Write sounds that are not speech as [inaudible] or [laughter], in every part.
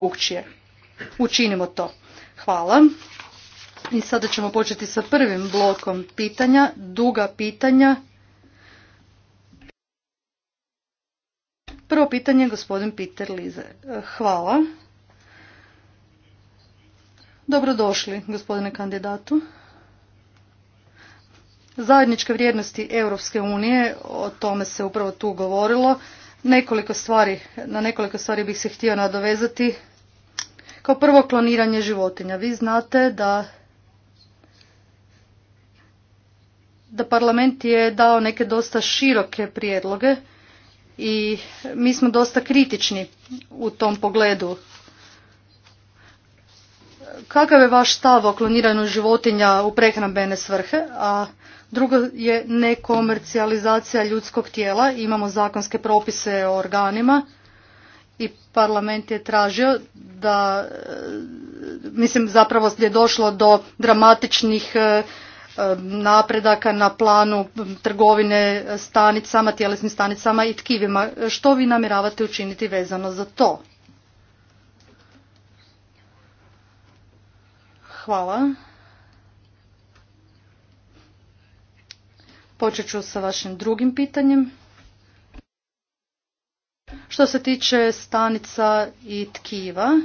drugčije. Učinimo to. Hvala. I sada ćemo početi sa prvim blokom pitanja, duga pitanja. Prvo pitanje gospodin Peter Lize. Hvala. Dobrodošli, gospodine kandidatu. Zajedničke vrijednosti Europske unije, o tome se upravo tu govorilo. Nekoliko stvari, na nekoliko stvari bih se htio nadovezati kao prvo kloniranje životinja. Vi znate da da parlament je dao neke dosta široke prijedloge i mi smo dosta kritični u tom pogledu. Kakav je vaš stav o kloniranju životinja u prehrambene svrhe? A drugo je nekomercijalizacija ljudskog tijela. Imamo zakonske propise o organima i parlament je tražio da, e, mislim zapravo je došlo do dramatičnih e, e, napredaka na planu trgovine stanicama, tjelesnim stanicama i tkivima. Što vi namjeravate učiniti vezano za to? Hvala. Počet ću sa vašim drugim pitanjem. Što se tiče stanica i tkiva,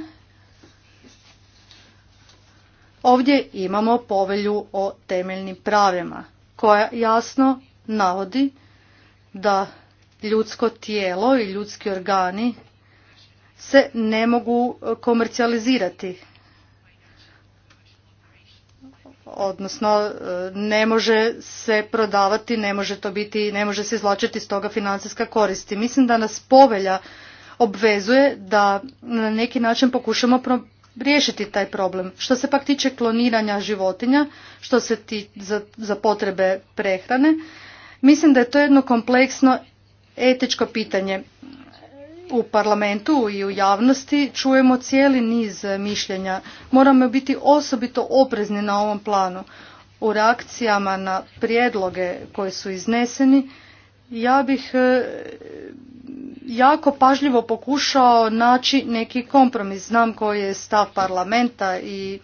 ovdje imamo povelju o temeljnim pravima koja jasno navodi da ljudsko tijelo i ljudski organi se ne mogu komercijalizirati odnosno e, ne može se prodavati, ne može to biti, ne može se izvlačiti iz toga financijska koristi. Mislim da nas povelja obvezuje da na neki način pokušamo riješiti taj problem. Što se pak tiče kloniranja životinja, što se ti za, za potrebe prehrane, mislim da je to jedno kompleksno etičko pitanje u parlamentu i u javnosti čujemo cijeli niz mišljenja. Moramo biti osobito oprezni na ovom planu. U reakcijama na prijedloge koji su izneseni, ja bih e, jako pažljivo pokušao naći neki kompromis. Znam koji je stav parlamenta i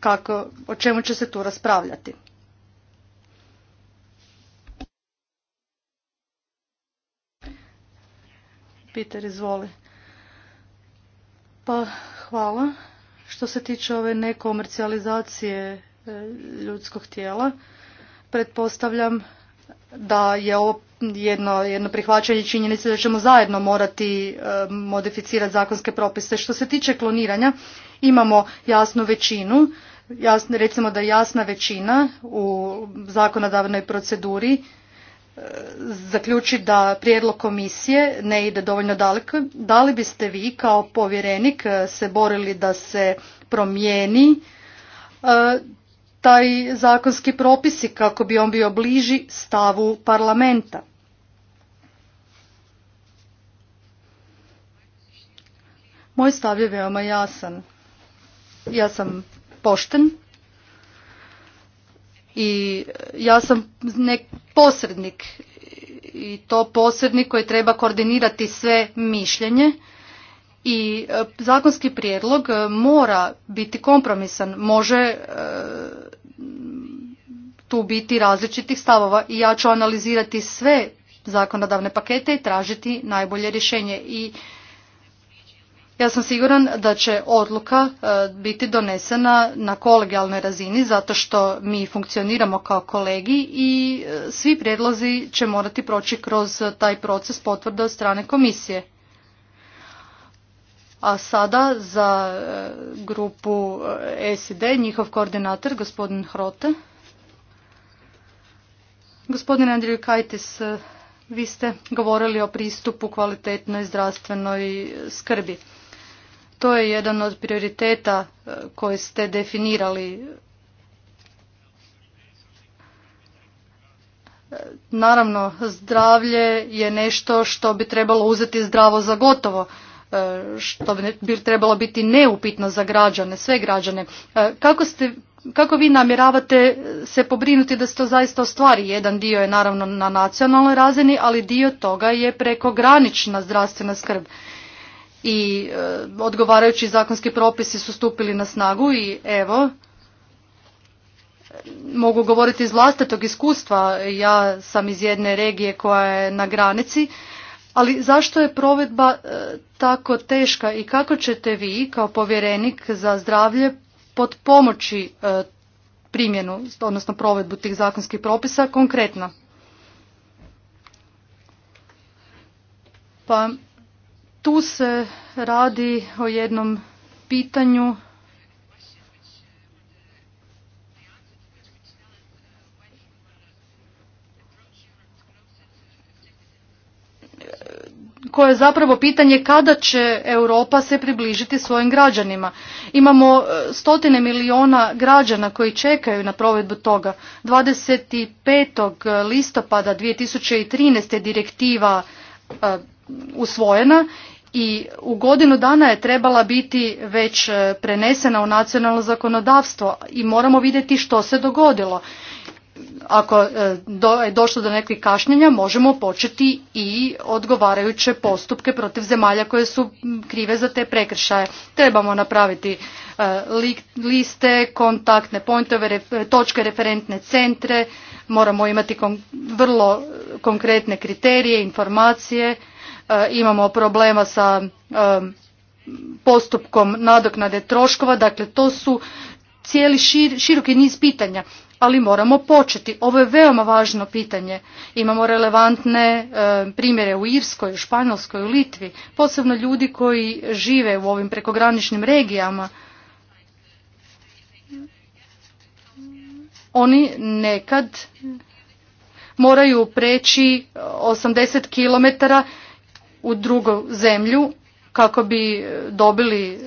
kako, o čemu će se tu raspravljati. Peter, izvoli. Pa, hvala. Što se tiče ove nekomercijalizacije e, ljudskog tijela, pretpostavljam da je ovo jedno, jedno prihvaćanje činjenice da ćemo zajedno morati e, modificirati zakonske propise. Što se tiče kloniranja, imamo jasnu većinu, jasne, recimo da jasna većina u zakonodavnoj proceduri zaključi da prijedlog komisije ne ide dovoljno daleko, da li biste vi kao povjerenik eh, se borili da se promijeni eh, taj zakonski propisi kako bi on bio bliži stavu parlamenta? Moj stav je veoma jasan. Ja sam pošten i ja sam nek posrednik i to posrednik koji treba koordinirati sve mišljenje i e, zakonski prijedlog e, mora biti kompromisan, može e, tu biti različitih stavova i ja ću analizirati sve zakonodavne pakete i tražiti najbolje rješenje i ja sam siguran da će odluka e, biti donesena na kolegijalnoj razini zato što mi funkcioniramo kao kolegi i e, svi prijedlozi će morati proći kroz taj proces potvrda od strane komisije. A sada za e, grupu SID, njihov koordinator, gospodin Hrote. Gospodin Andriju Kajtis, vi ste govorili o pristupu kvalitetnoj zdravstvenoj skrbi. To je jedan od prioriteta e, koje ste definirali. E, naravno, zdravlje je nešto što bi trebalo uzeti zdravo za gotovo e, što bi trebalo biti neupitno za građane, sve građane. Kako, ste, kako vi namjeravate se pobrinuti da se to zaista ostvari? Jedan dio je naravno na nacionalnoj razini, ali dio toga je prekogranična zdravstvena skrb i e, odgovarajući zakonski propisi su stupili na snagu i evo mogu govoriti iz vlastitog iskustva ja sam iz jedne regije koja je na granici ali zašto je provedba e, tako teška i kako ćete vi kao povjerenik za zdravlje pomoći e, primjenu odnosno provedbu tih zakonskih propisa konkretno pa tu se radi o jednom pitanju koje je zapravo pitanje kada će Europa se približiti svojim građanima. Imamo e, stotine miliona građana koji čekaju na provedbu toga. 25. listopada 2013. direktiva e, usvojena i u godinu dana je trebala biti već e, prenesena u nacionalno zakonodavstvo i moramo vidjeti što se dogodilo. Ako e, je došlo do nekih kašnjenja možemo početi i odgovarajuće postupke protiv zemalja koje su krive za te prekršaje. Trebamo napraviti e, liste, kontaktne pointove, točke referentne centre, moramo imati vrlo konkretne kriterije, informacije E, imamo problema sa e, postupkom nadoknade troškova. Dakle, to su cijeli široki niz pitanja, ali moramo početi. Ovo je veoma važno pitanje. Imamo relevantne e, primjere u Irskoj, u Španjolskoj, u Litvi, posebno ljudi koji žive u ovim prekograničnim regijama. Oni nekad moraju preći 80 kilometara u drugu zemlju kako bi e, dobili e,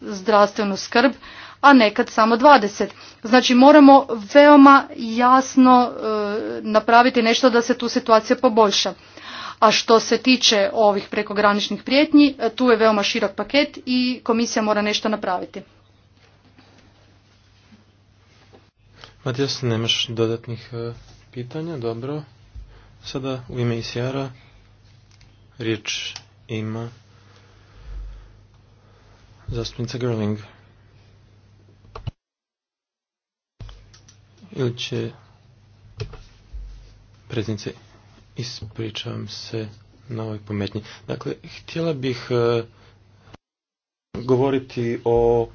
zdravstvenu skrb, a nekad samo 20. Znači moramo veoma jasno e, napraviti nešto da se tu situacija poboljša. A što se tiče ovih prekograničnih prijetnji, tu je veoma širok paket i komisija mora nešto napraviti. Matijas, nemaš dodatnih pitanja? Dobro. Sada u ime Isijara Riječ ima zastupnica Gerling. Ili će predsjednice, ispričavam se na ovoj pometnji. Dakle, htjela bih e, govoriti o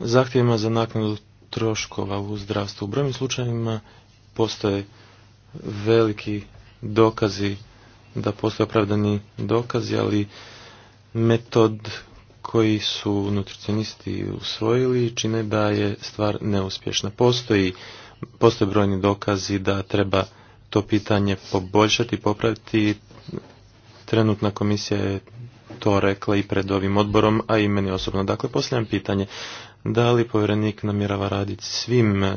zahtjevima za naknadu troškova u zdravstvu. U brojnim slučajevima postoje veliki dokazi da postoje opravdani dokazi, ali metod koji su nutricionisti usvojili čine da je stvar neuspješna. Postoji, postoje brojni dokazi da treba to pitanje poboljšati, popraviti. Trenutna komisija je to rekla i pred ovim odborom, a i meni osobno. Dakle, posljedam pitanje da li povjerenik namjerava raditi svim eh,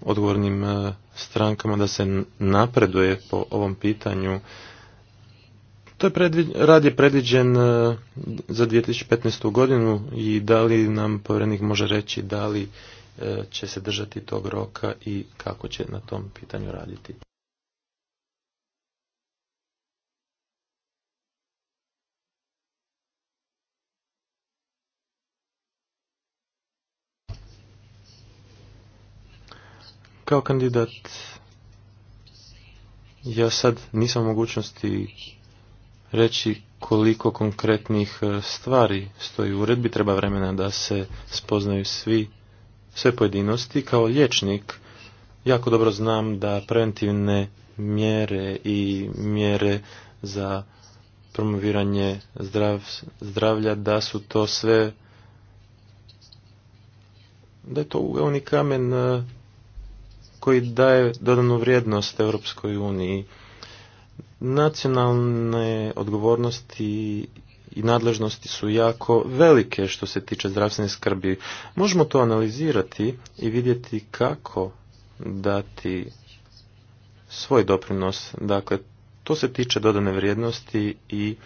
odgovornim eh, strankama da se napreduje po ovom pitanju. To je predviđen, rad je predviđen eh, za 2015. godinu i da li nam povjerenik može reći da li će se držati tog roka i kako će na tom pitanju raditi. Kao kandidat ja sad nisam u mogućnosti reći koliko konkretnih e, stvari stoji u uredbi, treba vremena da se spoznaju svi, sve pojedinosti. Kao liječnik jako dobro znam da preventivne mjere i mjere za promoviranje zdrav, zdravlja, da su to sve, da je to ugaoni kamen e, koji daje dodanu vrijednost Europskoj uniji. Nacionalne odgovornosti i nadležnosti su jako velike što se tiče zdravstvene skrbi. Možemo to analizirati i vidjeti kako dati svoj doprinos. Dakle, to se tiče dodane vrijednosti i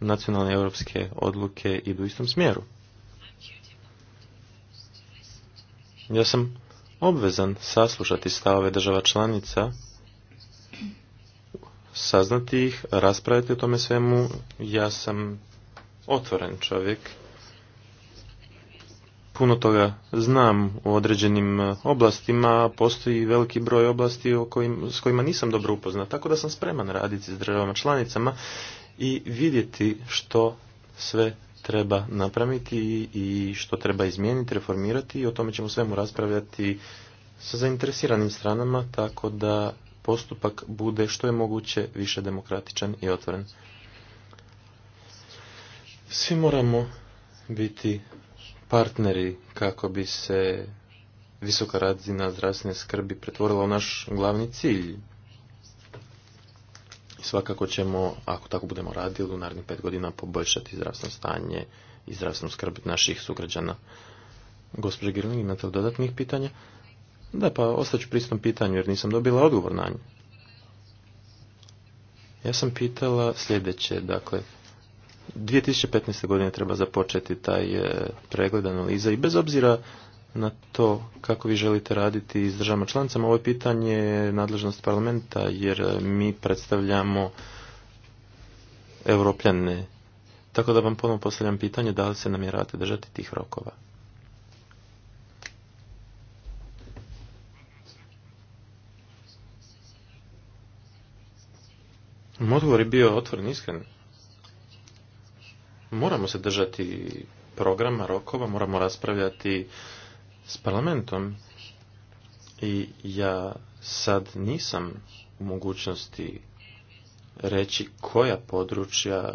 nacionalne europske odluke idu u istom smjeru. Ja sam obvezan saslušati stavove država članica, saznati ih, raspraviti o tome svemu. Ja sam otvoren čovjek. Puno toga znam u određenim e, oblastima, postoji veliki broj oblasti o kojim, s kojima nisam dobro upoznat, tako da sam spreman raditi s državama članicama i vidjeti što sve treba napraviti i što treba izmijeniti, reformirati i o tome ćemo svemu raspravljati sa zainteresiranim stranama tako da postupak bude što je moguće više demokratičan i otvoren. Svi moramo biti partneri kako bi se visoka razina zdravstvene skrbi pretvorila u naš glavni cilj svakako ćemo, ako tako budemo radili, u narednih pet godina poboljšati zdravstveno stanje i zdravstvenu skrb naših sugrađana. Gospođa Girling, imate li dodatnih pitanja? Da, pa ostaću pristom pitanju jer nisam dobila odgovor na nju. Ja sam pitala sljedeće, dakle, 2015. godine treba započeti taj e, pregled analiza i bez obzira na to kako vi želite raditi s državama članicama. Ovo je pitanje nadležnost parlamenta jer e, mi predstavljamo europljane. Tako da vam ponovno postavljam pitanje da li se namjerate držati tih rokova. Odgovor je bio otvoren, iskren. Moramo se držati programa, rokova, moramo raspravljati s parlamentom i ja sad nisam u mogućnosti reći koja područja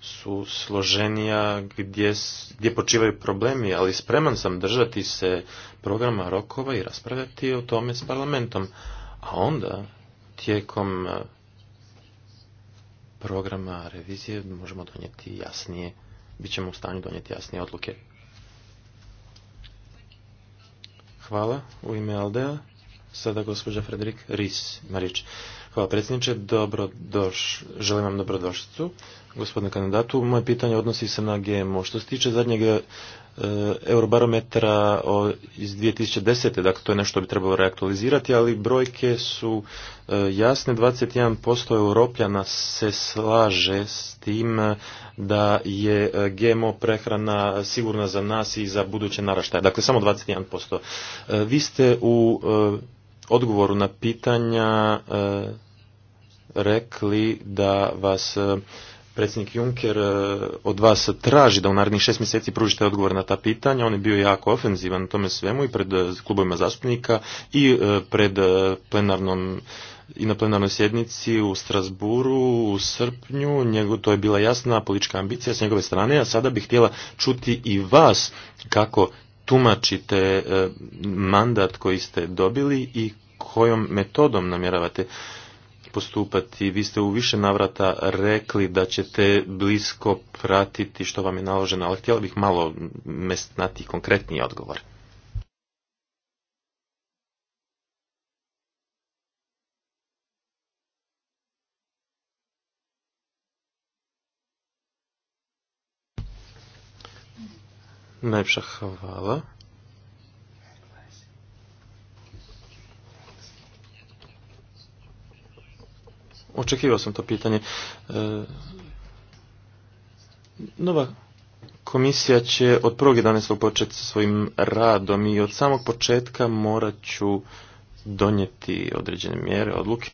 su složenija gdje, gdje počivaju problemi, ali spreman sam držati se programa rokova i raspravljati o tome s parlamentom. A onda tijekom e, programa revizije možemo donijeti jasnije, bit ćemo u stanju donijeti jasnije odluke. Hvala. U ime Aldea, sada gospođa Frederik Ris marić Hvala predsjedniče, dobrodoš, želim vam dobrodošlicu. Gospodine kandidatu, moje pitanje odnosi se na GMO. Što se tiče zadnjeg E, eurobarometra iz 2010. Dakle, to je nešto bi trebalo reaktualizirati, ali brojke su e, jasne. 21% europljana se slaže s tim e, da je GMO prehrana sigurna za nas i za buduće naraštaje. Dakle, samo 21%. Vi ste u odgovoru na pitanja rekli da vas predsjednik Juncker e, od vas traži da u narednih šest mjeseci pružite odgovor na ta pitanja. On je bio jako ofenzivan u tome svemu i pred e, klubovima zastupnika i e, pred plenarnom i na plenarnoj sjednici u Strasburu u srpnju, njegu, to je bila jasna politička ambicija s njegove strane, a sada bih htjela čuti i vas kako tumačite mandat koji ste dobili i kojom metodom namjeravate postupati. Vi ste u više navrata rekli da ćete blisko pratiti što vam je naloženo, ali htjela bih malo mestnati konkretniji odgovor. Najpša hvala. očekivao sam to pitanje. E, nova komisija će od 1.11. početi sa svojim radom i od samog početka morat ću donijeti određene mjere, odluke.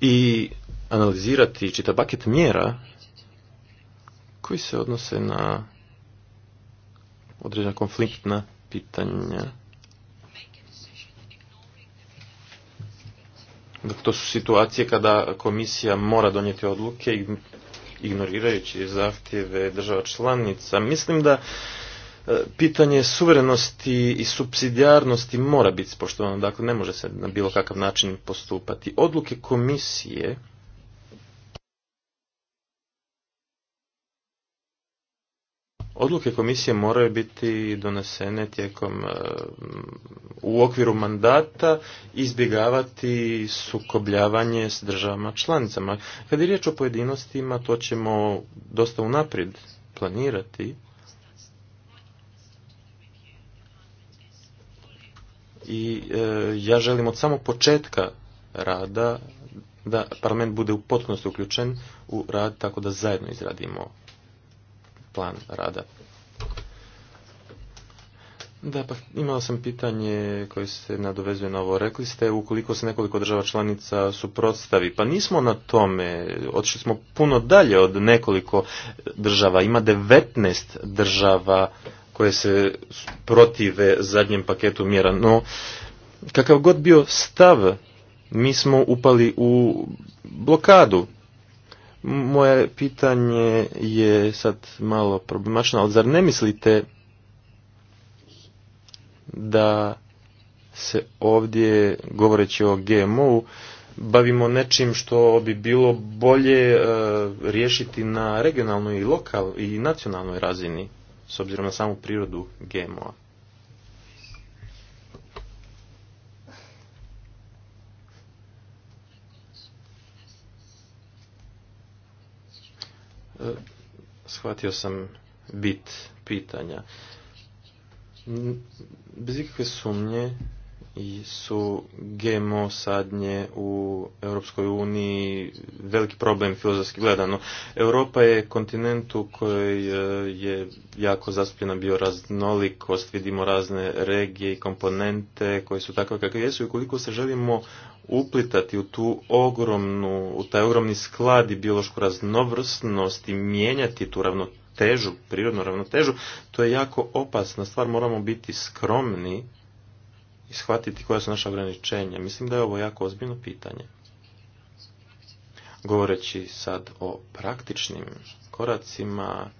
I analizirati čita paket mjera koji se odnose na određena konfliktna pitanja Dakle, to su situacije kada komisija mora donijeti odluke ignorirajući zahtjeve država članica. Mislim da e, pitanje suverenosti i subsidijarnosti mora biti spoštovano, dakle ne može se na bilo kakav način postupati. Odluke komisije Odluke komisije moraju biti donesene tijekom e, u okviru mandata izbjegavati sukobljavanje s državama članicama. Kad je riječ o pojedinostima, to ćemo dosta unaprijed planirati. I e, ja želim od samog početka rada da parlament bude u potpunosti uključen u rad tako da zajedno izradimo plan rada. Da, pa imao sam pitanje koje se nadovezuje na ovo. Rekli ste ukoliko se nekoliko država članica suprotstavi, pa nismo na tome, otišli smo puno dalje od nekoliko država. Ima 19 država koje se protive zadnjem paketu mjera, no kakav god bio stav, mi smo upali u blokadu. Moje pitanje je sad malo problemačno, ali zar ne mislite da se ovdje, govoreći o GMO-u, bavimo nečim što bi bilo bolje e, riješiti na regionalnoj i i nacionalnoj razini s obzirom na samu prirodu GMO-a. shvatio sam bit pitanja. Bez ikakve sumnje su GMO sadnje u Europskoj uniji veliki problem filozofski gledano. Europa je kontinent u kojoj e, je jako zastupljena bioraznolikost, vidimo razne regije i komponente koje su takve kakve jesu i koliko se želimo uplitati u tu ogromnu, u taj ogromni sklad i biološku raznovrsnost i mijenjati tu ravnotežu, prirodnu ravnotežu, to je jako opasna stvar, moramo biti skromni i shvatiti koja su naša ograničenja. Mislim da je ovo jako ozbiljno pitanje. Govoreći sad o praktičnim koracima,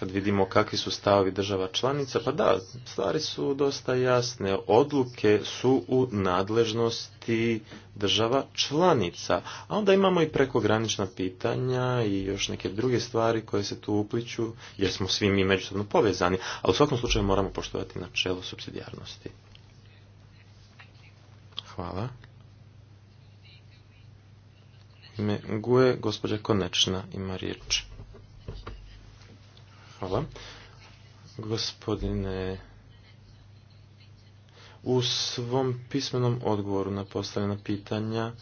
kad vidimo kakvi su stavovi država članica, pa da, stvari su dosta jasne. Odluke su u nadležnosti država članica. A onda imamo i prekogranična pitanja i još neke druge stvari koje se tu upliću, jer smo svi mi međusobno povezani, ali u svakom slučaju moramo poštovati načelo subsidijarnosti. Hvala. Ime Gue, gospođa Konečna ima riječ. Hvala. Gospodine, u svom pismenom odgovoru na postavljena pitanja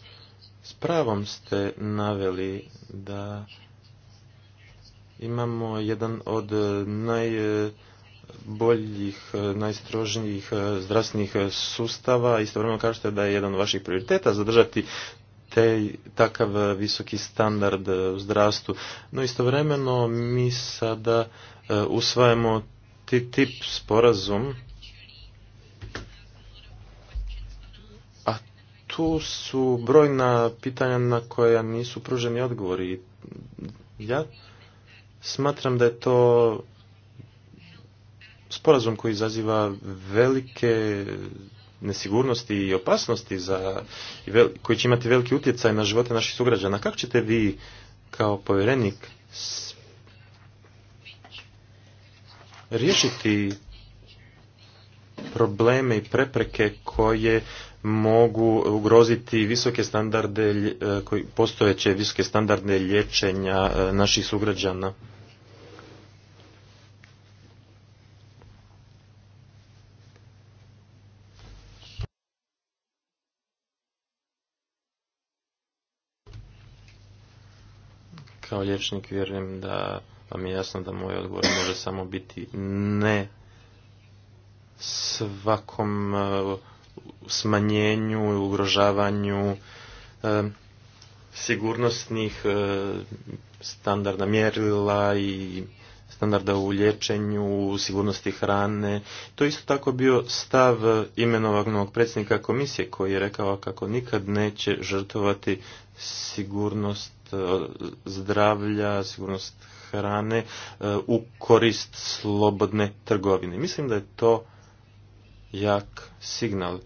s pravom ste naveli da imamo jedan od najboljih, najstrožnijih zdravstvenih sustava. Istovremeno kažete da je jedan od vaših prioriteta zadržati te, takav e, visoki standard e, u zdravstvu. No istovremeno mi sada e, usvajamo tip sporazum, a tu su brojna pitanja na koja nisu pruženi odgovori. Ja smatram da je to sporazum koji izaziva velike nesigurnosti i opasnosti za, koji će imati veliki utjecaj na živote naših sugrađana. Kako ćete vi kao povjerenik riješiti probleme i prepreke koje mogu ugroziti visoke standarde, eh, koji postojeće visoke standarde liječenja eh, naših sugrađana? Kao liječnik vjerujem da vam je jasno da moj odgovor može samo biti ne svakom e, smanjenju i ugrožavanju e, sigurnosnih e, standarda mjerila i standarda u liječenju, sigurnosti hrane. To isto tako bio stav imenovanog predsjednika komisije koji je rekao kako nikad neće žrtovati sigurnost E, zdravlja, sigurnost hrane e, u korist slobodne trgovine. Mislim da je to jak signal.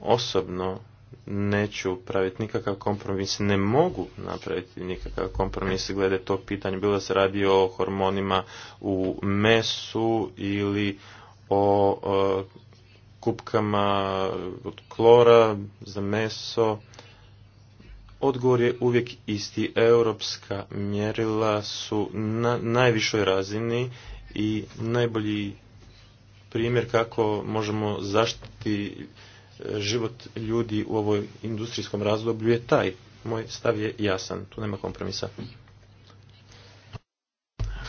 Osobno neću praviti nikakav kompromis, ne mogu napraviti nikakav kompromis glede tog pitanja, bilo da se radi o hormonima u mesu ili o e, kupkama od klora za meso Odgovor je uvijek isti. Europska mjerila su na najvišoj razini i najbolji primjer kako možemo zaštiti e, život ljudi u ovoj industrijskom razdoblju je taj. Moj stav je jasan, tu nema kompromisa.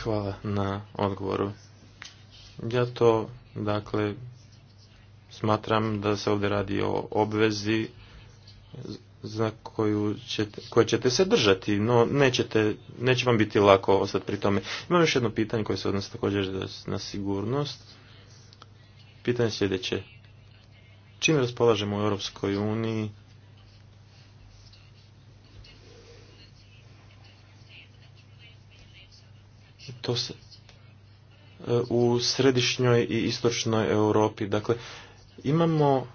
Hvala na odgovoru. Ja to, dakle, smatram da se ovdje radi o obvezi za koju ćete, koje ćete se držati, no nećete, neće vam biti lako ostati pri tome. Imam još jedno pitanje koje se odnosi također na sigurnost. Pitanje sljedeće. Čim raspolažemo u Europskoj uniji to se e, u središnjoj i istočnoj Europi. Dakle, imamo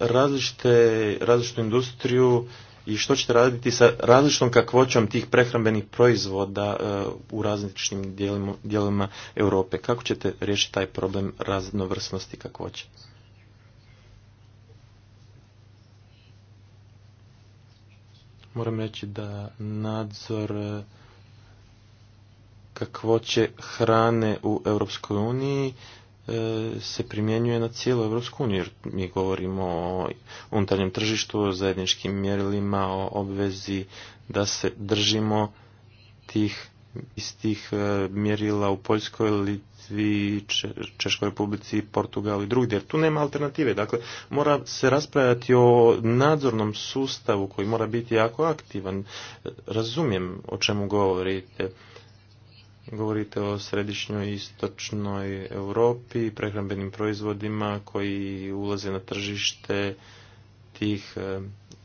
različite, različitu industriju i što ćete raditi sa različitom kakvoćom tih prehrambenih proizvoda e, u različitim dijelima, Europe. Kako ćete riješiti taj problem raznovrsnosti kakvoće? Moram reći da nadzor e, kakvoće hrane u Europskoj uniji E, se primjenjuje na cijelu Evropsku uniju, jer mi govorimo o unutarnjem tržištu, o zajedničkim mjerilima, o obvezi da se držimo tih istih e, mjerila u Poljskoj, Litvi, Češkoj republici, Portugalu i drugdje. Jer tu nema alternative. Dakle, mora se raspravljati o nadzornom sustavu koji mora biti jako aktivan. E, razumijem o čemu govorite govorite o središnjoj istočnoj Europi, prehrambenim proizvodima koji ulaze na tržište tih e,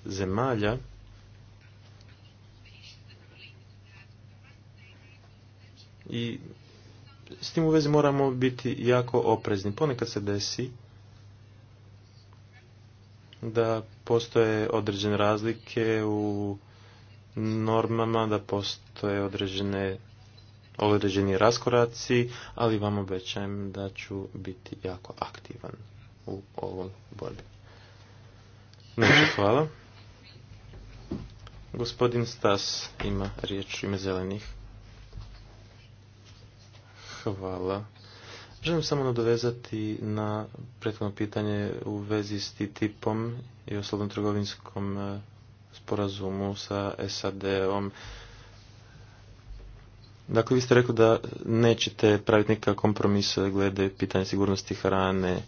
zemalja. I s tim u vezi moramo biti jako oprezni. Ponekad se desi da postoje određene razlike u normama, da postoje određene određeni raskoraci, ali vam obećajem da ću biti jako aktivan u ovom borbi. hvala. Gospodin Stas ima riječ ime zelenih. Hvala. Želim samo nadovezati na prethodno pitanje u vezi s TTIP-om i o trgovinskom eh, sporazumu sa SAD-om. Dakle, vi ste rekli da nećete praviti nikakav kompromis glede pitanja sigurnosti hrane,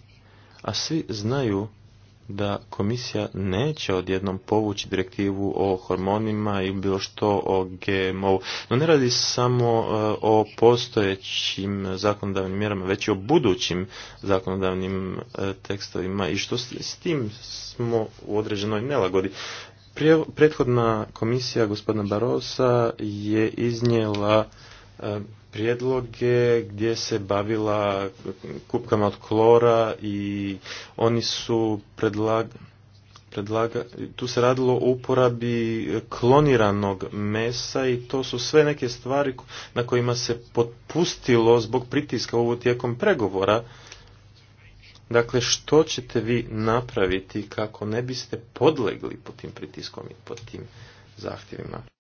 a svi znaju da komisija neće odjednom povući direktivu o hormonima i bilo što o GMO. No ne radi samo e, o postojećim zakonodavnim mjerama, već i o budućim zakonodavnim e, tekstovima i što s tim smo u određenoj nelagodi. Prethodna komisija gospodina Barosa je iznijela E, prijedloge gdje se bavila kupkama od klora i oni su predlagali predlaga, tu se radilo o uporabi kloniranog mesa i to su sve neke stvari na kojima se potpustilo zbog pritiska ovo tijekom pregovora. Dakle, što ćete vi napraviti kako ne biste podlegli pod tim pritiskom i pod tim zahtjevima?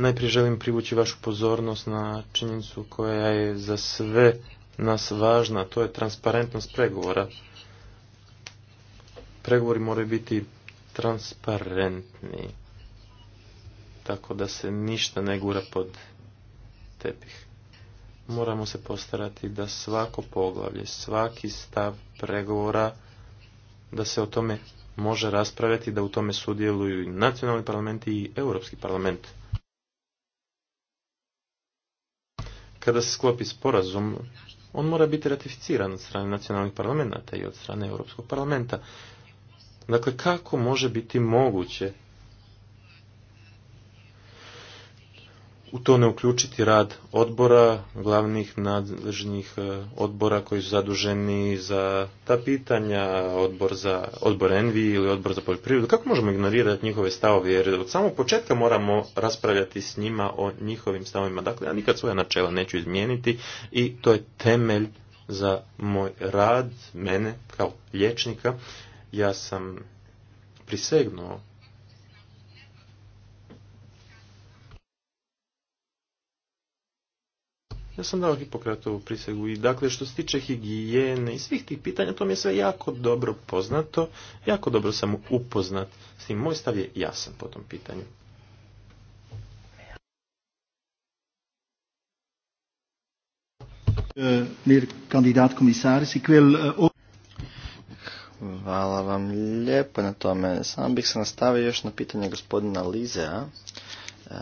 Najprije želim privući vašu pozornost na činjenicu koja je za sve nas važna, to je transparentnost pregovora. Pregovori moraju biti transparentni, tako da se ništa ne gura pod tepih. Moramo se postarati da svako poglavlje, svaki stav pregovora, da se o tome može raspraviti, da u tome sudjeluju i nacionalni parlamenti i europski parlament. kada se sklopi sporazum, on mora biti ratificiran od strane nacionalnih parlamenta i od strane Europskog parlamenta. Dakle, kako može biti moguće u to ne uključiti rad odbora, glavnih nadležnih e, odbora koji su zaduženi za ta pitanja, odbor za odbor Envi ili odbor za poljoprivredu. Kako možemo ignorirati njihove stavove jer od samog početka moramo raspravljati s njima o njihovim stavovima. Dakle, ja nikad svoja načela neću izmijeniti i to je temelj za moj rad, mene kao liječnika. Ja sam prisegnuo Ja sam dao Hipokratovu prisegu i dakle što se tiče higijene i svih tih pitanja, to mi je sve jako dobro poznato, jako dobro sam upoznat s tim. Moj stav je jasan po tom pitanju. E, e, Hvala vam lijepo na tome. Samo bih se nastavio još na pitanje gospodina Lizea. E,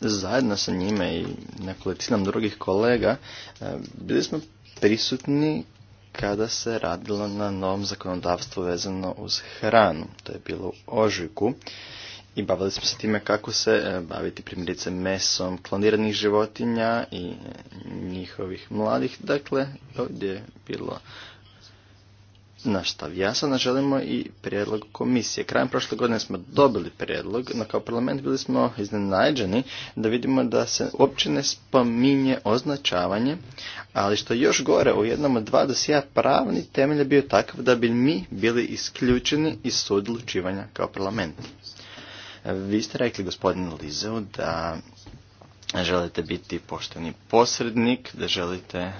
zajedno sa njime i nekolicinom drugih kolega e, bili smo prisutni kada se radilo na novom zakonodavstvu vezano uz hranu. To je bilo u ožujku i bavili smo se time kako se e, baviti primjerice mesom kloniranih životinja i e, njihovih mladih. Dakle, ovdje je bilo stav ja jasno želimo i prijedlog komisije. Krajem prošle godine smo dobili prijedlog, no kao parlament bili smo iznenađeni da vidimo da se uopće ne spominje označavanje, ali što još gore u jednom od dva dosija pravni temelj je bio takav da bi mi bili isključeni iz sudlučivanja kao parlament. Vi ste rekli, gospodine Lizeu, da želite biti pošteni posrednik, da želite e,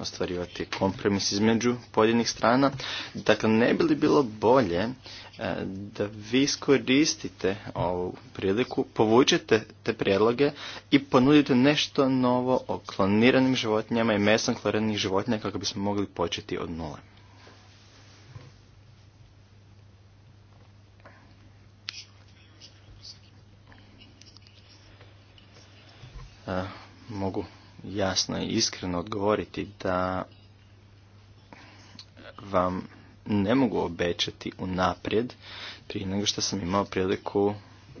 ostvarivati kompromis između pojedinih strana. Dakle, ne bi li bilo bolje e, da vi iskoristite ovu priliku, povučete te prijedloge i ponudite nešto novo o kloniranim životinjama i mesom kloniranih životinja kako bismo mogli početi od nule. E, mogu jasno i iskreno odgovoriti da vam ne mogu obećati unaprijed prije nego što sam imao priliku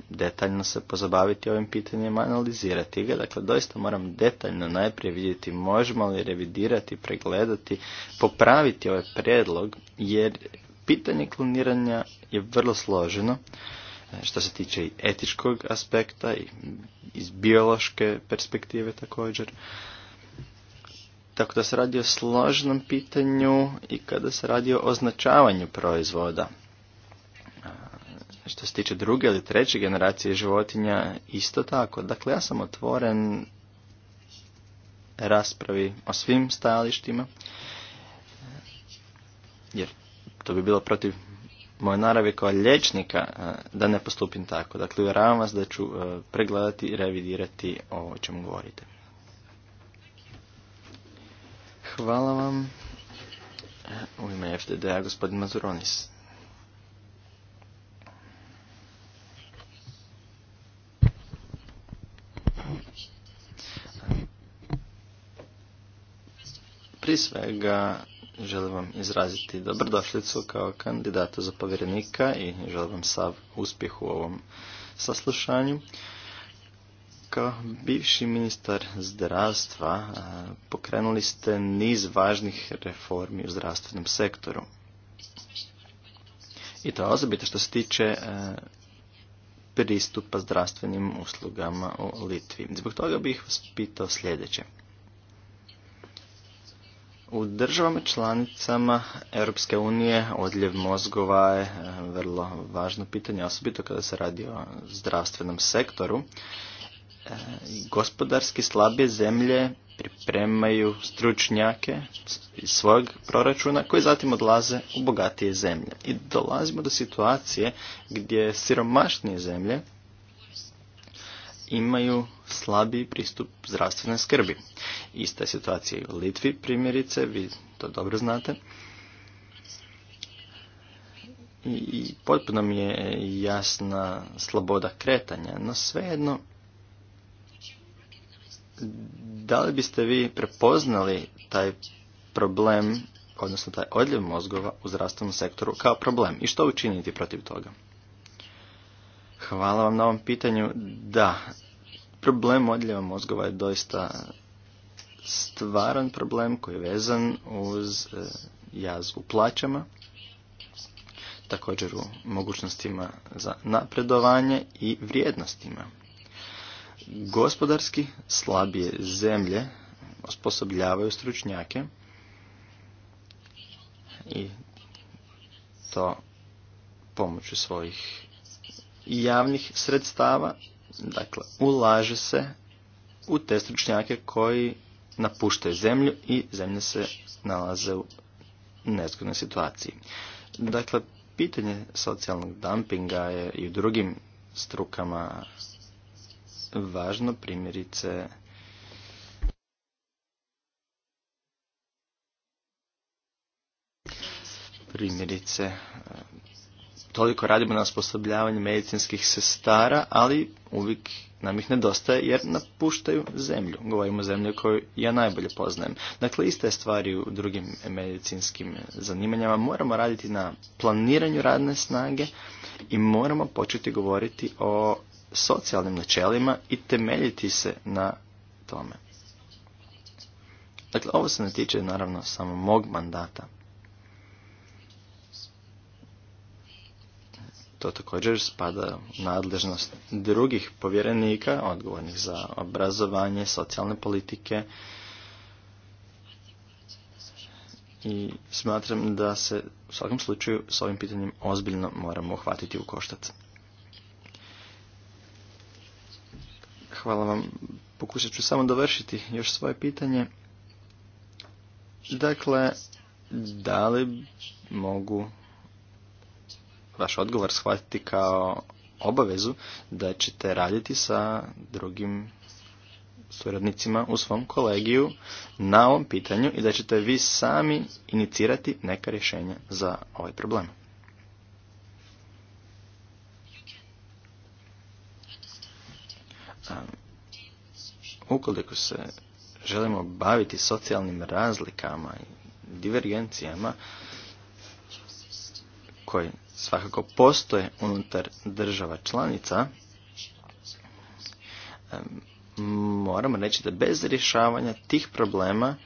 detaljno se pozabaviti ovim pitanjima, analizirati ga. Dakle, doista moram detaljno najprije vidjeti možemo li revidirati, pregledati, popraviti ovaj predlog, jer pitanje kloniranja je vrlo složeno što se tiče i etičkog aspekta i iz biološke perspektive također. Tako da se radi o složnom pitanju i kada se radi o označavanju proizvoda. Što se tiče druge ili treće generacije životinja, isto tako. Dakle, ja sam otvoren raspravi o svim stajalištima, jer to bi bilo protiv moje naravi kao liječnika e, da ne postupim tako. Dakle, uvjeravam vas da ću e, pregledati i revidirati ovo o čemu govorite. Hvala vam. E, u ime FDD-a gospodin Mazuronis. Prije svega Želim vam izraziti dobrodošlicu kao kandidata za povjerenika i želim vam sav uspjeh u ovom saslušanju. Kao bivši ministar zdravstva pokrenuli ste niz važnih reformi u zdravstvenom sektoru. I to osobito što se tiče e, pristupa zdravstvenim uslugama u Litvi. Zbog toga bih vas pitao sljedeće. U državama članicama Europske unije odljev mozgova je e, vrlo važno pitanje, osobito kada se radi o zdravstvenom sektoru. E, gospodarski slabije zemlje pripremaju stručnjake iz svog proračuna koji zatim odlaze u bogatije zemlje. I dolazimo do situacije gdje siromašnije zemlje imaju slabi pristup zdravstvenoj skrbi. Ista je situacija i u Litvi primjerice, vi to dobro znate. I potpuno mi je jasna sloboda kretanja, no svejedno da li biste vi prepoznali taj problem, odnosno taj odljev mozgova u zdravstvenom sektoru kao problem i što učiniti protiv toga? Hvala vam na ovom pitanju. Da, problem odljeva mozgova je doista stvaran problem koji je vezan uz e, jaz u plaćama, također u mogućnostima za napredovanje i vrijednostima. Gospodarski slabije zemlje osposobljavaju stručnjake i to pomoću svojih javnih sredstava Dakle, ulaže se u te stručnjake koji napuštaju zemlju i zemlje se nalaze u nezgodnoj situaciji. Dakle, pitanje socijalnog dumpinga je i u drugim strukama važno, primjerice primjerice toliko radimo na osposobljavanju medicinskih sestara, ali uvijek nam ih nedostaje jer napuštaju zemlju. Govorimo o zemlji koju ja najbolje poznajem. Dakle, iste stvari u drugim medicinskim zanimanjama. Moramo raditi na planiranju radne snage i moramo početi govoriti o socijalnim načelima i temeljiti se na tome. Dakle, ovo se ne tiče naravno samo mog mandata. to također spada nadležnost drugih povjerenika, odgovornih za obrazovanje, socijalne politike. I smatram da se u svakom slučaju s ovim pitanjem ozbiljno moramo uhvatiti u koštac. Hvala vam. Pokušat ću samo dovršiti još svoje pitanje. Dakle, da li mogu vaš odgovor shvatiti kao obavezu da ćete raditi sa drugim suradnicima u svom kolegiju na ovom pitanju i da ćete vi sami inicirati neka rješenja za ovaj problem. Ukoliko se želimo baviti socijalnim razlikama i divergencijama koje svakako postoje unutar država članica, moramo reći da bez rješavanja tih problema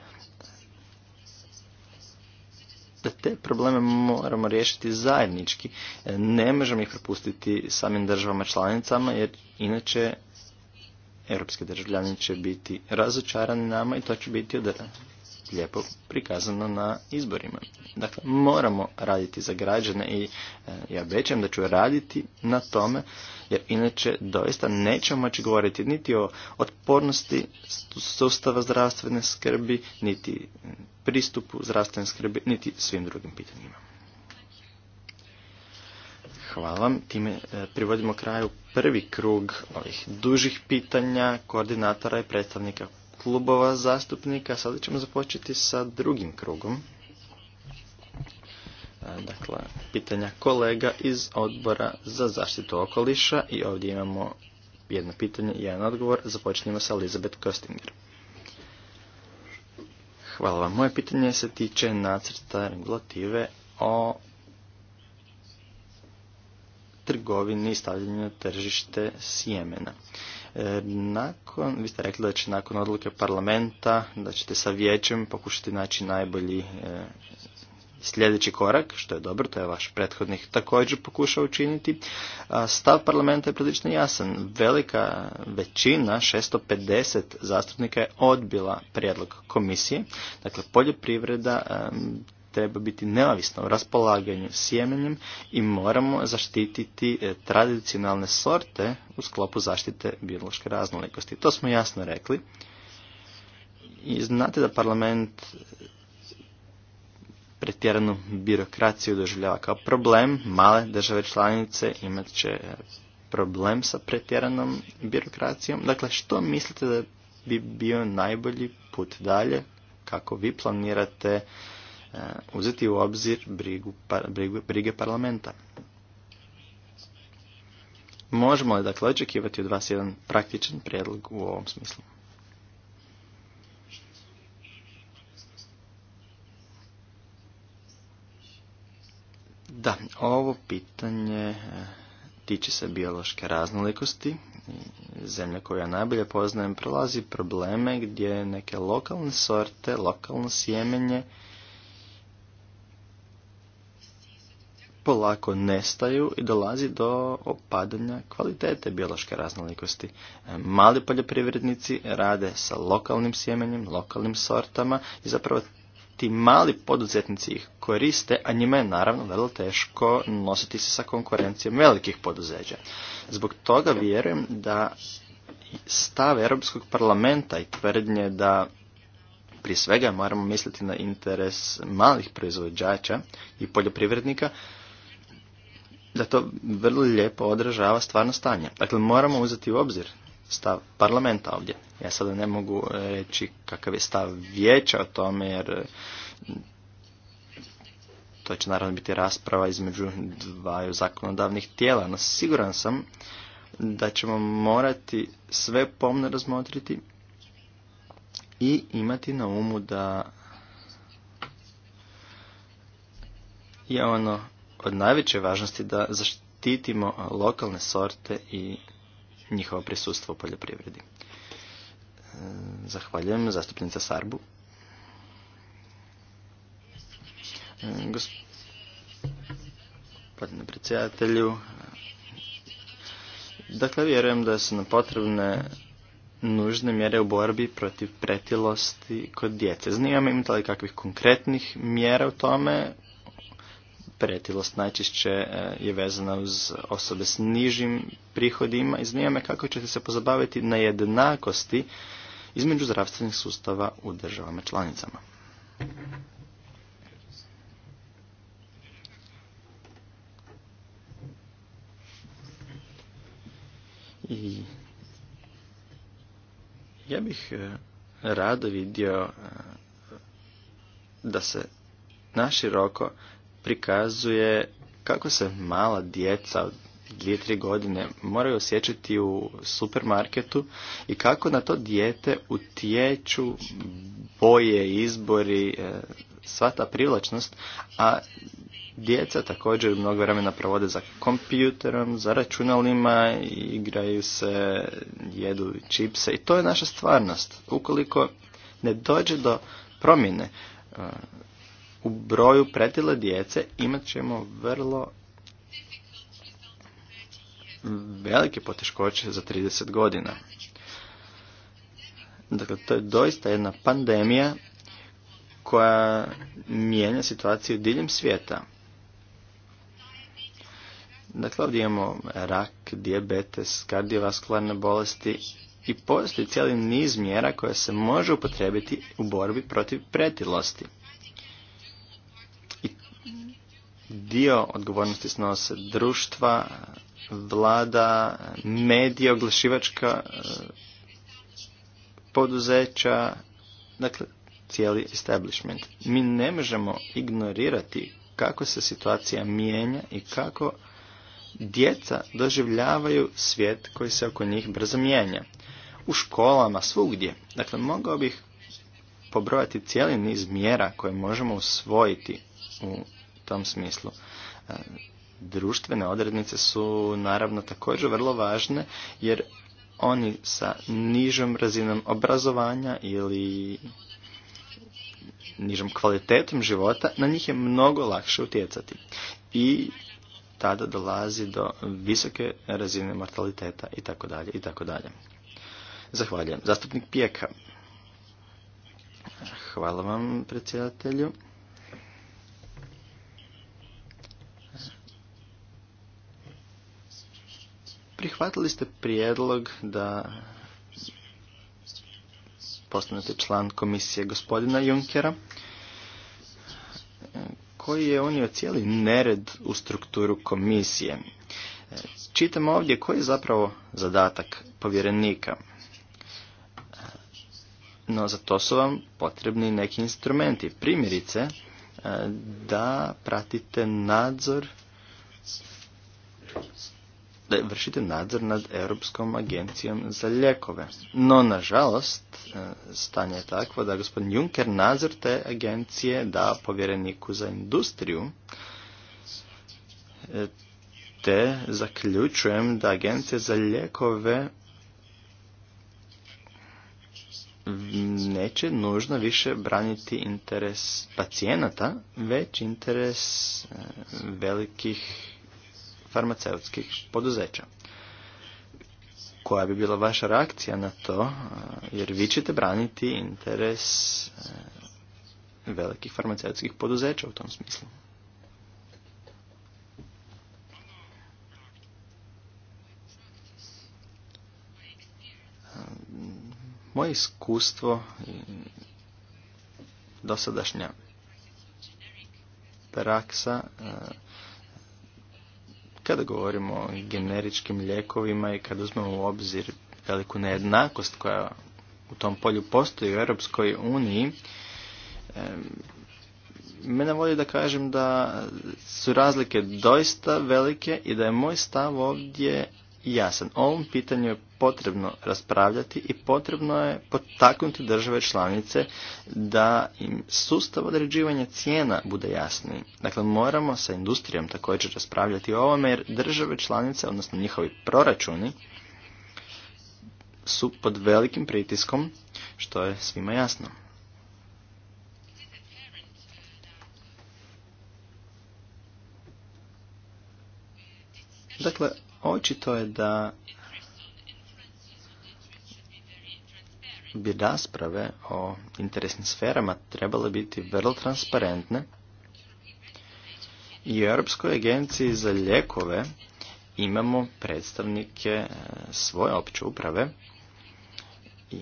da te probleme moramo riješiti zajednički. Ne možemo ih propustiti samim državama članicama jer inače europski državljani će biti razočarani nama i to će biti od lijepo prikazano na izborima. Dakle, moramo raditi za građane i e, ja većam da ću raditi na tome, jer inače doista nećemo moći govoriti niti o otpornosti sustava zdravstvene skrbi, niti pristupu zdravstvene skrbi, niti svim drugim pitanjima. Hvala vam. Time e, privodimo kraju prvi krug ovih dužih pitanja koordinatora i predstavnika klubova zastupnika. Sada ćemo započeti sa drugim krugom. E, dakle, pitanja kolega iz odbora za zaštitu okoliša i ovdje imamo jedno pitanje i jedan odgovor. Započnimo sa Elizabeth Kostinger. Hvala vam. Moje pitanje se tiče nacrta regulative o trgovini i stavljanju na tržište sjemena. E, nakon, vi ste rekli da će nakon odluke parlamenta, da ćete sa vijećem pokušati naći najbolji e, sljedeći korak, što je dobro, to je vaš prethodnik također pokušao učiniti. Stav parlamenta je prilično jasan. Velika većina, 650 zastupnika je odbila prijedlog komisije. Dakle, poljoprivreda treba biti neovisno u raspolaganju sjemenjem i moramo zaštititi e, tradicionalne sorte u sklopu zaštite biološke raznolikosti. To smo jasno rekli. I znate da parlament pretjeranu birokraciju doživljava kao problem. Male države članice imat će e, problem sa pretjeranom birokracijom. Dakle, što mislite da bi bio najbolji put dalje? Kako vi planirate Eh, uzeti u obzir brigu, brige parlamenta. Možemo li dakle očekivati od vas jedan praktičan prijedlog u ovom smislu? Da, ovo pitanje eh, tiče se biološke raznolikosti. Zemlja koju ja najbolje poznajem prolazi probleme gdje neke lokalne sorte, lokalno sjemenje polako nestaju i dolazi do opadanja kvalitete biološke raznolikosti. E, mali poljoprivrednici rade sa lokalnim sjemenjem, lokalnim sortama i zapravo ti mali poduzetnici ih koriste, a njima je naravno vrlo teško nositi se sa konkurencijom velikih poduzeća. Zbog toga vjerujem da stav Europskog parlamenta i tvrdnje da prije svega moramo misliti na interes malih proizvođača i poljoprivrednika da to vrlo lijepo odražava stvarno stanje. Dakle, moramo uzeti u obzir stav parlamenta ovdje. Ja sada ne mogu e, reći kakav je stav vijeća o tome, jer e, to će naravno biti rasprava između dvaju zakonodavnih tijela, no siguran sam da ćemo morati sve pomno razmotriti i imati na umu da je ono od najveće važnosti da zaštitimo lokalne sorte i njihovo prisustvo u poljoprivredi. E, zahvaljujem zastupnica Sarbu. E, gospodine predsjedatelju, e, dakle vjerujem da su nam potrebne nužne mjere u borbi protiv pretilosti kod djece. Znijem imate li kakvih konkretnih mjera u tome, pretilost najčešće e, je vezana uz osobe s nižim prihodima i zanima me kako ćete se pozabaviti na jednakosti između zdravstvenih sustava u državama članicama. I ja bih e, rado vidio e, da se naširoko prikazuje kako se mala djeca od dvije, tri godine moraju osjećati u supermarketu i kako na to dijete utječu boje, izbori, e, sva ta privlačnost, a djeca također mnogo vremena provode za kompjuterom, za računalima, igraju se, jedu čipse i to je naša stvarnost. Ukoliko ne dođe do promjene e, u broju pretile djece imat ćemo vrlo velike poteškoće za 30 godina. Dakle, to je doista jedna pandemija koja mijenja situaciju diljem svijeta. Dakle, ovdje imamo rak, dijabetes, kardiovaskularne bolesti i postoji cijeli niz mjera koje se može upotrebiti u borbi protiv pretilosti. dio odgovornosti snose društva, vlada, medija, oglašivačka e, poduzeća, dakle cijeli establishment. Mi ne možemo ignorirati kako se situacija mijenja i kako djeca doživljavaju svijet koji se oko njih brzo mijenja. U školama, svugdje. Dakle, mogao bih pobrojati cijeli niz mjera koje možemo usvojiti u tom smislu. E, društvene odrednice su naravno također vrlo važne jer oni sa nižom razinom obrazovanja ili nižom kvalitetom života, na njih je mnogo lakše utjecati. I tada dolazi do visoke razine mortaliteta i tako dalje i tako Zahvaljujem. Zastupnik Pijeka. Hvala vam, predsjedatelju. Prihvatili ste prijedlog da postanete član komisije gospodina Junkera, koji je unio cijeli nered u strukturu komisije. Čitam ovdje koji je zapravo zadatak povjerenika. No za to su vam potrebni neki instrumenti. Primjerice da pratite nadzor da vršite nadzor nad Europskom agencijom za ljekove. No, nažalost, e, stanje je takvo da gospodin Juncker nadzor te agencije da povjereniku za industriju, e, te zaključujem da agencija za ljekove neće nužno više braniti interes pacijenata, već interes e, velikih farmaceutskih poduzeća. Koja bi bila vaša reakcija na to, jer vi ćete braniti interes e, velikih farmaceutskih poduzeća u tom smislu. Moje iskustvo i dosadašnja praksa e, kada govorimo o generičkim lijekovima i kada uzmemo u obzir veliku nejednakost koja u tom polju postoji u Europskoj uniji, mene voli da kažem da su razlike doista velike i da je moj stav ovdje jasan. O ovom pitanju je potrebno raspravljati i potrebno je potaknuti države članice da im sustav određivanja cijena bude jasniji. Dakle, moramo sa industrijom također raspravljati o ovome jer države članice, odnosno njihovi proračuni, su pod velikim pritiskom, što je svima jasno. Dakle, očito je da bi rasprave o interesnim sferama trebale biti vrlo transparentne i u Europskoj agenciji za ljekove imamo predstavnike e, svoje opće uprave i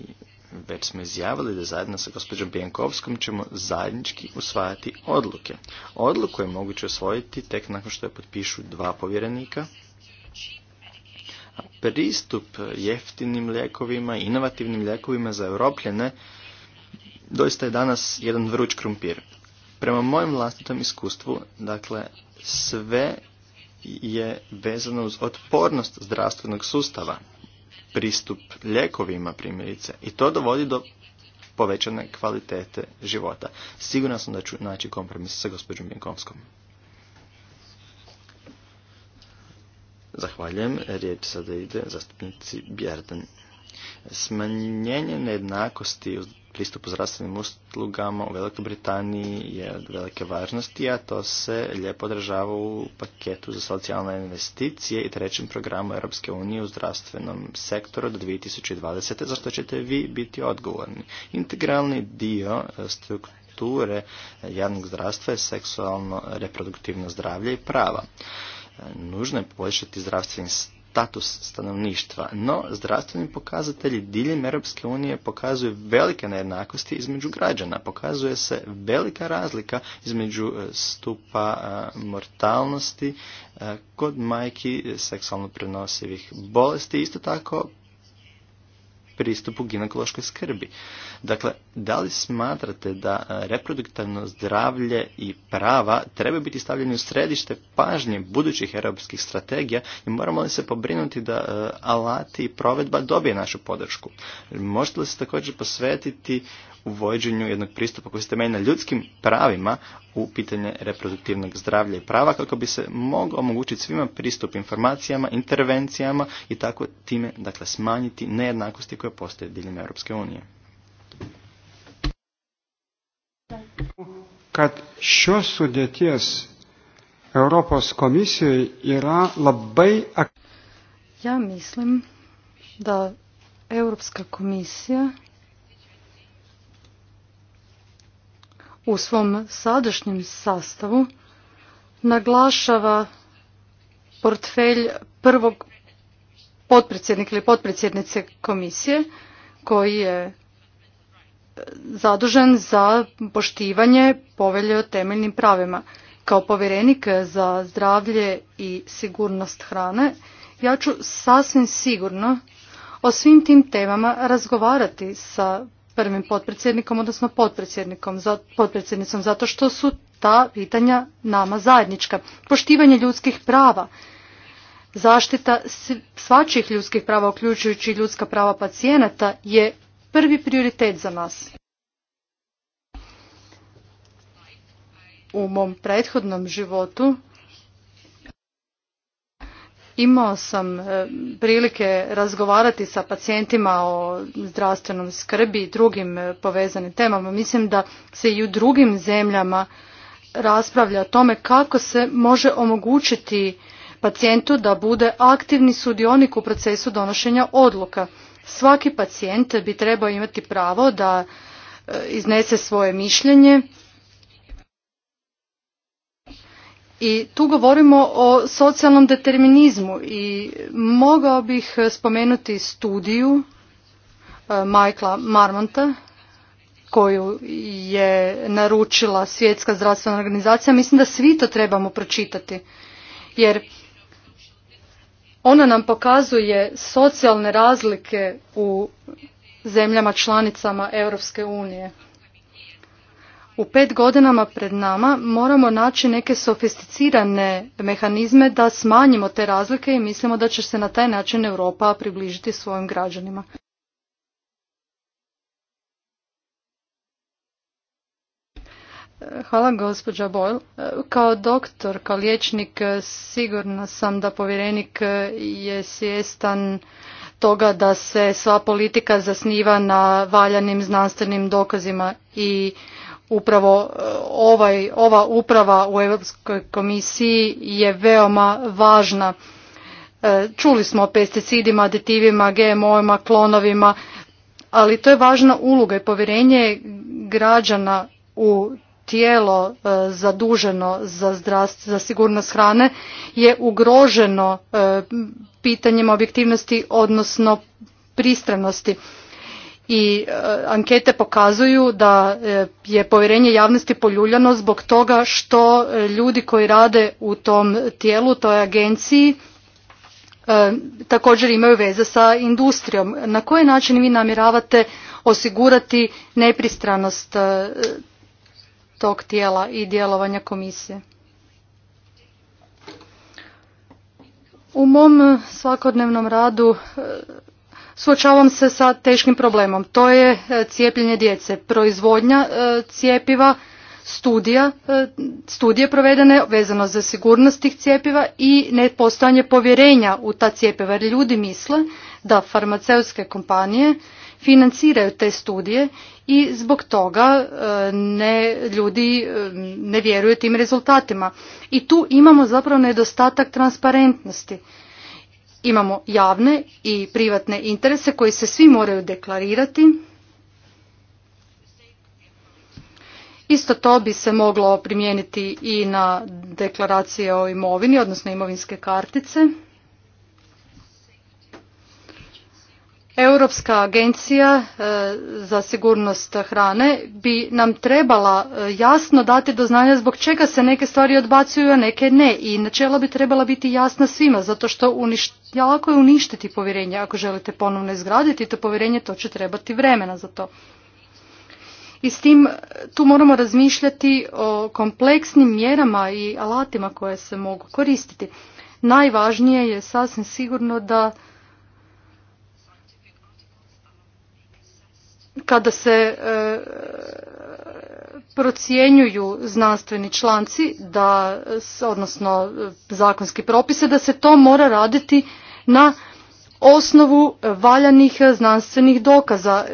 već smo izjavili da zajedno sa gospođom Bijenkovskom ćemo zajednički usvajati odluke. Odluku je moguće usvojiti tek nakon što je potpišu dva povjerenika pristup jeftinim lijekovima, inovativnim lijekovima za europljene doista je danas jedan vruć krumpir. Prema mojem vlastitom iskustvu, dakle, sve je vezano uz otpornost zdravstvenog sustava, pristup lijekovima primjerice i to dovodi do povećane kvalitete života. Siguran sam da ću naći kompromis sa gospođom Bjenkovskom. Zahvaljujem. Riječ sada ide zastupnici Bjerden. Smanjenje nejednakosti u pristupu zdravstvenim uslugama u Velikoj Britaniji je od velike važnosti, a to se lijepo održava u paketu za socijalne investicije i trećem programu Europske unije u zdravstvenom sektoru do 2020. za što ćete vi biti odgovorni. Integralni dio e, strukture javnog zdravstva je seksualno reproduktivno zdravlje i prava nužno je poboljšati zdravstveni status stanovništva, no zdravstveni pokazatelji diljem Europske unije pokazuju velike nejednakosti između građana, pokazuje se velika razlika između e, stupa e, mortalnosti e, kod majki seksualno prenosivih bolesti, isto tako pristupu ginekološkoj skrbi. Dakle, da li smatrate da e, reproduktivno zdravlje i prava treba biti stavljeni u središte pažnje budućih europskih strategija i moramo li se pobrinuti da e, alati i provedba dobije našu podršku? Možete li se također posvetiti u jednog pristupa koji se temelji na ljudskim pravima u pitanje reproduktivnog zdravlja i prava kako bi se mogao omogućiti svima pristup informacijama, intervencijama i tako time dakle smanjiti nejednakosti koje postoje diljem Europske unije. Kad Europos komisije Ja mislim da Europska komisija u svom sadašnjem sastavu naglašava portfelj prvog potpredsjednika ili potpredsjednice komisije koji je zadužen za poštivanje povelje o temeljnim pravima. Kao povjerenik za zdravlje i sigurnost hrane, ja ću sasvim sigurno o svim tim temama razgovarati sa prvim potpredsjednikom, odnosno potpredsjednikom, potpredsjednicom, zato što su ta pitanja nama zajednička. Poštivanje ljudskih prava, zaštita svačih ljudskih prava, uključujući ljudska prava pacijenata, je prvi prioritet za nas. U mom prethodnom životu Imao sam e, prilike razgovarati sa pacijentima o zdravstvenom skrbi i drugim e, povezanim temama. Mislim da se i u drugim zemljama raspravlja o tome kako se može omogućiti pacijentu da bude aktivni sudionik u procesu donošenja odluka. Svaki pacijent bi trebao imati pravo da e, iznese svoje mišljenje I tu govorimo o socijalnom determinizmu i mogao bih spomenuti studiju e, Michaela Marmonta koju je naručila Svjetska zdravstvena organizacija. Mislim da svi to trebamo pročitati jer ona nam pokazuje socijalne razlike u zemljama članicama Europske unije u pet godinama pred nama moramo naći neke sofisticirane mehanizme da smanjimo te razlike i mislimo da će se na taj način Europa približiti svojim građanima. Hvala gospođa Boyle. Kao doktor, kao liječnik sigurna sam da povjerenik je svjestan toga da se sva politika zasniva na valjanim znanstvenim dokazima i upravo e, ovaj, ova uprava u Europskoj komisiji je veoma važna. E, čuli smo o pesticidima, aditivima, GMO-ima, klonovima, ali to je važna uloga i povjerenje građana u tijelo e, zaduženo za, zdravstvo, za sigurnost hrane je ugroženo pitanjem objektivnosti, odnosno pristranosti i e, ankete pokazuju da e, je povjerenje javnosti poljuljano zbog toga što e, ljudi koji rade u tom tijelu, toj agenciji, također imaju veze sa industrijom. Na koji način vi namjeravate osigurati nepristranost tog tijela i djelovanja komisije? U mom svakodnevnom radu suočavam se sa teškim problemom. To je e, cijepljenje djece, proizvodnja e, cijepiva, studija, e, studije provedene vezano za sigurnost tih cijepiva i nepostojanje povjerenja u ta cijepiva. Jer ljudi misle da farmaceutske kompanije financiraju te studije i zbog toga ne, ljudi ne vjeruju tim rezultatima. I tu imamo zapravo nedostatak transparentnosti. Imamo javne i privatne interese koji se svi moraju deklarirati. Isto to bi se moglo primijeniti i na deklaracije o imovini, odnosno imovinske kartice. Europska agencija e, za sigurnost hrane bi nam trebala e, jasno dati do znanja zbog čega se neke stvari odbacuju, a neke ne. I načela bi trebala biti jasna svima, zato što jako je uništiti povjerenje. Ako želite ponovno izgraditi to povjerenje, to će trebati vremena za to. I s tim e, tu moramo razmišljati o kompleksnim mjerama i alatima koje se mogu koristiti. Najvažnije je sasvim sigurno da kada se e, procjenjuju znanstveni članci da odnosno e, zakonski propise da se to mora raditi na osnovu valjanih znanstvenih dokaza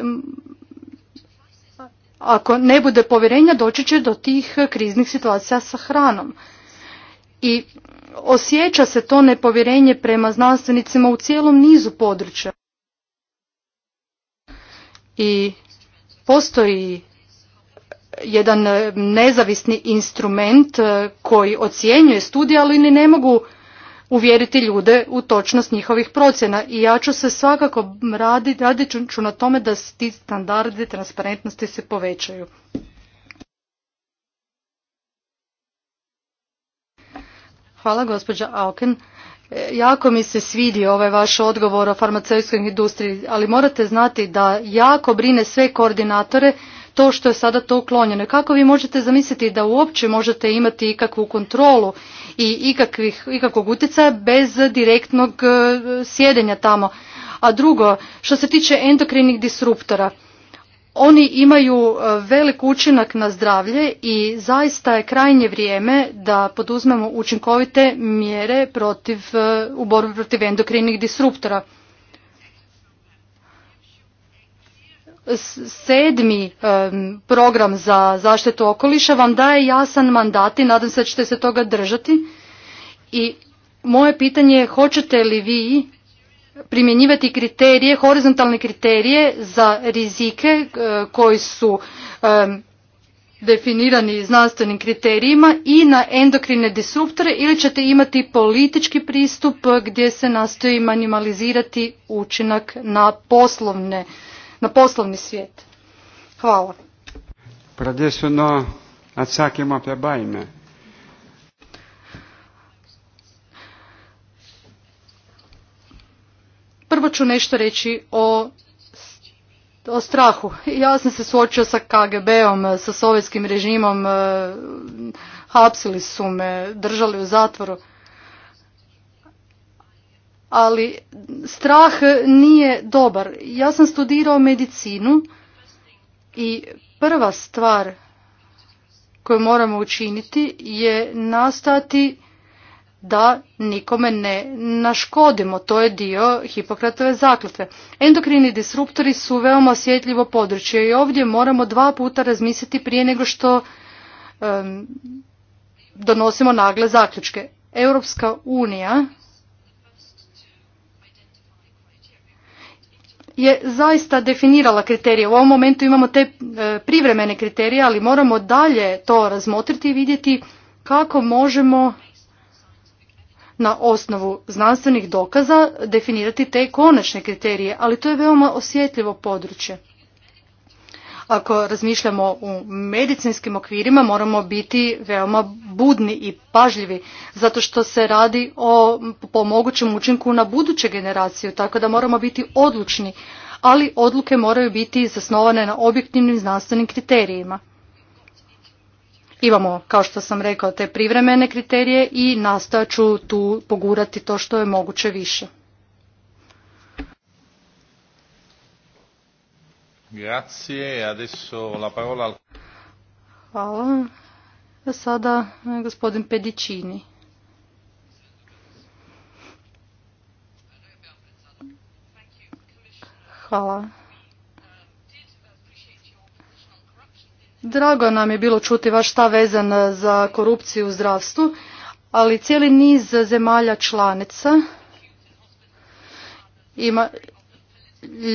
ako ne bude povjerenja doći će do tih kriznih situacija sa hranom i osjeća se to nepovjerenje prema znanstvenicima u cijelom nizu područja i postoji jedan e, nezavisni instrument e, koji ocjenjuje studije, ali ni ne mogu uvjeriti ljude u točnost njihovih procjena i ja ću se svakako raditi, radit ću na tome da ti standardi transparentnosti se povećaju. Hvala gospođa Auken. Jako mi se svidi ovaj vaš odgovor o farmaceutskoj industriji, ali morate znati da jako brine sve koordinatore to što je sada to uklonjeno. Kako vi možete zamisliti da uopće možete imati ikakvu kontrolu i ikakvih, ikakvog utjecaja bez direktnog e, sjedenja tamo? A drugo, što se tiče endokrinih disruptora, oni imaju e, velik učinak na zdravlje i zaista je krajnje vrijeme da poduzmemo učinkovite mjere protiv, e, u borbi protiv endokrinih disruptora. Sedmi e, program za zaštitu okoliša vam daje jasan mandat i nadam se da ćete se toga držati. I moje pitanje je hoćete li vi primjenjivati kriterije, horizontalne kriterije za rizike e, koji su e, definirani znanstvenim kriterijima i na endokrine disruptore ili ćete imati politički pristup gdje se nastoji minimalizirati učinak na, poslovne, na poslovni svijet. Hvala. Pradesu na Prvo ću nešto reći o o strahu. Ja sam se suočio sa KGB-om, sa sovjetskim režimom, e, hapsili su me, držali u zatvoru. Ali strah nije dobar. Ja sam studirao medicinu i prva stvar koju moramo učiniti je nastati da nikome ne naškodimo. To je dio Hipokratove zakletve. Endokrini disruptori su veoma osjetljivo područje i ovdje moramo dva puta razmisliti prije nego što donosimo nagle zaključke. Europska unija je zaista definirala kriterije. U ovom momentu imamo te e, privremene kriterije, ali moramo dalje to razmotriti i vidjeti kako možemo na osnovu znanstvenih dokaza definirati te konačne kriterije, ali to je veoma osjetljivo područje. Ako razmišljamo u medicinskim okvirima moramo biti veoma budni i pažljivi zato što se radi o po mogućem učinku na buduće generaciju, tako da moramo biti odlučni, ali odluke moraju biti zasnovane na objektivnim znanstvenim kriterijima. Imamo, kao što sam rekao, te privremene kriterije i nastojat ću tu pogurati to što je moguće više. E Hvala. sada e, gospodin Pedicini. Hvala Drago nam je bilo čuti vaš stav vezan e, za korupciju u zdravstvu, ali cijeli niz zemalja članica ima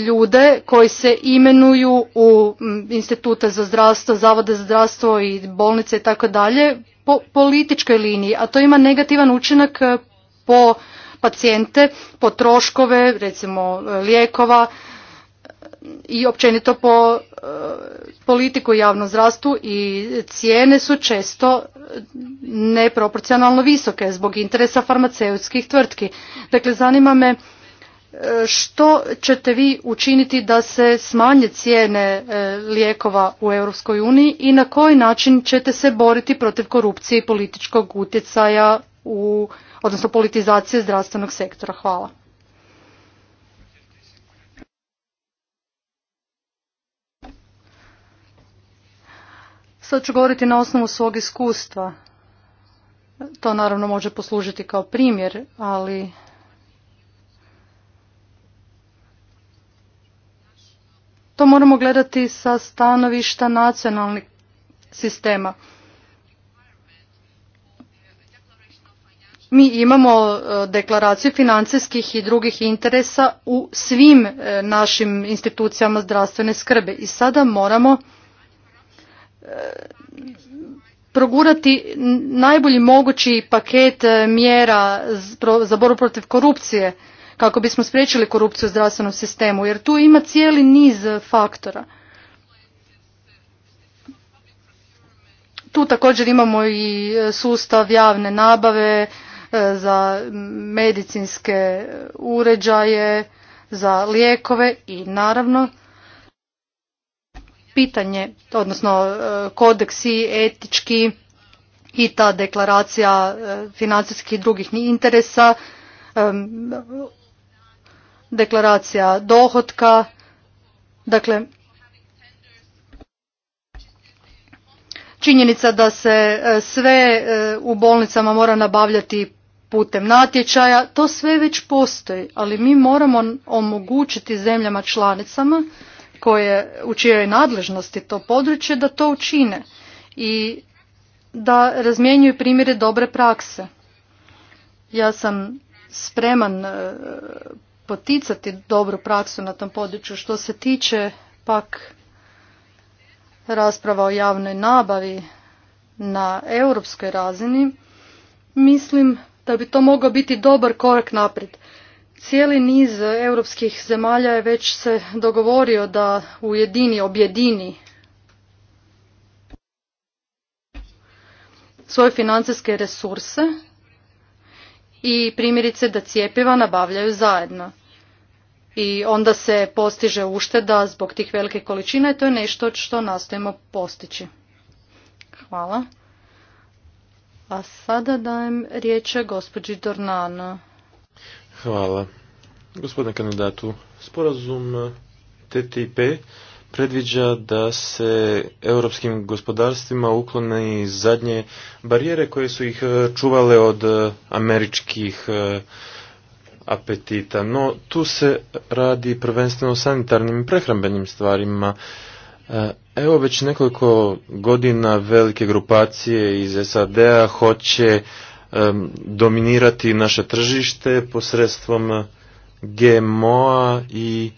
ljude koji se imenuju u institute za zdravstvo, zavode za zdravstvo i bolnice i tako dalje po političkoj liniji, a to ima negativan učinak e, po pacijente, po troškove, recimo e, lijekova, i općenito po e, politiku javnom zdravstvu i cijene su često neproporcionalno visoke zbog interesa farmaceutskih tvrtki. Dakle, zanima me e, što ćete vi učiniti da se smanje cijene e, lijekova u Europskoj uniji i na koji način ćete se boriti protiv korupcije i političkog utjecaja u, odnosno politizacije zdravstvenog sektora? Hvala. Sad ću govoriti na osnovu svog iskustva. To naravno može poslužiti kao primjer, ali to moramo gledati sa stanovišta nacionalnih sistema. Mi imamo e, deklaraciju financijskih i drugih interesa u svim e, našim institucijama zdravstvene skrbe i sada moramo progurati najbolji mogući paket e, mjera za borbu protiv korupcije kako bismo spriječili korupciju u zdravstvenom sistemu jer tu ima cijeli niz faktora. Tu također imamo i e, sustav javne nabave e, za medicinske uređaje, za lijekove i naravno pitanje, odnosno e, kodeksi etički i ta deklaracija e, financijskih i drugih interesa, e, deklaracija dohotka, dakle činjenica da se sve u bolnicama mora nabavljati putem natječaja, to sve već postoji, ali mi moramo omogućiti zemljama članicama koje, u čijoj nadležnosti to područje da to učine i da razmjenjuju primjere dobre prakse. Ja sam spreman e, poticati dobru praksu na tom području. Što se tiče pak rasprava o javnoj nabavi na europskoj razini, mislim da bi to mogao biti dobar korak naprijed. Cijeli niz europskih zemalja je već se dogovorio da ujedini, objedini svoje financijske resurse i primjerice da cijepiva nabavljaju zajedno. I onda se postiže ušteda zbog tih velike količina i to je nešto što nastojimo postići. Hvala. A sada dajem riječ gospođi Dornano. Hvala. Gospodine kandidatu, sporazum TTIP predviđa da se europskim gospodarstvima uklone i zadnje barijere koje su ih čuvale od američkih e, apetita. No, tu se radi prvenstveno o sanitarnim i prehrambenim stvarima. E, evo već nekoliko godina velike grupacije iz SAD-a hoće dominirati naše tržište posredstvom eh, GMO-a i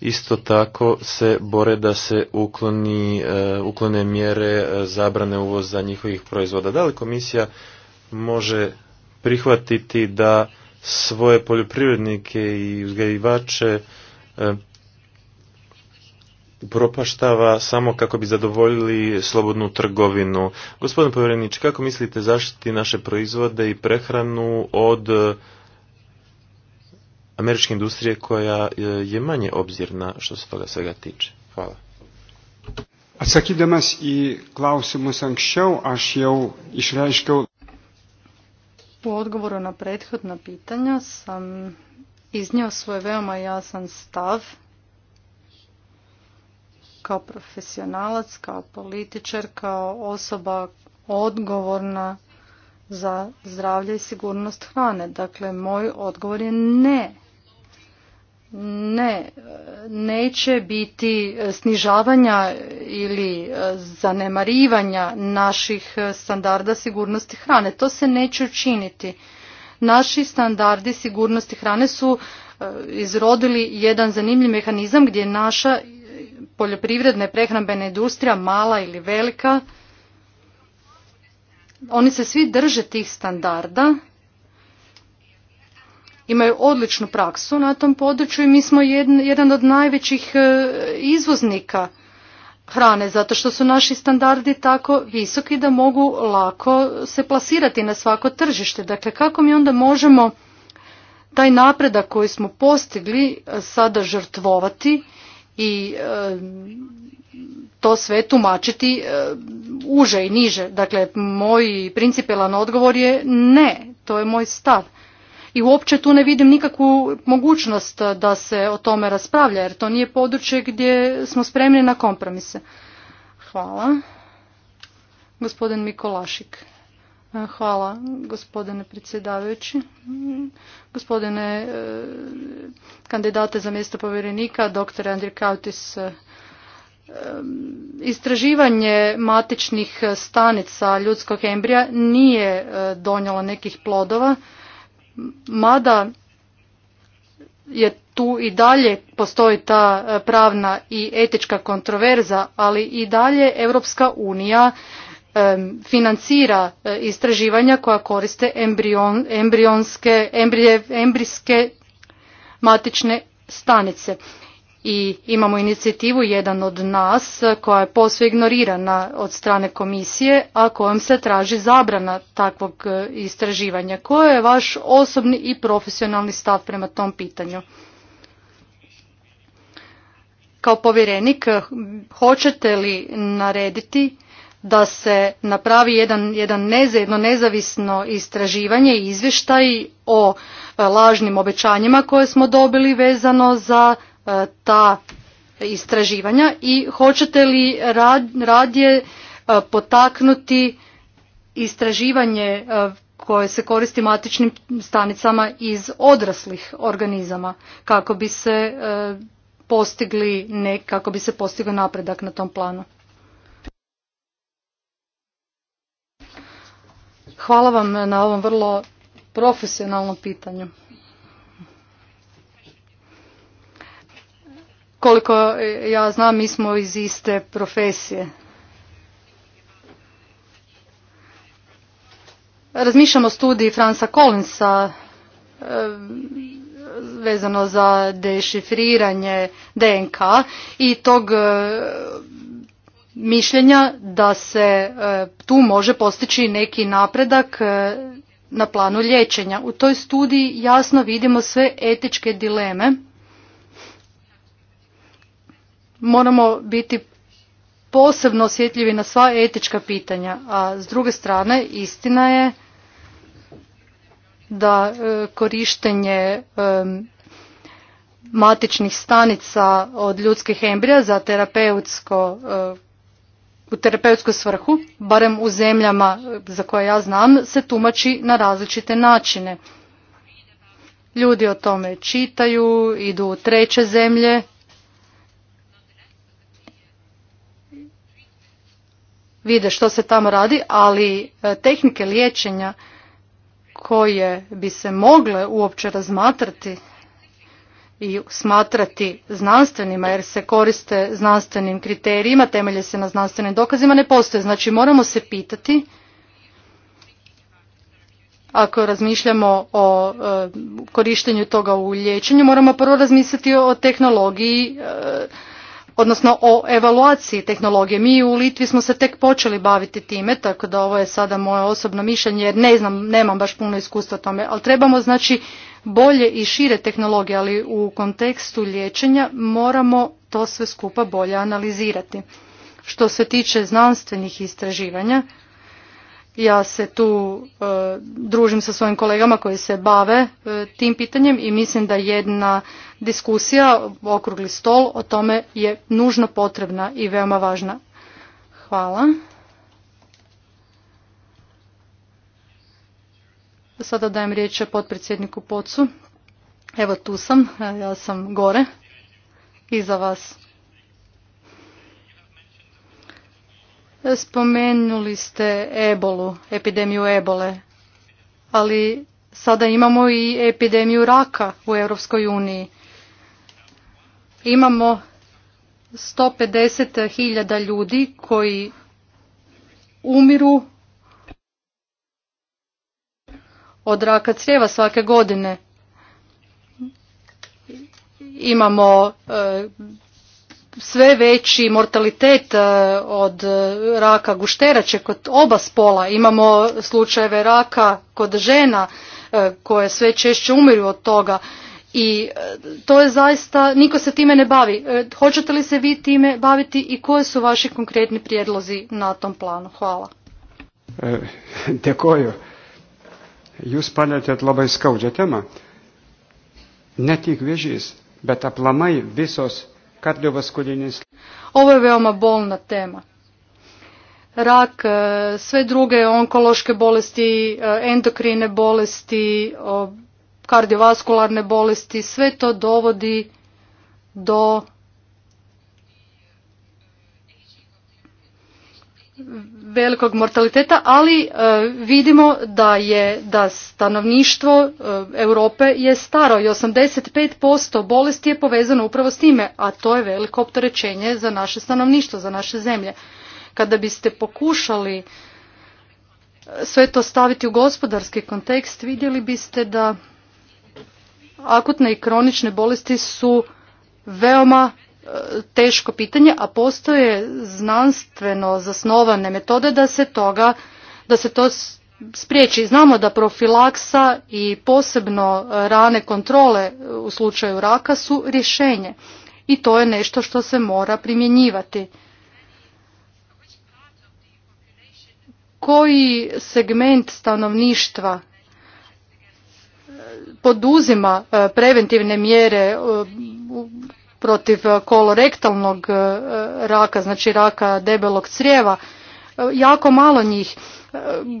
isto tako se bore da se ukloni, eh, uklone mjere eh, zabrane uvoza njihovih proizvoda. Da li komisija može prihvatiti da svoje poljoprivrednike i uzgajivače propaštava samo kako bi zadovoljili slobodnu trgovinu. Gospodin povjerenič, kako mislite zaštiti naše proizvode i prehranu od e, američke industrije koja e, je manje obzirna što se toga svega tiče? Hvala. Atsakydamas i klausimus anksčiau, aš jau U odgovoru na prethodna pitanja sam iznio svoj veoma jasan stav kao profesionalac, kao političar, kao osoba odgovorna za zdravlje i sigurnost hrane. Dakle, moj odgovor je ne. Ne, neće biti snižavanja ili zanemarivanja naših standarda sigurnosti hrane. To se neće učiniti. Naši standardi sigurnosti hrane su e, izrodili jedan zanimljiv mehanizam gdje naša poljoprivredne prehrambena industrija, mala ili velika, oni se svi drže tih standarda, imaju odličnu praksu na tom području i mi smo jedan od najvećih e, izvoznika hrane zato što su naši standardi tako visoki da mogu lako se plasirati na svako tržište. Dakle, kako mi onda možemo taj napredak koji smo postigli e, sada žrtvovati i e, to sve tumačiti e, uže i niže. Dakle, moj principelan odgovor je ne, to je moj stav. I uopće tu ne vidim nikakvu mogućnost da se o tome raspravlja, jer to nije područje gdje smo spremni na kompromise. Hvala. Gospodin Mikolašik. Hvala gospodine predsjedavajući. Gospodine e, kandidate za mjesto povjerenika, dr. Andrij Kautis, e, istraživanje matičnih stanica ljudskog embrija nije e, donijelo nekih plodova, mada je tu i dalje postoji ta pravna i etička kontroverza, ali i dalje Europska unija financira e, istraživanja koja koriste embrijske matične stanice. I imamo inicijativu jedan od nas e, koja je posve ignorirana od strane komisije, a kojom se traži zabrana takvog e, istraživanja. Koji je vaš osobni i profesionalni stav prema tom pitanju? Kao povjerenik, hoćete li narediti da se napravi jedan, jedan jedno nezavisno istraživanje i izvještaj o e, lažnim obećanjima koje smo dobili vezano za e, ta istraživanja i hoćete li radije e, potaknuti istraživanje koje se koristi matičnim stanicama iz odraslih organizama kako bi se postigli ne, kako bi se postigao napredak na tom planu. Hvala vam na ovom vrlo profesionalnom pitanju. Koliko ja znam, mi smo iz iste profesije. Razmišljamo o studiji Fransa Collinsa eh, vezano za dešifriranje DNK i tog eh, mišljenja da se e, tu može postići neki napredak e, na planu liječenja. U toj studiji jasno vidimo sve etičke dileme. Moramo biti posebno osjetljivi na sva etička pitanja, a s druge strane istina je da e, korištenje matičnih stanica od ljudskih embrija za terapeutsko u terapeutsku svrhu, barem u zemljama e, za koje ja znam, se tumači na različite načine. Ljudi o tome čitaju, idu u treće zemlje. Vide što se tamo radi, ali e, tehnike liječenja koje bi se mogle uopće razmatrati i smatrati znanstvenima jer se koriste znanstvenim kriterijima, temelje se na znanstvenim dokazima, ne postoje. Znači moramo se pitati ako razmišljamo o e, korištenju toga u liječenju, moramo prvo razmisliti o tehnologiji, e, odnosno o evaluaciji tehnologije. Mi u Litvi smo se tek počeli baviti time, tako da ovo je sada moje osobno mišljenje jer ne znam, nemam baš puno iskustva tome, ali trebamo znači bolje i šire tehnologije, ali u kontekstu liječenja moramo to sve skupa bolje analizirati. Što se tiče znanstvenih istraživanja, ja se tu e, družim sa svojim kolegama koji se bave e, tim pitanjem i mislim da jedna diskusija, okrugli stol o tome je nužno potrebna i veoma važna. Hvala. Sada dajem riječ potpredsjedniku Pocu. Evo tu sam, e, ja sam gore, iza vas. Spomenuli ste ebolu, epidemiju ebole, ali sada imamo i epidemiju raka u Europskoj uniji. Imamo 150.000 ljudi koji umiru od raka crijeva svake godine. Imamo e, sve veći mortalitet e, od raka gušterače kod oba spola. Imamo slučajeve raka kod žena e, koje sve češće umiru od toga. I to je zaista, niko se time ne bavi. Hoćete li se vi time baviti i koje su vaši konkretni prijedlozi na tom planu? Hvala. E, [laughs] jūs palėtėt labai skaudžią temą. Ne tik vėžys, bet aplamai visos kardiovaskulinis. Ovo je veoma bolna tema. Rak, e, sve druge onkološke bolesti, e, endokrine bolesti, kardiovaskularne bolesti, sve to dovodi do velikog mortaliteta, ali e, vidimo da je da stanovništvo e, Europe je staro i 85% bolesti je povezano upravo s time, a to je veliko opterećenje za naše stanovništvo, za naše zemlje. Kada biste pokušali e, sve to staviti u gospodarski kontekst, vidjeli biste da akutne i kronične bolesti su veoma teško pitanje, a postoje znanstveno zasnovane metode da se toga, da se to spriječi. Znamo da profilaksa i posebno rane kontrole u slučaju raka su rješenje i to je nešto što se mora primjenjivati. Koji segment stanovništva e, poduzima e, preventivne mjere e, protiv e, kolorektalnog e, raka, znači raka debelog crijeva, e, jako malo njih.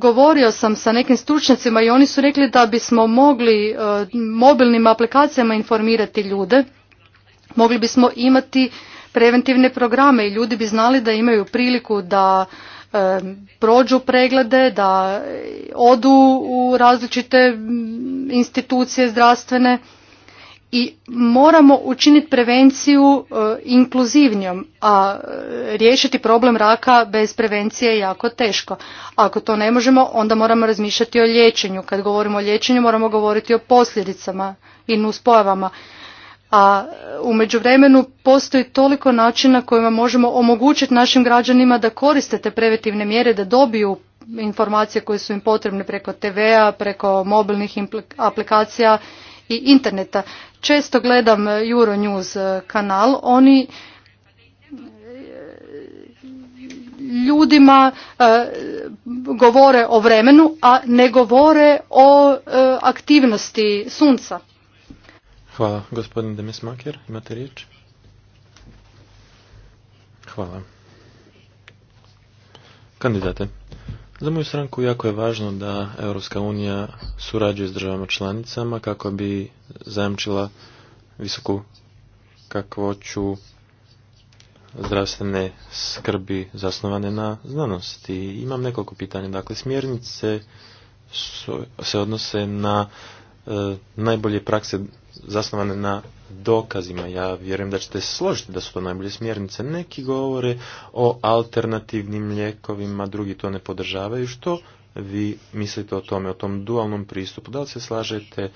Govorio sam sa nekim stručnjacima i oni su rekli da bismo mogli mobilnim aplikacijama informirati ljude, mogli bismo imati preventivne programe i ljudi bi znali da imaju priliku da prođu preglede, da odu u različite institucije zdravstvene i moramo učiniti prevenciju e, inkluzivnijom, a e, riješiti problem raka bez prevencije je jako teško. Ako to ne možemo, onda moramo razmišljati o liječenju. Kad govorimo o liječenju, moramo govoriti o posljedicama i nuspojavama. A e, u međuvremenu postoji toliko načina kojima možemo omogućiti našim građanima da koriste te preventivne mjere, da dobiju informacije koje su im potrebne preko TV-a, preko mobilnih aplikacija, i interneta. Često gledam eh, Euronews eh, kanal, oni eh, ljudima govore o vremenu, a ne govore o aktivnosti sunca. Hvala. Gospodin Demesmaker. imate riječ? Hvala. Kandidate. Za moju stranku jako je važno da Europska unija surađuje s državama članicama kako bi zajamčila visoku kakvoću zdravstvene skrbi zasnovane na znanosti. Imam nekoliko pitanja. Dakle, smjernice se odnose na e, najbolje prakse zasnovane na dokazima. Ja vjerujem da ćete se složiti da su to najbolje smjernice. Neki govore o alternativnim lijekovima, drugi to ne podržavaju. Što vi mislite o tome, o tom dualnom pristupu? Da li se slažete e,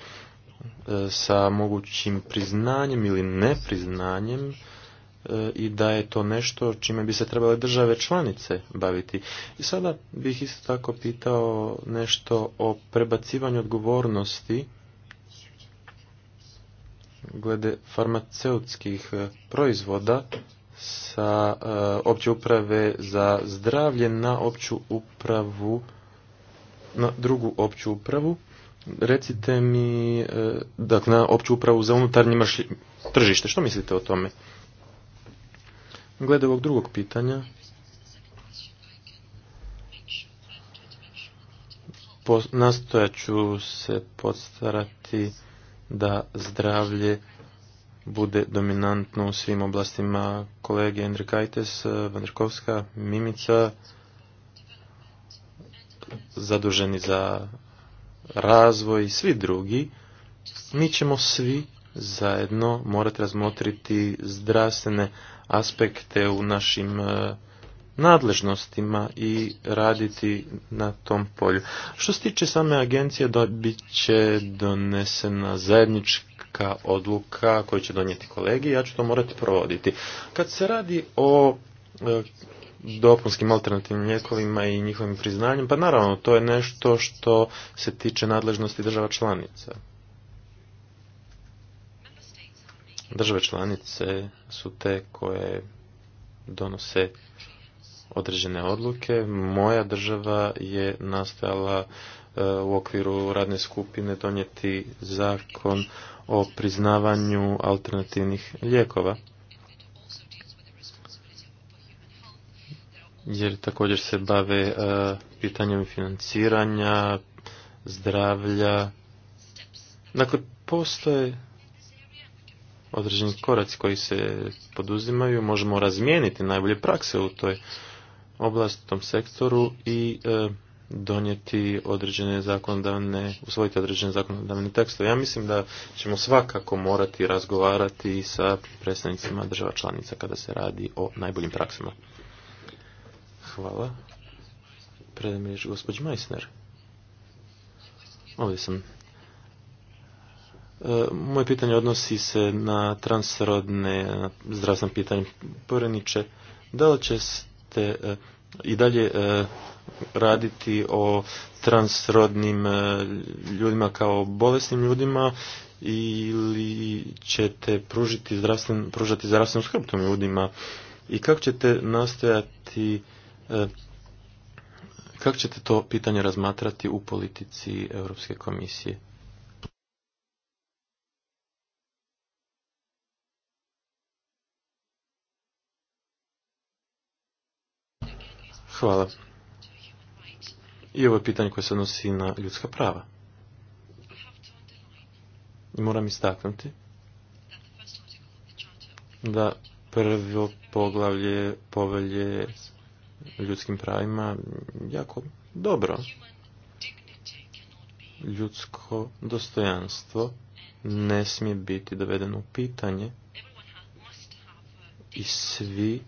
sa mogućim priznanjem ili nepriznanjem e, i da je to nešto čime bi se trebale države članice baviti. I sada bih isto tako pitao nešto o prebacivanju odgovornosti glede farmaceutskih e, proizvoda sa e, opće uprave za zdravlje na opću upravu na drugu opću upravu recite mi e, dakle na opću upravu za unutarnje tržište što mislite o tome glede ovog drugog pitanja nastojat ću se podstarati da zdravlje bude dominantno u svim oblastima kolege Kajtes, Vandrkovska, Mimica, zaduženi za razvoj i svi drugi, mi ćemo svi zajedno morati razmotriti zdravstvene aspekte u našim eh, nadležnostima i raditi na tom polju. Što se tiče same agencije, bit će donesena zajednička odluka koju će donijeti kolegi ja ću to morati provoditi. Kad se radi o e, dopunskim alternativnim lijekovima i njihovim priznanjem, pa naravno to je nešto što se tiče nadležnosti država članica. Države članice su te koje donose određene odluke. Moja država je nastala e, u okviru radne skupine donijeti zakon o priznavanju alternativnih lijekova. Jer također se bave e, pitanjem financiranja, zdravlja. Dakle, postoje određeni koraci koji se poduzimaju. Možemo razmijeniti najbolje prakse u toj oblast, tom sektoru i e, donijeti određene zakonodavne, usvojiti određene zakonodavne tekstove. Ja mislim da ćemo svakako morati razgovarati sa predstavnicima država članica kada se radi o najboljim praksama. Hvala. Predam riječ gospođi Meissner. Ovdje sam. E, moje pitanje odnosi se na transrodne zdravstvene pitanje. Poreniče, da li će E, i dalje e, raditi o transrodnim e, ljudima kao bolesnim ljudima ili ćete pružati zdravstvenu skrb tom ljudima i kako ćete nastojati kako ćete to pitanje razmatrati u politici Europske komisije? Hvala. I ovo je pitanje koje se odnosi na ljudska prava. I moram istaknuti da prvo poglavlje povelje ljudskim pravima jako dobro. Ljudsko dostojanstvo ne smije biti dovedeno u pitanje i svi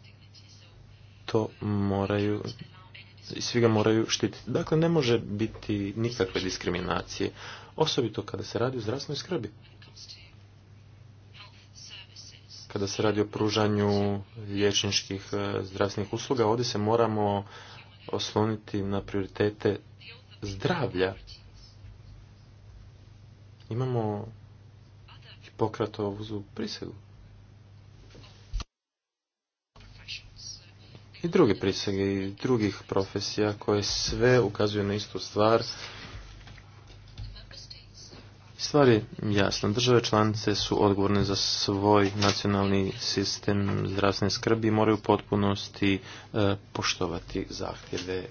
to moraju i svi ga moraju štititi. Dakle, ne može biti nikakve diskriminacije, osobito kada se radi o zdravstvenoj skrbi. Kada se radi o pružanju liječničkih e, zdravstvenih usluga, ovdje se moramo osloniti na prioritete zdravlja. Imamo Hipokratovu prisegu. i druge prisege i drugih profesija koje sve ukazuju na istu stvar. Stvar je jasna. Države članice su odgovorne za svoj nacionalni sistem zdravstvene skrbi i moraju u potpunosti e, poštovati zahtjeve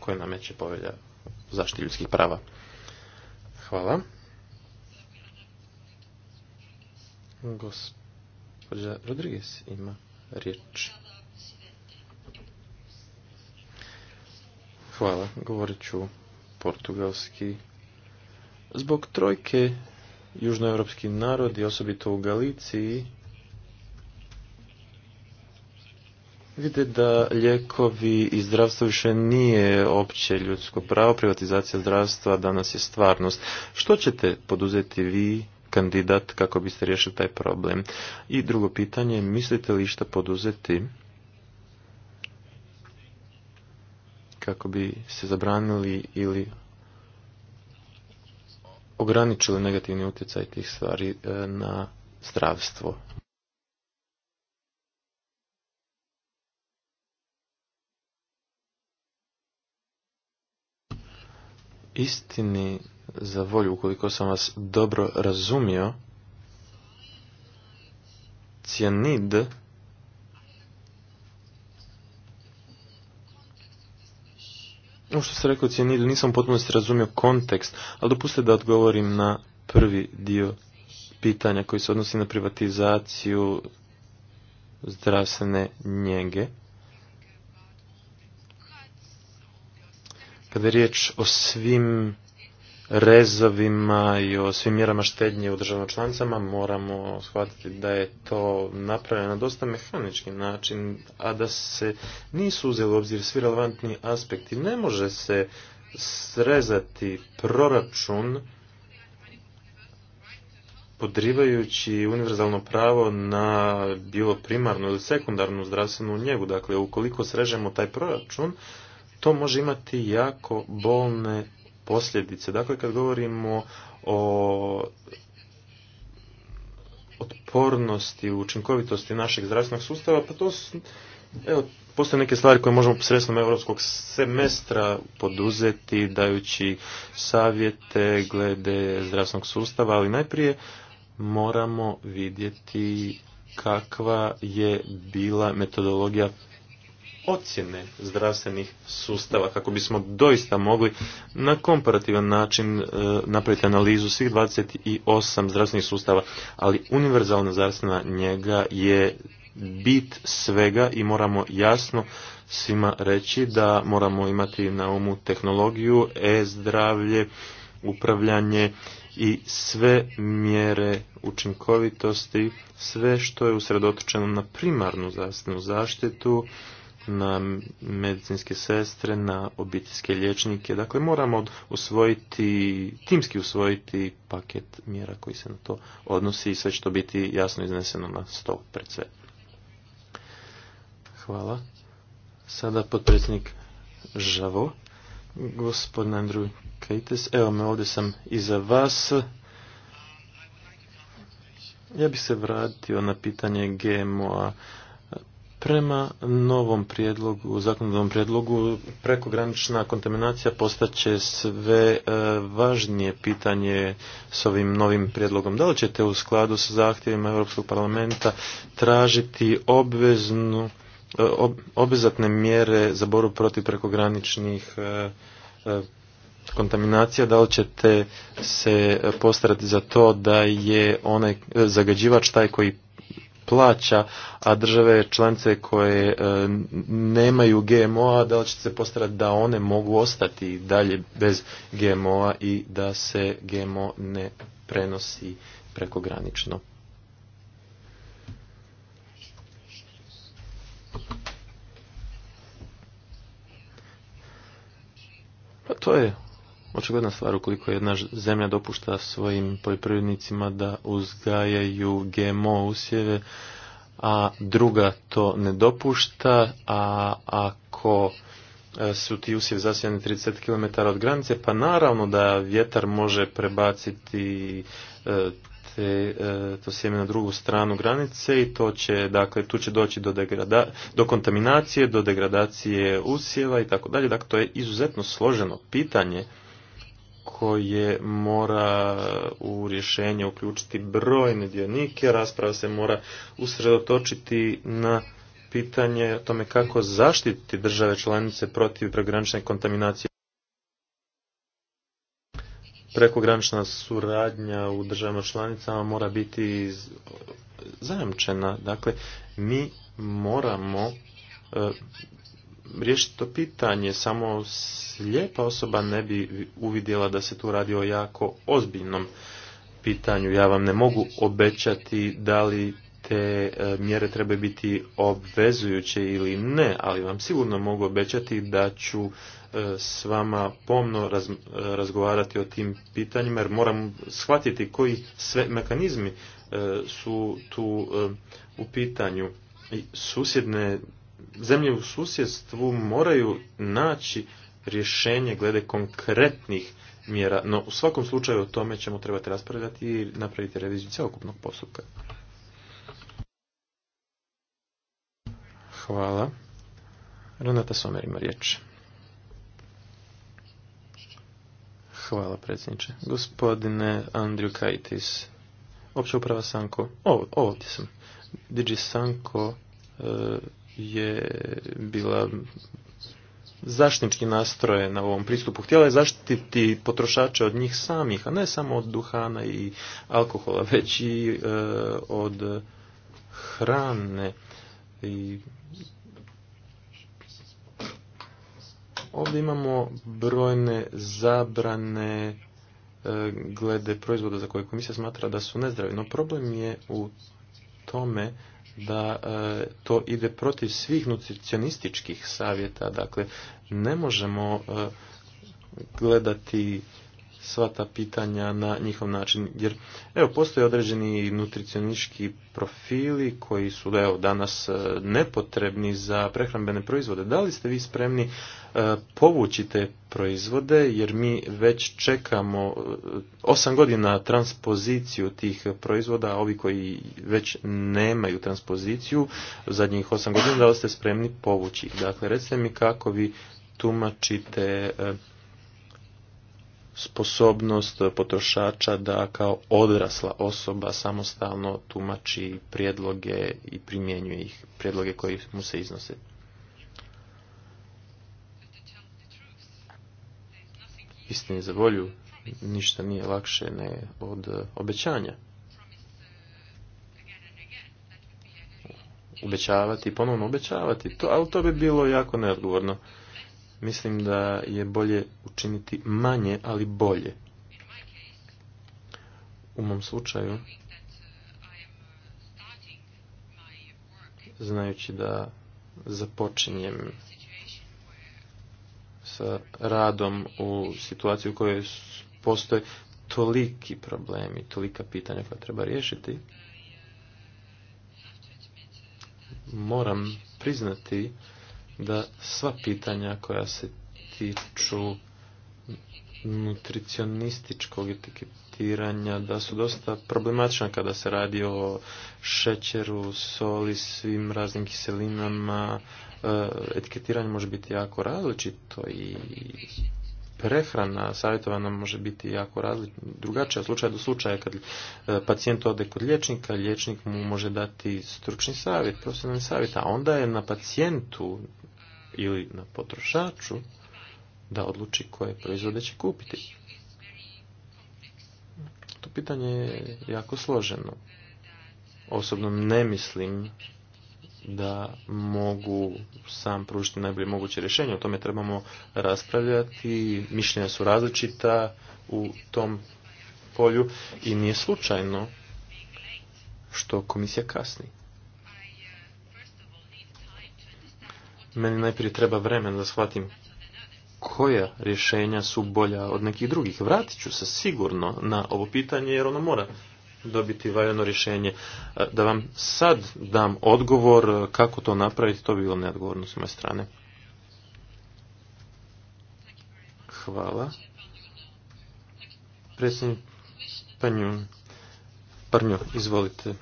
koje nameće povelja zaštiti ljudskih prava. Hvala. gospođa Rodriguez ima riječ. Hvala, govorit ću portugalski. Zbog trojke južnoevropski i osobito u Galiciji, vide da ljekovi i zdravstvo više nije opće ljudsko pravo, privatizacija zdravstva danas je stvarnost. Što ćete poduzeti vi, kandidat, kako biste riješili taj problem? I drugo pitanje, mislite li šta poduzeti kako bi se zabranili ili ograničili negativni utjecaj tih stvari e, na zdravstvo. Istini za volju, ukoliko sam vas dobro razumio, cijanid Ovo što ste rekao cijenidu, nisam potpuno se razumio kontekst, ali dopustite da odgovorim na prvi dio pitanja koji se odnosi na privatizaciju zdravstvene njege. Kada je riječ o svim rezovima i o svim mjerama štednje u državama članicama moramo shvatiti da je to napravljeno na dosta mehanički način, a da se nisu uzeli u obzir svi relevantni aspekti. Ne može se srezati proračun podrivajući univerzalno pravo na bilo primarnu ili sekundarnu zdravstvenu njegu. Dakle, ukoliko srežemo taj proračun, to može imati jako bolne posljedice. Dakle, kad govorimo o otpornosti, učinkovitosti našeg zdravstvenog sustava, pa to su, evo, postoje neke stvari koje možemo sredstvom europskog semestra poduzeti, dajući savjete glede zdravstvenog sustava, ali najprije moramo vidjeti kakva je bila metodologija ocjene zdravstvenih sustava kako bismo doista mogli na komparativan način e, napraviti analizu svih 28 zdravstvenih sustava, ali univerzalna zdravstvena njega je bit svega i moramo jasno svima reći da moramo imati na umu tehnologiju, e-zdravlje, upravljanje i sve mjere učinkovitosti, sve što je usredotočeno na primarnu zdravstvenu zaštitu, na medicinske sestre, na obiteljske liječnike. Dakle, moramo usvojiti, timski usvojiti paket mjera koji se na to odnosi i sve će to biti jasno izneseno na stol pred sve. Hvala. Sada potpredsjednik Žavo, gospodin Andrew Kajtes. Evo me, ovdje sam iza vas. Ja bih se vratio na pitanje GMO-a. Prema novom prijedlogu, zakonodavnom prijedlogu, prekogranična kontaminacija postaće sve e, važnije pitanje s ovim novim prijedlogom. Da li ćete u skladu sa zahtjevima Europskog parlamenta tražiti obveznu, e, obvezatne mjere za boru protiv prekograničnih e, kontaminacija, da li ćete se postarati za to da je onaj zagađivač taj koji plaća, a države članice koje e, nemaju GMO-a, da li će se postarati da one mogu ostati dalje bez GMO-a i da se GMO ne prenosi prekogranično? Pa to je očigledna stvar ukoliko jedna zemlja dopušta svojim poljoprivrednicima da uzgajaju GMO usjeve, a druga to ne dopušta, a ako e, su ti usjevi zasijani 30 km od granice, pa naravno da vjetar može prebaciti e, te, e, to sjeme na drugu stranu granice i to će, dakle, tu će doći do, degrada, do kontaminacije, do degradacije usjeva i tako dalje. Dakle, to je izuzetno složeno pitanje koje mora u rješenje uključiti brojne dionike. Rasprava se mora usredotočiti na pitanje o tome kako zaštititi države članice protiv prekogranične kontaminacije. Prekogranična suradnja u državama članicama mora biti zajamčena. Dakle, mi moramo e, riješiti to pitanje. Samo slijepa osoba ne bi uvidjela da se tu radi o jako ozbiljnom pitanju. Ja vam ne mogu obećati da li te e, mjere trebaju biti obvezujuće ili ne, ali vam sigurno mogu obećati da ću e, s vama pomno e, razgovarati o tim pitanjima jer moram shvatiti koji sve mekanizmi su tu u pitanju. susjedne zemlje u susjedstvu moraju naći rješenje glede konkretnih mjera, no u svakom slučaju o tome ćemo trebati raspravljati i napraviti reviziju cjelokupnog postupka. Hvala. Renata Somer ima riječ. Hvala predsjedniče. Gospodine Andriju Kajtis, opća uprava Sanko, ovo, ovdje sam, Digi Sanko, e, je bila zaštnički nastroje na ovom pristupu. Htjela je zaštititi potrošače od njih samih, a ne samo od duhana i alkohola, već i e, od hrane. I... Ovdje imamo brojne zabrane e, glede proizvoda za koje komisija smatra da su nezdravi. No problem je u tome da e, to ide protiv svih nutricionističkih savjeta. Dakle, ne možemo e, gledati sva ta pitanja na njihov način. Jer evo, postoje određeni nutricionički profili koji su evo, danas e, nepotrebni za prehrambene proizvode. Da li ste vi spremni e, povući te proizvode jer mi već čekamo e, osam godina transpoziciju tih proizvoda, a ovi koji već nemaju transpoziciju zadnjih osam godina, da li ste spremni povući ih? Dakle, recite mi kako vi tumačite sposobnost potrošača da kao odrasla osoba samostalno tumači prijedloge i primjenjuje ih, prijedloge koji mu se iznose. Istini za volju, ništa nije lakše ne od obećanja. Obećavati, ponovno obećavati, to, ali to bi bilo jako neodgovorno mislim da je bolje učiniti manje, ali bolje. U mom slučaju, znajući da započinjem sa radom u situaciji u kojoj postoje toliki problemi, tolika pitanja koja treba riješiti, moram priznati da sva pitanja koja se tiču nutricionističkog etiketiranja da su dosta problematična kada se radi o šećeru, soli, svim raznim kiselinama. E, Etiketiranje može biti jako različito i prehrana savjetovana može biti jako različna, drugačija od slučaja do slučaja. Kad e, pacijent ode kod liječnika, liječnik mu može dati stručni savjet, profesionalni savjet, a onda je na pacijentu ili na potrošaču da odluči koje proizvode će kupiti. To pitanje je jako složeno. Osobno ne mislim da mogu sam pružiti najbolje moguće rješenje. O tome trebamo raspravljati. Mišljenja su različita u tom polju i nije slučajno što komisija kasni. Meni najprije treba vremen da shvatim koja rješenja su bolja od nekih drugih. Vratit ću se sigurno na ovo pitanje jer ono mora dobiti valjano rješenje. E, da vam sad dam odgovor e, kako to napraviti, to bi bilo neodgovorno s moje strane. Hvala. Predsjednik Prnjo, izvolite.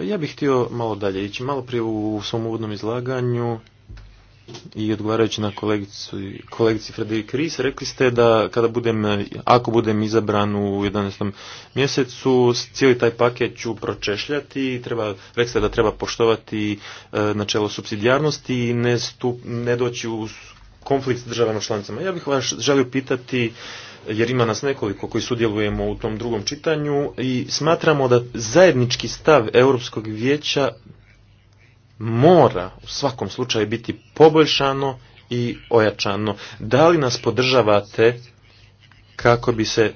Ja bih htio malo dalje ići. Malo prije u svom uvodnom izlaganju i odgovarajući na kolegicu, kolegici Frederik kris rekli ste da kada budem, ako budem izabran u 11. mjesecu, cijeli taj paket ću pročešljati, treba, rekli ste da treba poštovati e, načelo subsidijarnosti i ne, ne doći u konflikt s državama članicama. Ja bih vas želio pitati, jer ima nas nekoliko koji sudjelujemo u tom drugom čitanju i smatramo da zajednički stav Europskog vijeća mora u svakom slučaju biti poboljšano i ojačano. Da li nas podržavate kako bi se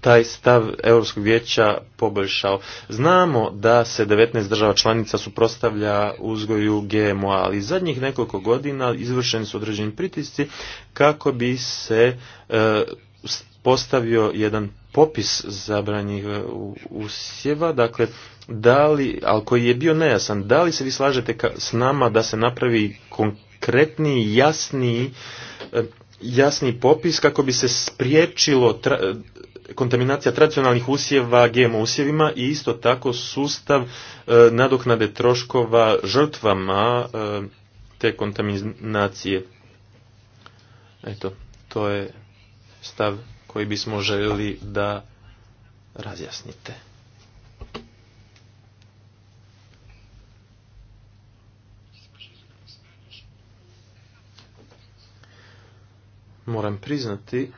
taj stav Europskog vijeća poboljšao. Znamo da se 19 država članica suprotstavlja uzgoju GMO, ali zadnjih nekoliko godina izvršeni su određeni pritisci kako bi se e, postavio jedan popis zabranjih e, usjeva, dakle, da li, ali koji je bio nejasan, da li se vi slažete s nama da se napravi konkretni, jasniji, e, jasni popis kako bi se spriječilo e, kontaminacija tradicionalnih usjeva GMO usjevima i isto tako sustav e, nadoknade troškova žrtvama te kontaminacije. Eto, to je stav koji bismo željeli da razjasnite. Moram priznati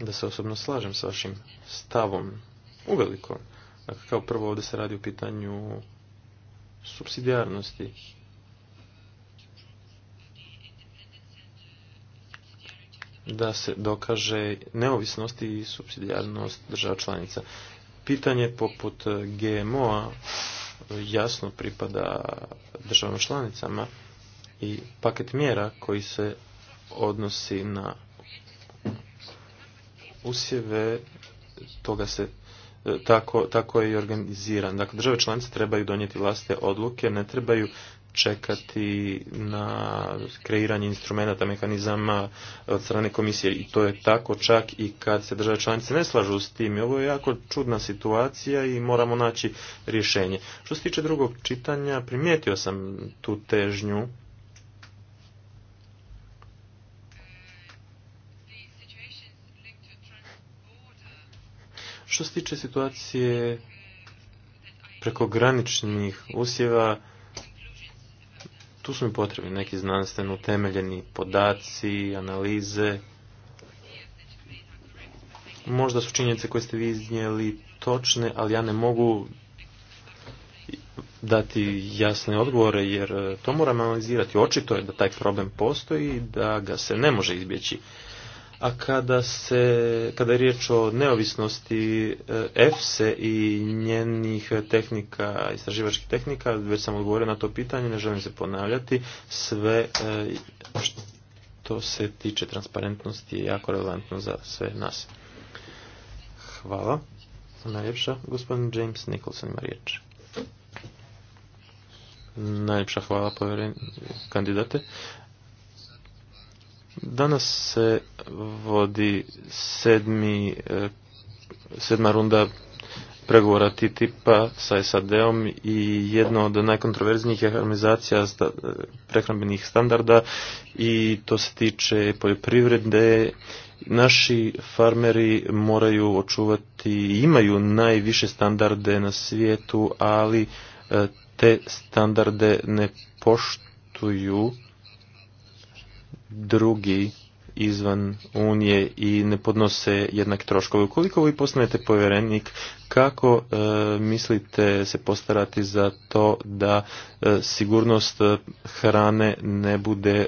da se osobno slažem sa vašim stavom uveliko. Dakle, kao prvo ovdje se radi u pitanju subsidijarnosti da se dokaže neovisnost i subsidijarnost država članica. Pitanje poput GMO-a jasno pripada državama članicama i paket mjera koji se odnosi na usjeve toga se e, tako, tako je i organiziran. Dakle, države članice trebaju donijeti vlastite odluke, ne trebaju čekati na kreiranje instrumenta, mehanizama od strane komisije i to je tako čak i kad se države članice ne slažu s tim. Ovo je jako čudna situacija i moramo naći rješenje. Što se tiče drugog čitanja, primijetio sam tu težnju Što se tiče situacije prekograničnih usjeva, tu su mi potrebni neki znanstveno utemeljeni podaci, analize. Možda su činjenice koje ste vi iznijeli točne, ali ja ne mogu dati jasne odgovore, jer e, to moram analizirati. Očito je da taj problem postoji i da ga se ne može izbjeći. A kada, se, kada je riječ o neovisnosti e, EFSE i njenih tehnika, istraživačkih tehnika, već sam odgovorio na to pitanje, ne želim se ponavljati, sve e, što se tiče transparentnosti je jako relevantno za sve nas. Hvala. Najljepša, gospodin James Nicholson ima riječ. Najljepša hvala povjereni kandidate. Danas se vodi e, sedma runda pregovora TTIP-a sa SAD-om i jedno od najkontroverznijih je harmonizacija e, prehrambenih standarda i to se tiče poljoprivrede. Naši farmeri moraju očuvati, imaju najviše standarde na svijetu, ali e, te standarde ne poštuju drugi izvan Unije i ne podnose jednak troškove. Ukoliko vi postanete povjerenik, kako e, mislite se postarati za to da e, sigurnost e, hrane ne bude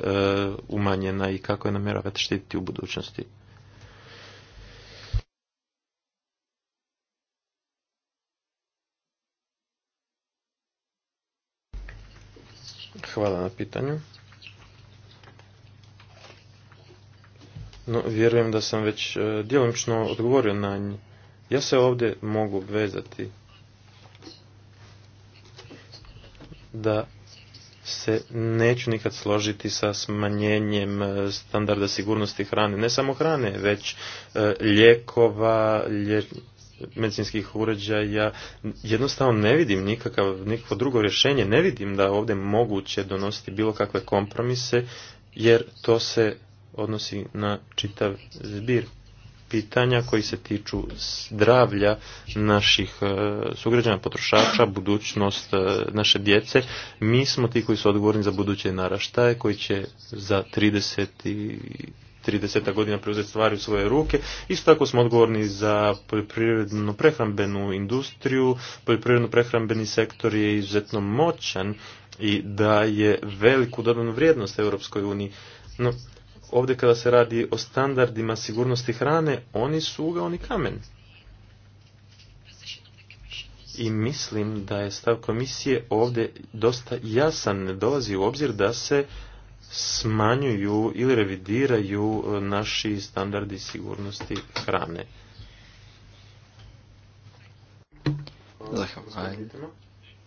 umanjena i kako je namjeravate štititi u budućnosti? Hvala na pitanju. No, vjerujem da sam već e, djelomično odgovorio na nje. Ja se ovdje mogu vezati da se neću nikad složiti sa smanjenjem e, standarda sigurnosti hrane, ne samo hrane, već e, ljekova, medicinskih uređaja. Jednostavno ne vidim nikakav, nikakvo drugo rješenje, ne vidim da ovdje moguće donositi bilo kakve kompromise, jer to se odnosi na čitav zbir pitanja koji se tiču zdravlja naših e, sugrađana, potrošača, budućnost e, naše djece. Mi smo ti koji su odgovorni za buduće naraštaje, koji će za 30 i 30 godina preuzeti stvari u svoje ruke. Isto tako smo odgovorni za poljoprivredno prehrambenu industriju. Poljoprivredno prehrambeni sektor je izuzetno moćan i daje veliku dodanu vrijednost Europskoj uniji. No, ovdje kada se radi o standardima sigurnosti hrane, oni su oni kamen. I mislim da je stav komisije ovdje dosta jasan, ne dolazi u obzir da se smanjuju ili revidiraju e, naši standardi sigurnosti hrane. Zahvaljujem.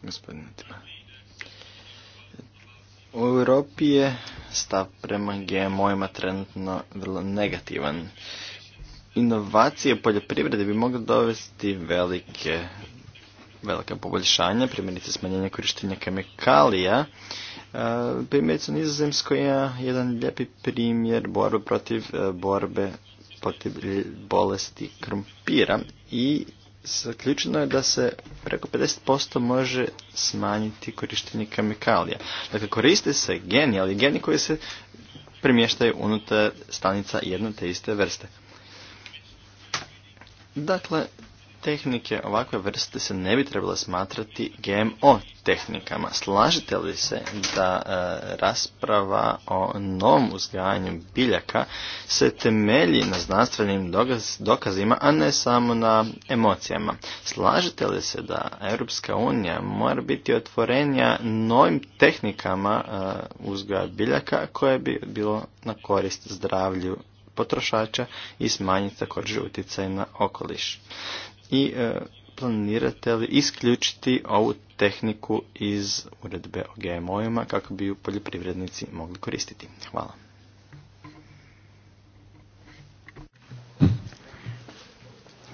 Gospodine Tima. U Europi je stav prema GMO-ima trenutno vrlo negativan. Inovacije poljoprivrede bi mogle dovesti velike velika poboljšanja, primjerice smanjenje korištenja kemikalija. E, primjerice Nizozemskoj je jedan lijepi primjer borbe protiv e, borbe protiv bolesti krompira i zaključeno je da se preko 50% može smanjiti korištenje kemikalija. Dakle, koriste se geni, ali geni koji se premještaju unutar stanica jedne te iste vrste. Dakle, tehnike ovakve vrste se ne bi trebala smatrati GMO tehnikama. Slažite li se da e, rasprava o novom uzgajanju biljaka se temelji na znanstvenim dokazima, a ne samo na emocijama? Slažite li se da Europska unija mora biti otvorenja novim tehnikama e, uzgoja biljaka koje bi bilo na korist zdravlju potrošača i smanjiti također utjecaj na okoliš i e, planirate li isključiti ovu tehniku iz uredbe o GMO-ima kako bi ju poljoprivrednici mogli koristiti? Hvala.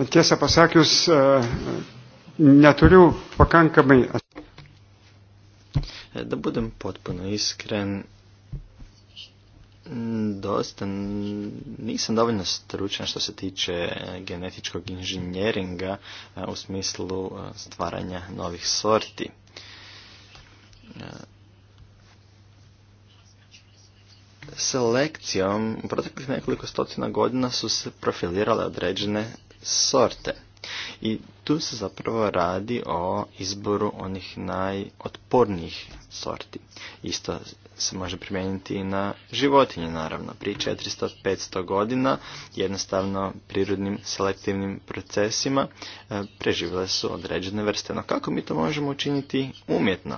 Tiesą pasakius, e, neturiu e, Da budem potpuno iskren, Dosta nisam dovoljno stručan što se tiče genetičkog inženjeringa e, u smislu e, stvaranja novih sorti. E, selekcijom u proteklih nekoliko stotina godina su se profilirale određene sorte. I tu se zapravo radi o izboru onih najotpornijih sorti. Isto se može primijeniti i na životinje, naravno. Prije 400-500 godina, jednostavno prirodnim selektivnim procesima, e, preživjele su određene vrste. No kako mi to možemo učiniti umjetno?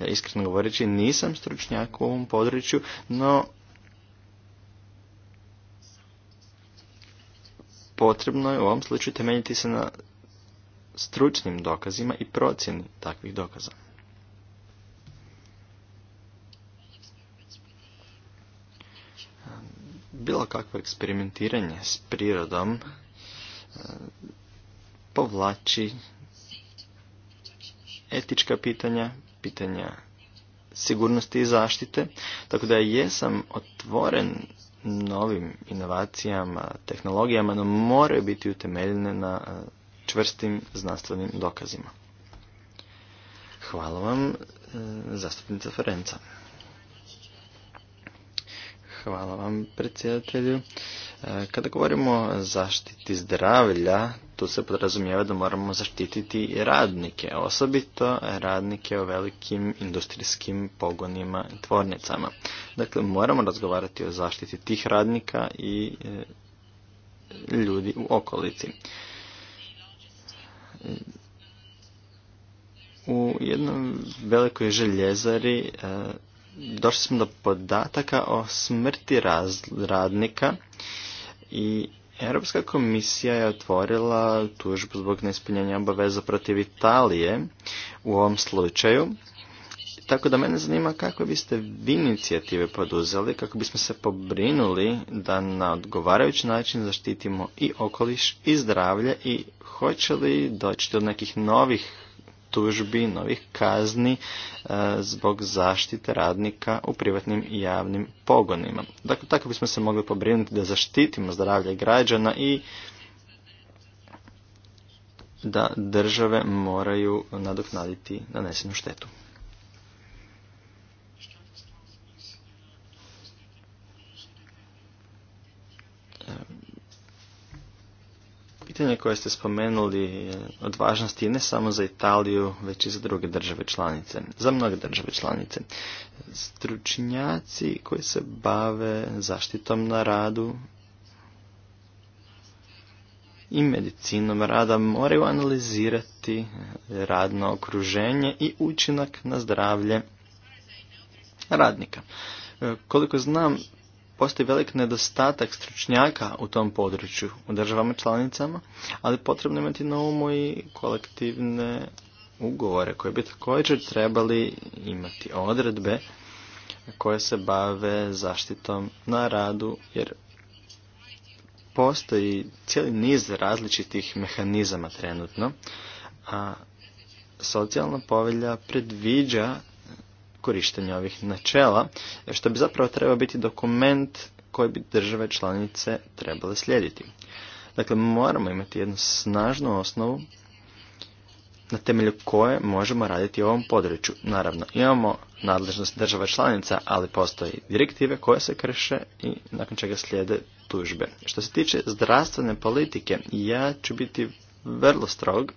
Ja, iskreno govoreći, nisam stručnjak u ovom području, no potrebno je u ovom slučaju temeljiti se na stručnim dokazima i procjeni takvih dokaza. Bilo kakvo eksperimentiranje s prirodom e, povlači etička pitanja, pitanja sigurnosti i zaštite, tako da jesam otvoren novim inovacijama, tehnologijama, no moraju biti utemeljene na e, čvrstim znanstvenim dokazima. Hvala vam, e, zastupnica Ferenca. Hvala vam, predsjedatelju. E, kada govorimo o zaštiti zdravlja, tu se podrazumijeva da moramo zaštititi radnike, osobito radnike u velikim industrijskim pogonima i tvornicama. Dakle, moramo razgovarati o zaštiti tih radnika i e, ljudi u okolici. U jednom velikoj željezari e, došli smo do podataka o smrti radnika i Europska komisija je otvorila tužbu zbog neispunjenja obaveza protiv Italije u ovom slučaju. Tako da mene zanima kako biste vi inicijative poduzeli kako bismo se pobrinuli da na odgovarajući način zaštitimo i okoliš i zdravlje i hoće li doći do nekih novih tužbi, novih kazni e, zbog zaštite radnika u privatnim i javnim pogonima. Dakle, tako bismo se mogli pobrinuti da zaštitimo zdravlje građana i da države moraju nadoknaditi nanesenu štetu. Pitanje koje ste spomenuli od važnosti ne samo za Italiju, već i za druge države članice, za mnoge države članice. Stručnjaci koji se bave zaštitom na radu i medicinom rada moraju analizirati radno okruženje i učinak na zdravlje radnika. Koliko znam, postoji velik nedostatak stručnjaka u tom području u državama članicama, ali potrebno imati na umu i kolektivne ugovore koje bi također trebali imati odredbe koje se bave zaštitom na radu, jer postoji cijeli niz različitih mehanizama trenutno, a socijalna povelja predviđa korištenja ovih načela, što bi zapravo trebao biti dokument koji bi države članice trebale slijediti. Dakle, moramo imati jednu snažnu osnovu na temelju koje možemo raditi u ovom području. Naravno, imamo nadležnost država članica, ali postoji direktive koje se krše i nakon čega slijede tužbe. Što se tiče zdravstvene politike, ja ću biti vrlo strog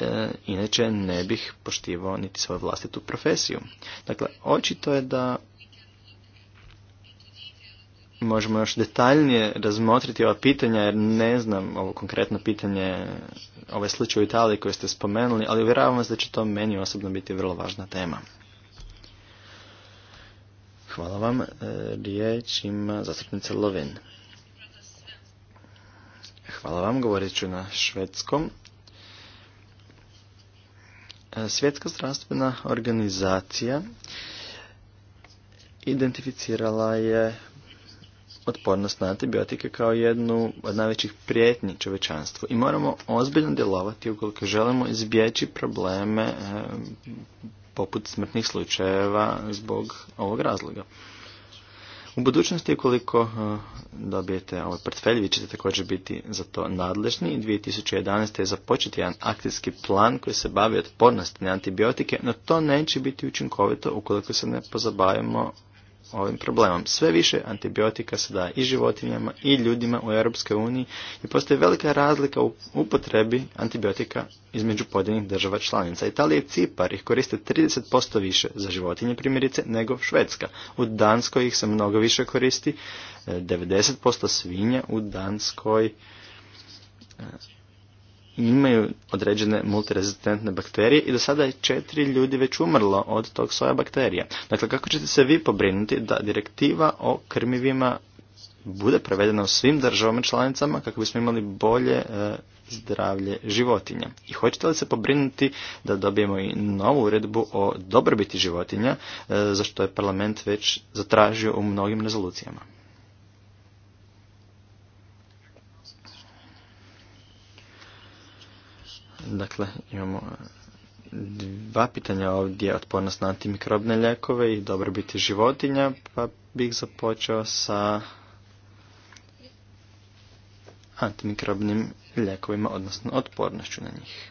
E, inače ne bih poštivao niti svoju vlastitu profesiju. Dakle, očito je da možemo još detaljnije razmotriti ova pitanja, jer ne znam ovo konkretno pitanje, ovaj slučaj u Italiji koje ste spomenuli, ali uvjeravam se da će to meni osobno biti vrlo važna tema. Hvala vam. E, riječ ima zastupnica Lovin. Hvala vam, govorit ću na švedskom. E, Svjetska zdravstvena organizacija identificirala je otpornost na antibiotike kao jednu od najvećih prijetnji čovečanstvu i moramo ozbiljno djelovati ukoliko želimo izbjeći probleme e, poput smrtnih slučajeva zbog ovog razloga. U budućnosti, ukoliko e, dobijete ovaj portfelj, vi ćete također biti za to nadležni. 2011. je započet jedan akcijski plan koji se bavi otpornosti na antibiotike, no to neće biti učinkovito ukoliko se ne pozabavimo ovim problemom. Sve više antibiotika se daje i životinjama i ljudima u Europskoj uniji i postoji velika razlika u upotrebi antibiotika između pojedinih država članica. Italija i Cipar ih koriste 30% više za životinje primjerice nego Švedska. U Danskoj ih se mnogo više koristi, 90% e, svinja u Danskoj e, imaju određene multirezistentne bakterije i do sada je četiri ljudi već umrlo od tog soja bakterija. Dakle, kako ćete se vi pobrinuti da direktiva o krmivima bude prevedena u svim državama članicama kako bismo imali bolje e, zdravlje životinja. I hoćete li se pobrinuti da dobijemo i novu uredbu o dobrobiti životinja, e, za što je parlament već zatražio u mnogim rezolucijama? Dakle, imamo e, dva pitanja ovdje, otpornost na antimikrobne ljekove i dobrobiti životinja, pa bih započeo sa antimikrobnim ljekovima, odnosno otpornošću na njih.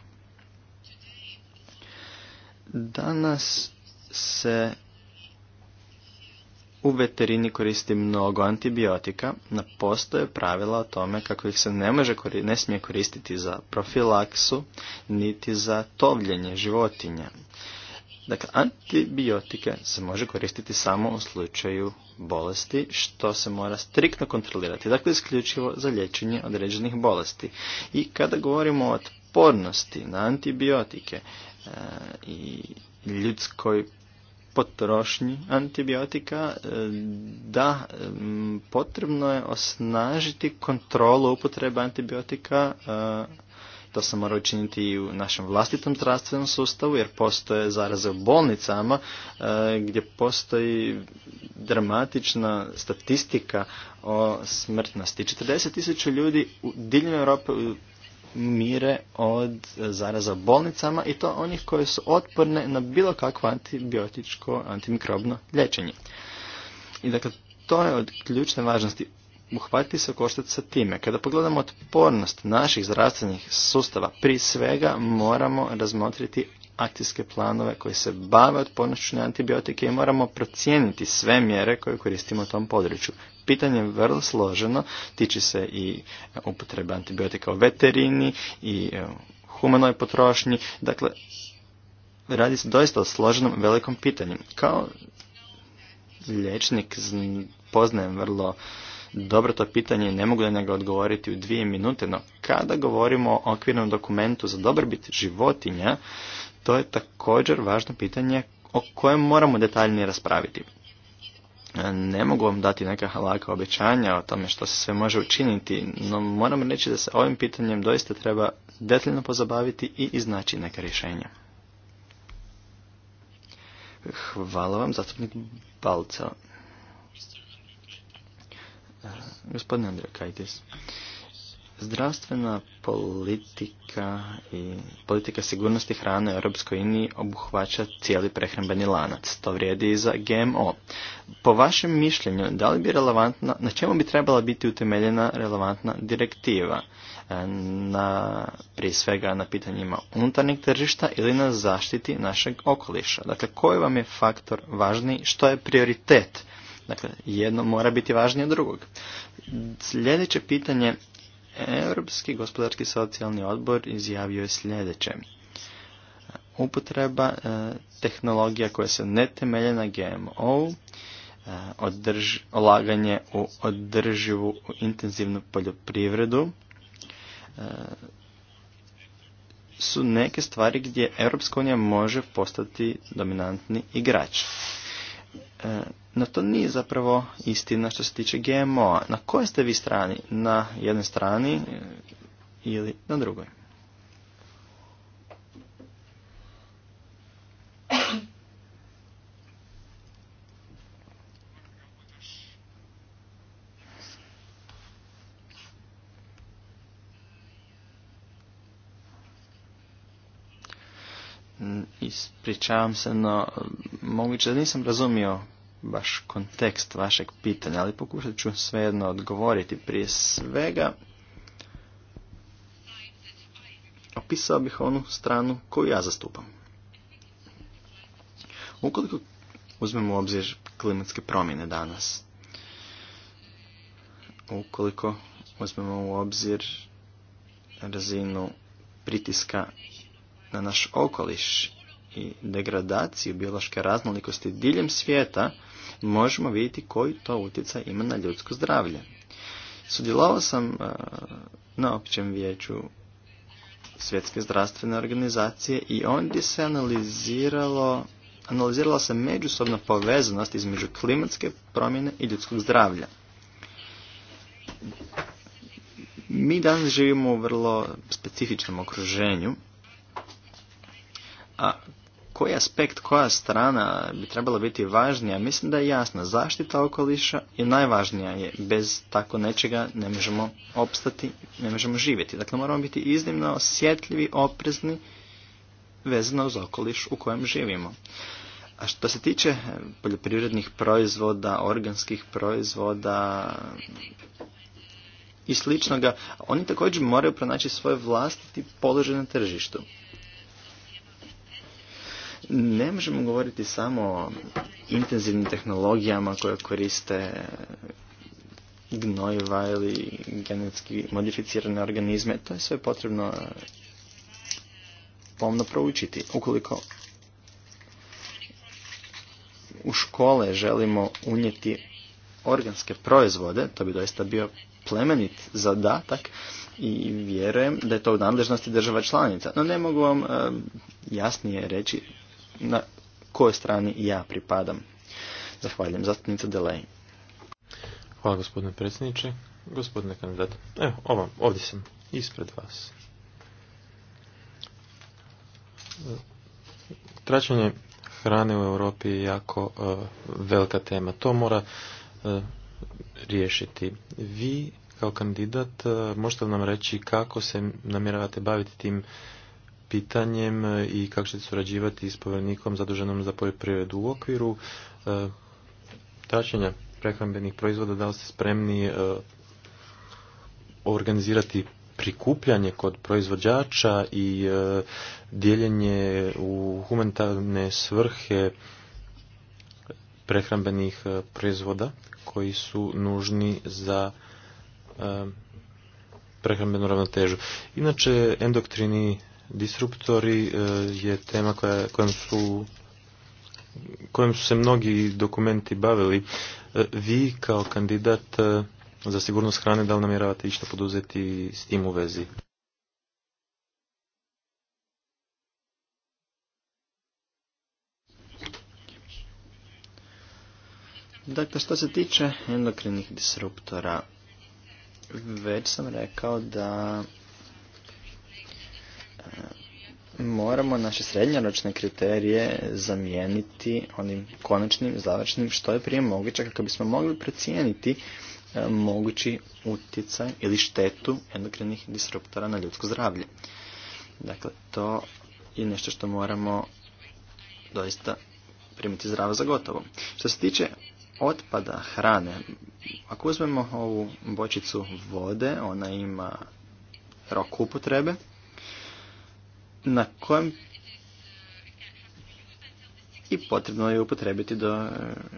Danas se u veterini koristi mnogo antibiotika, Na postoje pravila o tome kako ih se ne, može, ne smije koristiti za profilaksu niti za tovljenje životinja. Dakle, antibiotike se može koristiti samo u slučaju bolesti, što se mora striktno kontrolirati, dakle isključivo za liječenje određenih bolesti. I kada govorimo o otpornosti na antibiotike e, i ljudskoj potrošnji antibiotika, e, da e, potrebno je osnažiti kontrolu upotrebe antibiotika. E, to se mora učiniti i u našem vlastitom zdravstvenom sustavu jer postoje zaraze u bolnicama gdje postoji dramatična statistika o smrtnosti. 40.000 tisuća ljudi u diljem Europe u mire od zaraza bolnicama i to onih koje su otporne na bilo kakvo antibiotičko, antimikrobno liječenje. I dakle, to je od ključne važnosti uhvatiti se koštati sa time. Kada pogledamo otpornost naših zdravstvenih sustava, prije svega moramo razmotriti akcijske planove koji se bave otpornošću na antibiotike i moramo procijeniti sve mjere koje koristimo u tom području pitanje vrlo složeno, tiče se i upotrebe antibiotika u veterini i e, humanoj potrošnji, dakle radi se doista o složenom velikom pitanju. Kao liječnik poznajem vrlo dobro to pitanje i ne mogu da njega odgovoriti u dvije minute, no kada govorimo o okvirnom dokumentu za dobrobit životinja, to je također važno pitanje o kojem moramo detaljnije raspraviti ne mogu vam dati neka halaka obećanja o tome što se sve može učiniti, no moram reći da se ovim pitanjem doista treba detaljno pozabaviti i iznaći neka rješenja. Hvala vam, zastupnik Balca. E, Gospodin Andrej Kajtis. Zdravstvena politika i politika sigurnosti hrane u Europskoj uniji obuhvaća cijeli prehrambeni lanac. To vrijedi i za GMO. Po vašem mišljenju, da li bi relevantna, na čemu bi trebala biti utemeljena relevantna direktiva? E, na, prije svega na pitanjima unutarnjeg tržišta ili na zaštiti našeg okoliša. Dakle, koji vam je faktor važniji, što je prioritet? Dakle, jedno mora biti važnije od drugog. Sljedeće pitanje Europski gospodarski socijalni odbor izjavio je sljedeće. Upotreba e, tehnologija koja se ne temelje na GMO, e, olaganje u održivu u intenzivnu poljoprivredu, e, su neke stvari gdje Europska unija može postati dominantni igrač. E, no to nije zapravo istina što se tiče GMO-a. Na kojoj ste vi strani? Na jednoj strani e, ili na drugoj? Ispričavam se, no e, moguće da nisam razumio baš kontekst vašeg pitanja, ali pokušat ću svejedno odgovoriti. Prije svega, opisao bih onu stranu koju ja zastupam. Ukoliko uzmemo u obzir klimatske promjene danas, ukoliko uzmemo u obzir razinu pritiska na naš okoliš i degradaciju biološke raznolikosti diljem svijeta, možemo vidjeti koji to utjecaj ima na ljudsko zdravlje. Sudjelovao sam e, na općem vijeću Svjetske zdravstvene organizacije i ondje se analiziralo analizirala se međusobna povezanost između klimatske promjene i ljudskog zdravlja. Mi danas živimo u vrlo specifičnom okruženju, a koji aspekt, koja strana bi trebala biti važnija, mislim da je jasna. Zaštita okoliša je najvažnija, je bez tako nečega ne možemo opstati, ne možemo živjeti. Dakle, moramo biti iznimno osjetljivi, oprezni, vezano uz okoliš u kojem živimo. A što se tiče poljoprivrednih proizvoda, organskih proizvoda i sličnoga, oni također moraju pronaći svoj vlastiti položaj na tržištu ne možemo govoriti samo o intenzivnim tehnologijama koje koriste gnojiva ili genetski modificirane organizme. To je sve potrebno e, pomno proučiti. Ukoliko u škole želimo unijeti organske proizvode, to bi doista bio plemenit zadatak i vjerujem da je to u nadležnosti država članica. No ne mogu vam e, jasnije reći na kojoj strani ja pripadam. Zahvaljujem zastupnica Delej. Hvala gospodine predsjedniče, gospodine kandidat. Evo, ovam, ovdje sam, ispred vas. Tračanje hrane u Europi je jako e, velika tema. To mora uh, riješiti. Vi kao kandidat uh, možete li nam reći kako se namjeravate baviti tim pitanjem e, i kako ćete surađivati s povjerenikom zaduženom za poljoprivredu u okviru tračenja e, prehrambenih proizvoda, da li ste spremni e, organizirati prikupljanje kod proizvođača i dijeljenje u humanitarne svrhe prehrambenih proizvoda koji su nužni za prehrambenu ravnotežu. Inače, endoktrini disruptori e, je tema koja, kojom, su, kojom su se mnogi dokumenti bavili. E, vi kao kandidat e, za sigurnost hrane, da li namjeravate išta poduzeti s tim u vezi? Dakle, što se tiče endokrinih disruptora, već sam rekao da moramo naše srednjoročne kriterije zamijeniti onim konačnim, završnim, što je prije moguće kako bismo mogli procijeniti e, mogući utjecaj ili štetu endokrinih disruptora na ljudsko zdravlje. Dakle, to je nešto što moramo doista primiti zdravo za gotovo. Što se tiče otpada hrane, ako uzmemo ovu bočicu vode, ona ima rok upotrebe, na kojem i potrebno je upotrebiti do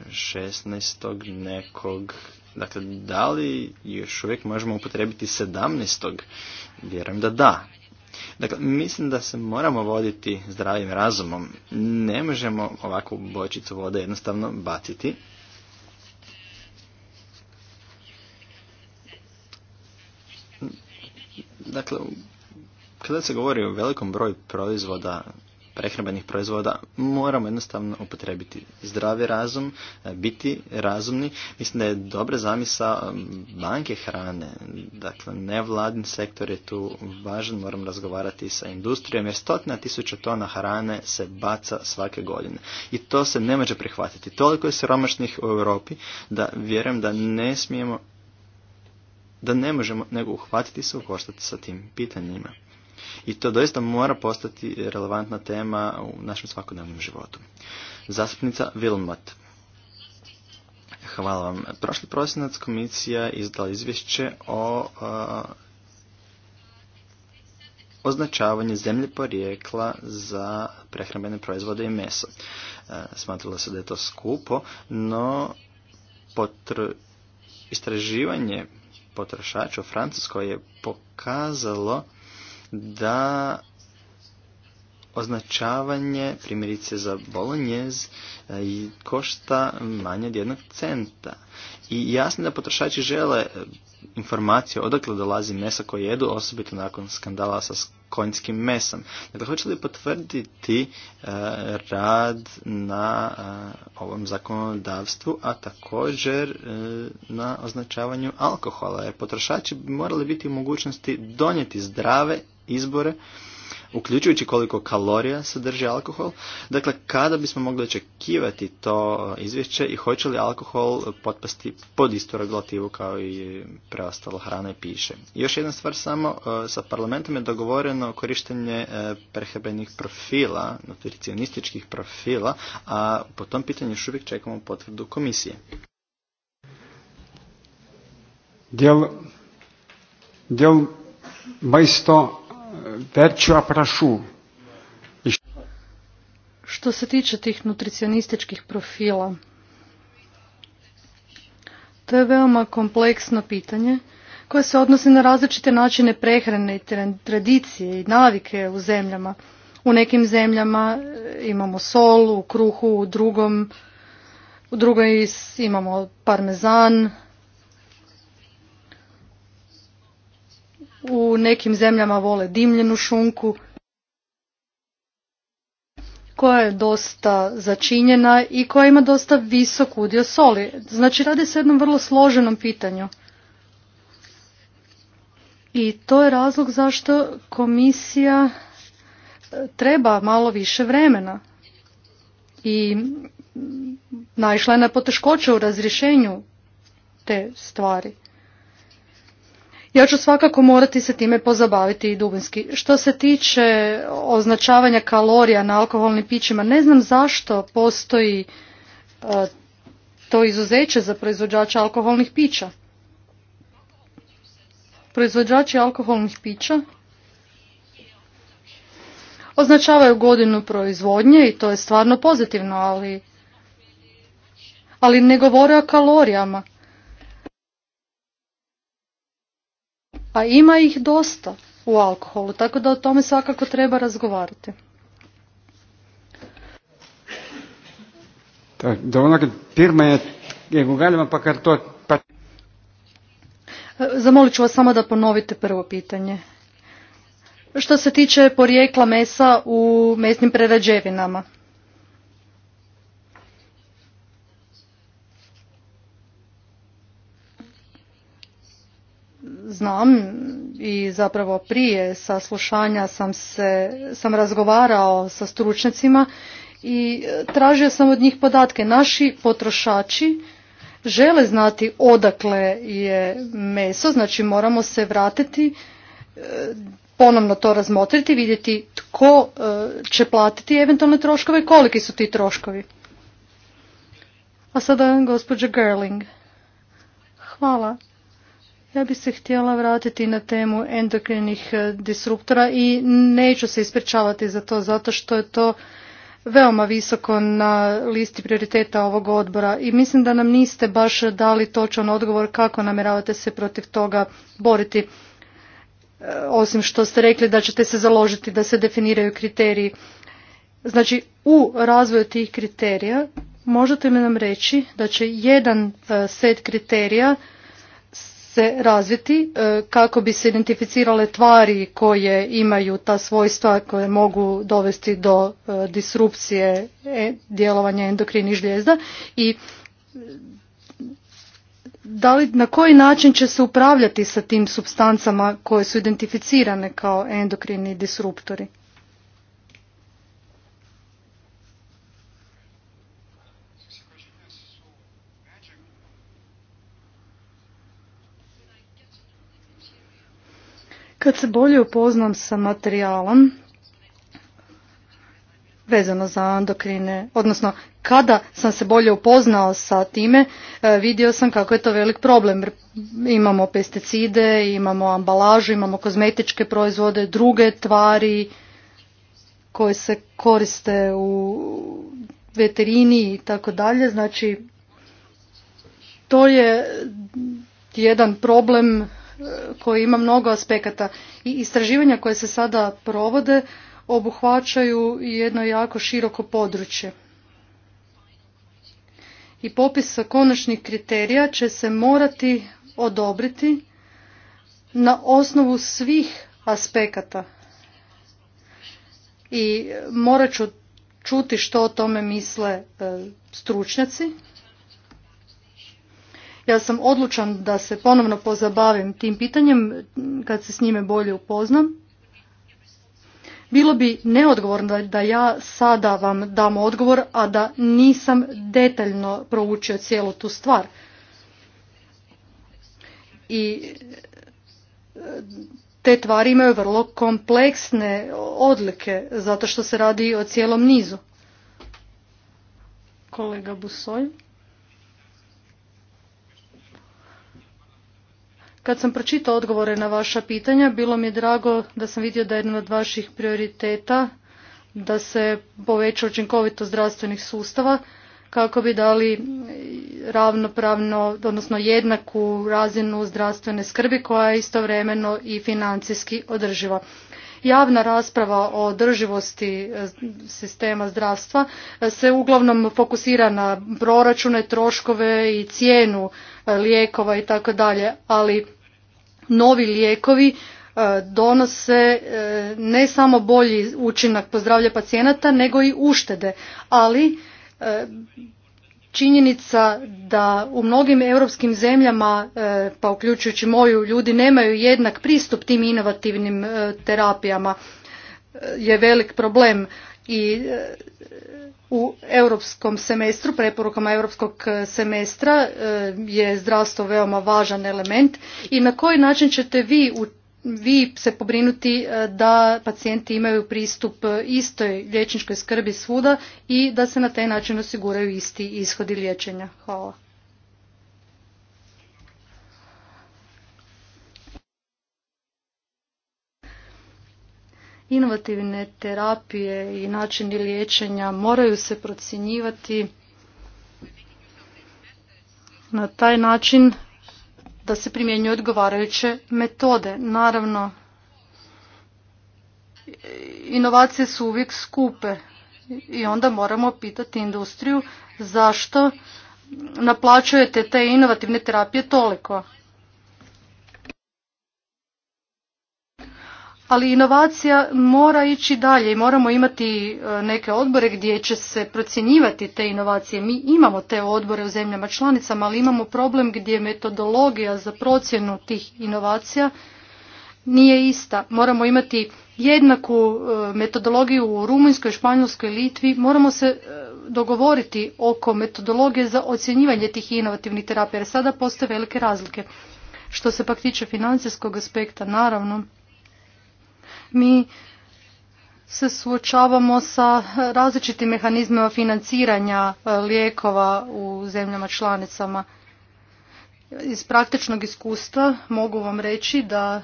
16. nekog. Dakle, da li još uvijek možemo upotrebiti 17. Vjerujem da da. Dakle, mislim da se moramo voditi zdravim razumom. Ne možemo ovakvu bočicu vode jednostavno baciti. Dakle, kada se govori o velikom broju proizvoda, prehrambenih proizvoda, moramo jednostavno upotrebiti zdravi razum, e, biti razumni. Mislim da je dobra zamisa banke hrane, dakle nevladin sektor je tu važan, moram razgovarati sa industrijom jer stotina tisuća tona hrane se baca svake godine. I to se ne može prihvatiti. Toliko je siromašnih u Europi da vjerujem da ne smijemo da ne možemo nego uhvatiti se u sa tim pitanjima. I to doista mora postati relevantna tema u našem svakodnevnom životu. Zastupnica Vilmot. Hvala vam. Prošli prosinac komisija izdala izvješće o označavanju zemlje porijekla za prehrambene proizvode i meso. Smatrilo smatralo se da je to skupo, no istraživanje potrošača u Francuskoj je pokazalo da označavanje, primjerice za bolonjez, e, košta manje od jednog centa. I jasno da potrošači žele e, informacije odakle dolazi mesa koje jedu, osobito nakon skandala sa konjskim mesom. Dakle, hoće li potvrditi e, rad na ovom zakonodavstvu, a također na označavanju alkohola, jer potrošači bi morali biti u mogućnosti donijeti zdrave izbore, uključujući koliko kalorija sadrži alkohol. Dakle, kada bismo mogli očekivati to izvješće i hoće li alkohol potpasti pod istu regulativu kao i preostalo hrana i piše. još jedna stvar samo, e, sa parlamentom je dogovoreno korištenje e, prehrambenih profila, nutricionističkih profila, a po tom pitanju još uvijek čekamo potvrdu komisije. Djel, djel što se tiče tih nutricionističkih profila, to je veoma kompleksno pitanje koje se odnosi na različite načine prehrane i tradicije i navike u zemljama. U nekim zemljama eh, imamo sol u kruhu, u drugom u drugoj imamo parmezan, u nekim zemljama vole dimljenu šunku koja je dosta začinjena i koja ima dosta visok udio soli. Znači radi se o jednom vrlo složenom pitanju. I to je razlog zašto komisija e, treba malo više vremena. I naišla je na poteškoće u razrješenju te stvari. Ja ću svakako morati se time pozabaviti i dubinski. Što se tiče označavanja kalorija na alkoholnim pićima, ne znam zašto postoji e, to izuzeće za proizvođača alkoholnih pića. Proizvođači alkoholnih pića označavaju godinu proizvodnje i to je stvarno pozitivno, ali, ali ne govore o kalorijama. A ima ih dosta u alkoholu, tako da o tome svakako treba razgovarati. Zamolit ću vas samo da ponovite prvo pitanje. Što se tiče porijekla mesa u mesnim prerađevinama. znam i zapravo prije saslušanja sam se sam razgovarao sa stručnjacima i e, tražio sam od njih podatke naši potrošači žele znati odakle je meso znači moramo se vratiti e, ponovno to razmotriti vidjeti tko e, će platiti eventualne troškove i koliki su ti troškovi a sada gospođa Gerling hvala ja bih se htjela vratiti na temu endokrinih e, disruptora i neću se ispričavati za to zato što je to veoma visoko na listi prioriteta ovog odbora i mislim da nam niste baš dali točan odgovor kako namjeravate se protiv toga boriti e, osim što ste rekli da ćete se založiti da se definiraju kriteriji. Znači u razvoju tih kriterija možete li nam reći da će jedan e, set kriterija se razviti e, kako bi se identificirale tvari koje imaju ta svojstva koje mogu dovesti do e, disrupcije e, djelovanja endokrinih žljezda i da li, na koji način će se upravljati sa tim substancama koje su identificirane kao endokrini disruptori? Kad se bolje upoznam sa materijalom vezano za endokrine, odnosno kada sam se bolje upoznao sa time, e, vidio sam kako je to velik problem. Imamo pesticide, imamo ambalažu, imamo kozmetičke proizvode, druge tvari koje se koriste u veterini i tako dalje. Znači, to je jedan problem koji ima mnogo aspekata i istraživanja koje se sada provode obuhvaćaju jedno jako široko područje. I popis konačnih kriterija će se morati odobriti na osnovu svih aspekata. I morat ću čuti što o tome misle e, stručnjaci ja sam odlučan da se ponovno pozabavim tim pitanjem kad se s njime bolje upoznam. Bilo bi neodgovorno da ja sada vam dam odgovor, a da nisam detaljno proučio cijelu tu stvar. I te tvari imaju vrlo kompleksne odlike, zato što se radi o cijelom nizu. Kolega Busoj. Kad sam pročitao odgovore na vaša pitanja, bilo mi je drago da sam vidio da je jedan od vaših prioriteta da se poveća učinkovitost zdravstvenih sustava kako bi dali ravnopravno, odnosno jednaku razinu zdravstvene skrbi koja je istovremeno i financijski održiva. Javna rasprava o održivosti e, sistema zdravstva e, se uglavnom fokusira na proračune, troškove i cijenu lijekova i tako dalje, ali novi lijekovi e, donose e, ne samo bolji učinak pozdravlja zdravlje pacijenata nego i uštede, ali e, činjenica da u mnogim europskim zemljama, pa uključujući moju, ljudi nemaju jednak pristup tim inovativnim terapijama je velik problem i u europskom semestru, preporukama europskog e, semestra e, je zdravstvo veoma važan element i na koji način ćete vi vi se pobrinuti e, da pacijenti imaju pristup istoj liječničkoj skrbi svuda i da se na taj način osiguraju isti ishodi liječenja. Hvala. Inovativne terapije i načini liječenja moraju se procjenjivati na taj način da se primjenjuju odgovarajuće metode. Naravno, inovacije su uvijek skupe i onda moramo pitati industriju zašto naplaćujete te inovativne terapije toliko. ali inovacija mora ići dalje i moramo imati e, neke odbore gdje će se procjenjivati te inovacije. Mi imamo te odbore u zemljama članicama, ali imamo problem gdje metodologija za procjenu tih inovacija nije ista. Moramo imati jednaku e, metodologiju u Rumunjskoj, Španjolskoj, Litvi. Moramo se e, dogovoriti oko metodologije za ocjenjivanje tih inovativnih terapija, jer sada postoje velike razlike. Što se pak tiče financijskog aspekta, naravno, mi se suočavamo sa različitim mehanizmima financiranja e, lijekova u zemljama članicama. Iz praktičnog iskustva mogu vam reći da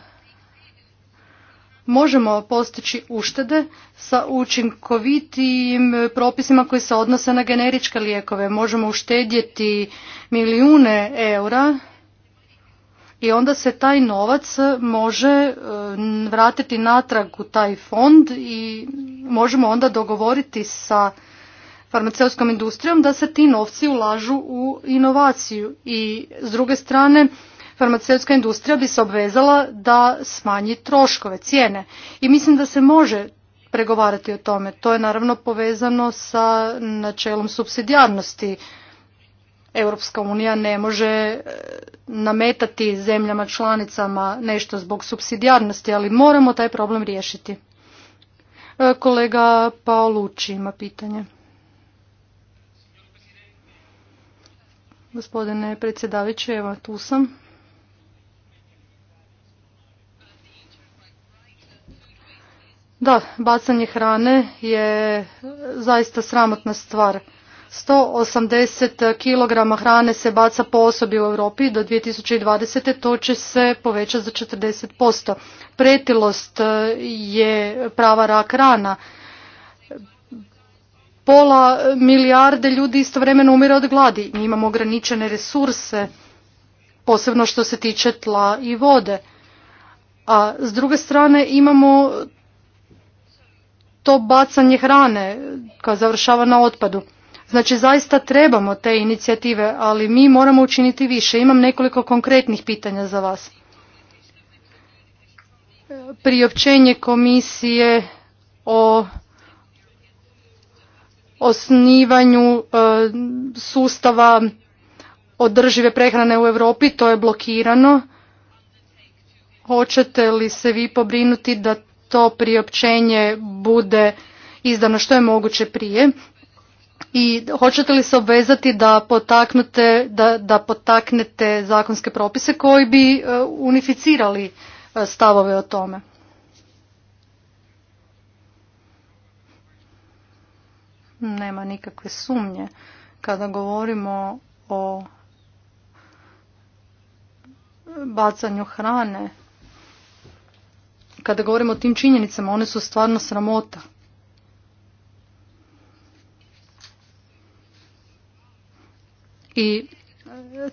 možemo postići uštede sa učinkovitijim propisima koji se odnose na generičke lijekove. Možemo uštedjeti milijune eura i onda se taj novac e, može e, vratiti natrag u taj fond i možemo onda dogovoriti sa farmaceutskom industrijom da se ti novci ulažu u inovaciju i s druge strane farmaceutska industrija bi se obvezala da smanji troškove, cijene. I mislim da se može pregovarati o tome. To je naravno povezano sa načelom subsidijarnosti Europska unija ne može e, nametati zemljama članicama nešto zbog subsidijarnosti, ali moramo taj problem riješiti. E, kolega Paolucci ima pitanje. Gospodine predsjedavajući, evo tu sam. Da, bacanje hrane je zaista sramotna stvar. 180 kg hrane se baca po osobi u Europi do 2020. to će se povećati za 40%. Pretilost e, je prava rak rana. Pola milijarde ljudi istovremeno umire od gladi. Mi imamo ograničene resurse, posebno što se tiče tla i vode. A s druge strane imamo to bacanje hrane koja završava na otpadu. Znači zaista trebamo te inicijative, ali mi moramo učiniti više. Imam nekoliko konkretnih pitanja za vas. Priopćenje komisije o osnivanju e, sustava održive prehrane u Europi, to je blokirano. Hoćete li se vi pobrinuti da to priopćenje bude izdano što je moguće prije i hoćete li se obvezati da potaknete, da, da potaknete zakonske propise koji bi e, unificirali e, stavove o tome? Nema nikakve sumnje kada govorimo o bacanju hrane, kada govorimo o tim činjenicama, one su stvarno sramota. i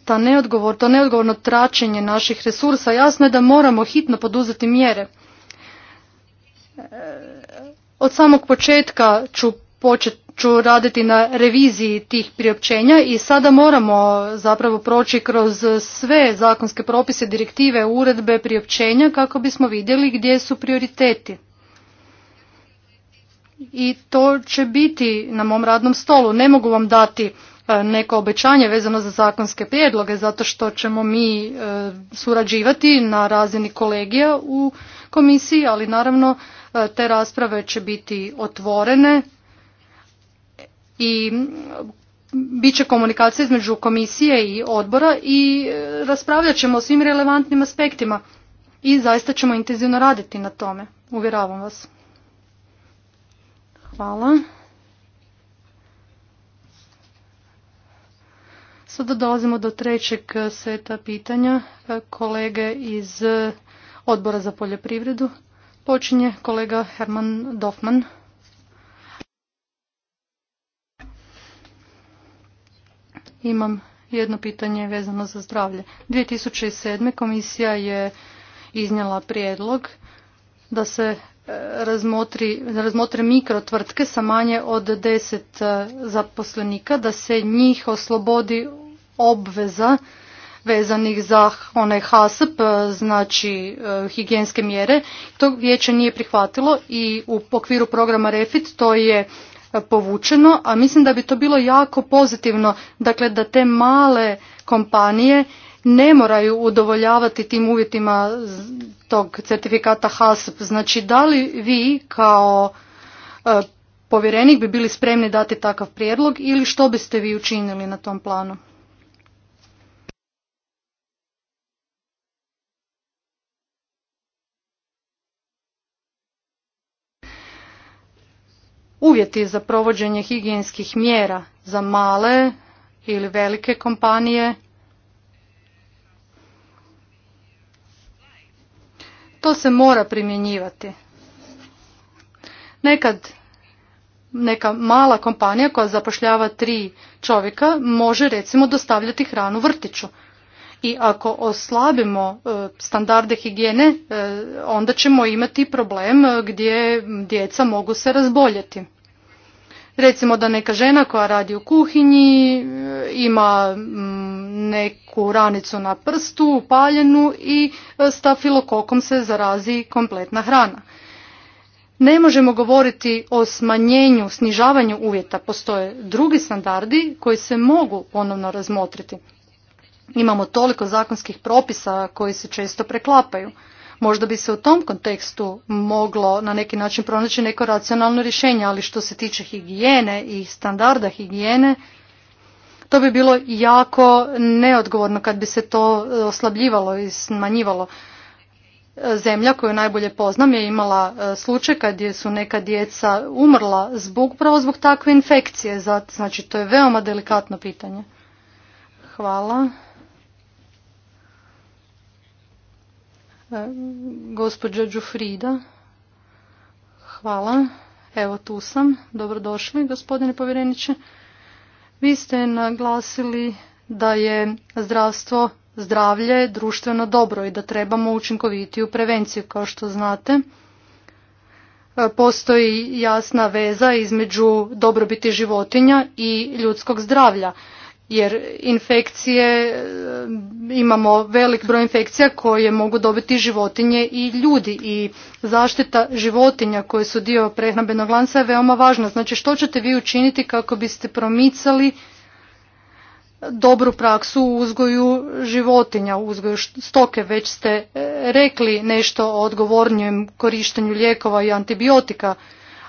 ta neodgovor, to neodgovorno tračenje naših resursa jasno je da moramo hitno poduzeti mjere. Od samog početka ću ću raditi na reviziji tih priopćenja i sada moramo zapravo proći kroz sve zakonske propise, direktive, uredbe, priopćenja kako bismo vidjeli gdje su prioriteti. I to će biti na mom radnom stolu. Ne mogu vam dati E, neko obećanje vezano za zakonske prijedloge zato što ćemo mi e, surađivati na razini kolegija u komisiji, ali naravno e, te rasprave će biti otvorene i bit će komunikacija između komisije i odbora i raspravljat ćemo o svim relevantnim aspektima i zaista ćemo intenzivno raditi na tome. Uvjeravam vas. Hvala. Sada dolazimo do trećeg e, seta pitanja. E, kolege iz e, odbora za poljoprivredu. Počinje kolega Herman Dofman. Imam jedno pitanje vezano za zdravlje. 2007. komisija je iznijela prijedlog da se razmotri, razmotre mikrotvrtke sa manje od 10 zaposlenika, da se njih oslobodi obveza vezanih za onaj HASP, e, znači e, higijenske mjere. To vijeće nije prihvatilo i u okviru programa REFIT to je e, povučeno, a mislim da bi to bilo jako pozitivno, dakle da te male kompanije ne moraju udovoljavati tim uvjetima tog certifikata HASP. Znači da li vi kao povjerenik bi bili spremni dati takav prijedlog ili što biste vi učinili na tom planu? uvjeti za provođenje higijenskih mjera za male ili velike kompanije. To se mora primjenjivati. Nekad neka mala kompanija koja zapošljava tri čovjeka može recimo dostavljati hranu vrtiću i ako oslabimo e, standarde higijene, e, onda ćemo imati problem e, gdje djeca mogu se razboljeti. Recimo da neka žena koja radi u kuhinji ima mm, neku ranicu na prstu, upaljenu i stafilokokom se zarazi kompletna hrana. Ne možemo govoriti o smanjenju, snižavanju uvjeta. Postoje drugi standardi koji se mogu ponovno razmotriti. Imamo toliko zakonskih propisa koji se često preklapaju. Možda bi se u tom kontekstu moglo na neki način pronaći neko racionalno rješenje, ali što se tiče higijene i standarda higijene, to bi bilo jako neodgovorno kad bi se to e, oslabljivalo i smanjivalo. Zemlja koju najbolje poznam je imala e, slučaj kad su neka djeca umrla zbog, upravo zbog takve infekcije. Znači, to je veoma delikatno pitanje. Hvala. Gospođa Đufrida, hvala. Evo tu sam. Dobrodošli, gospodine povjereniče. Vi ste naglasili da je zdravstvo zdravlje društveno dobro i da trebamo u prevenciju, kao što znate. Postoji jasna veza između dobrobiti životinja i ljudskog zdravlja jer infekcije, eh, imamo velik broj infekcija koje mogu dobiti životinje i ljudi i zaštita životinja koje su dio prehrambenog lanca je veoma važna. Znači što ćete vi učiniti kako biste promicali dobru praksu u uzgoju životinja, u uzgoju stoke, već ste eh, rekli nešto o odgovornjem korištenju lijekova i antibiotika,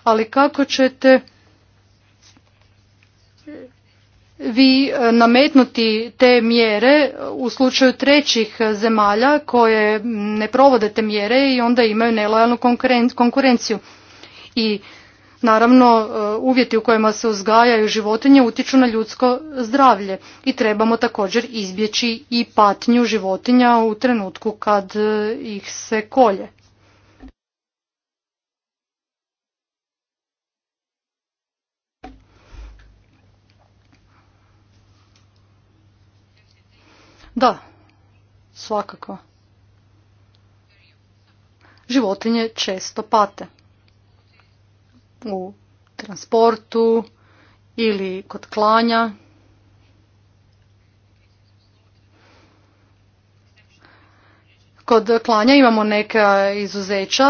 ali kako ćete vi e, nametnuti te mjere u slučaju trećih e, zemalja koje ne provode te mjere i onda imaju nelojalnu konkurenciju. I naravno e, uvjeti u kojima se uzgajaju životinje utječu na ljudsko zdravlje i trebamo također izbjeći i patnju životinja u trenutku kad ih se kolje. Da, svakako. Životinje često pate. U transportu ili kod klanja. Kod klanja imamo neka izuzeća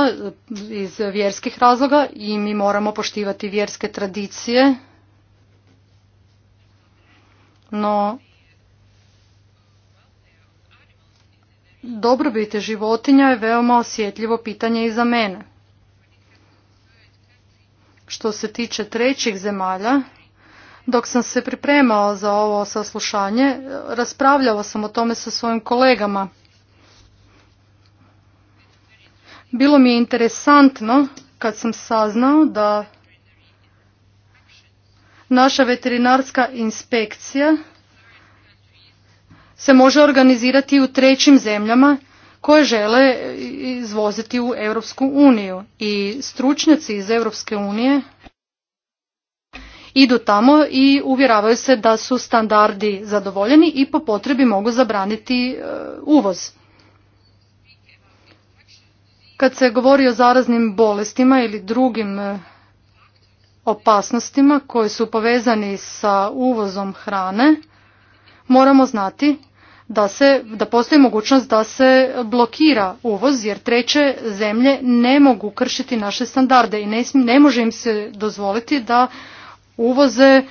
iz vjerskih razloga i mi moramo poštivati vjerske tradicije. No, Dobrobiti životinja je veoma osjetljivo pitanje i za mene. Što se tiče trećih zemalja, dok sam se pripremao za ovo saslušanje, raspravljala sam o tome sa svojim kolegama. Bilo mi je interesantno kad sam saznao da naša veterinarska inspekcija se može organizirati u trećim zemljama koje žele izvoziti u Europsku uniju i stručnjaci iz Europske unije idu tamo i uvjeravaju se da su standardi zadovoljeni i po potrebi mogu zabraniti e, uvoz. Kad se govori o zaraznim bolestima ili drugim e, opasnostima koji su povezani sa uvozom hrane, moramo znati da, se, da postoji mogućnost da se blokira uvoz jer treće zemlje ne mogu kršiti naše standarde i ne, ne može im se dozvoliti da uvoze e,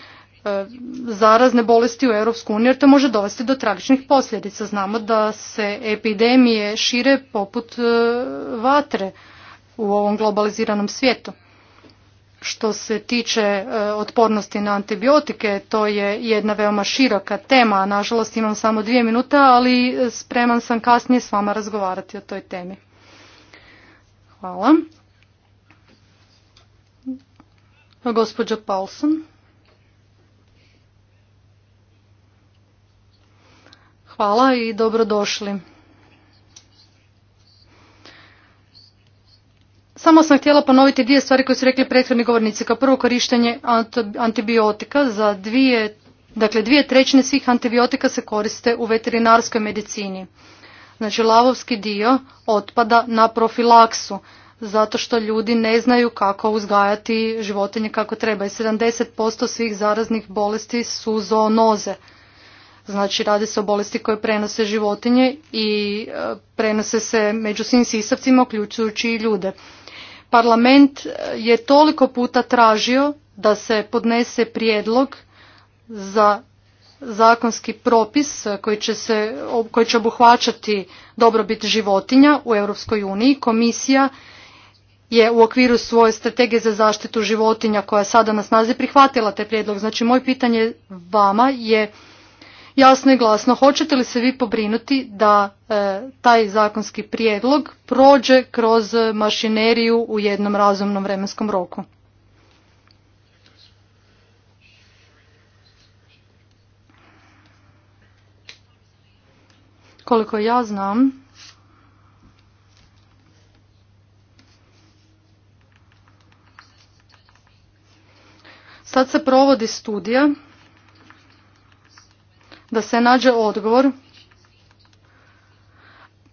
zarazne bolesti u Europsku uniju jer to može dovesti do tragičnih posljedica. Znamo da se epidemije šire poput e, vatre u ovom globaliziranom svijetu što se tiče e, otpornosti na antibiotike, to je jedna veoma široka tema. Nažalost imam samo dvije minute, ali e, spreman sam kasnije s vama razgovarati o toj temi. Hvala. Gospođa Paulson. Hvala i dobrodošli. Samo sam htjela ponoviti dvije stvari koje su rekli prethodni govornici. Kao prvo korištenje antibiotika za dvije, dakle dvije trećine svih antibiotika se koriste u veterinarskoj medicini. Znači lavovski dio otpada na profilaksu zato što ljudi ne znaju kako uzgajati životinje kako treba. I 70% svih zaraznih bolesti su zoonoze. Znači radi se o bolesti koje prenose životinje i e, prenose se među svim sisavcima uključujući i ljude. Parlament eh, je toliko puta tražio da se podnese prijedlog za zakonski propis eh, koji će, se, obuhvaćati dobrobit životinja u Europskoj uniji. Komisija je u okviru svoje strategije za zaštitu životinja koja je sada na snazi prihvatila taj prijedlog. Znači, moje pitanje vama je jasno i glasno hoćete li se vi pobrinuti da e, taj zakonski prijedlog prođe kroz mašineriju u jednom razumnom vremenskom roku koliko ja znam sad se provodi studija da se nađe odgovor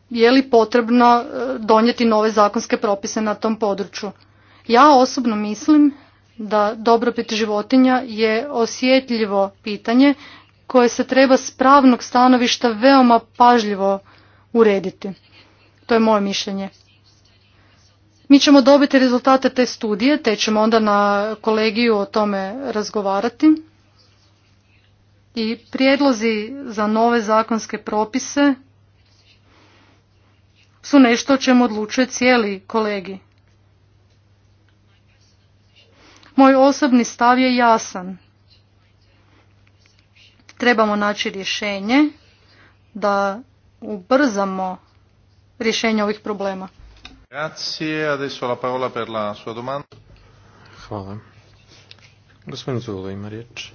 je li potrebno e, donijeti nove zakonske propise na tom području. Ja osobno mislim da dobrobit životinja je osjetljivo pitanje koje se treba s pravnog stanovišta veoma pažljivo urediti. To je moje mišljenje. Mi ćemo dobiti rezultate te studije, te ćemo onda na kolegiju o tome razgovarati i prijedlozi za nove zakonske propise su nešto o čemu odlučuje cijeli kolegi. Moj osobni stav je jasan. Trebamo naći rješenje da ubrzamo rješenje ovih problema. Hvala. Gospodin Zulo ima riječ.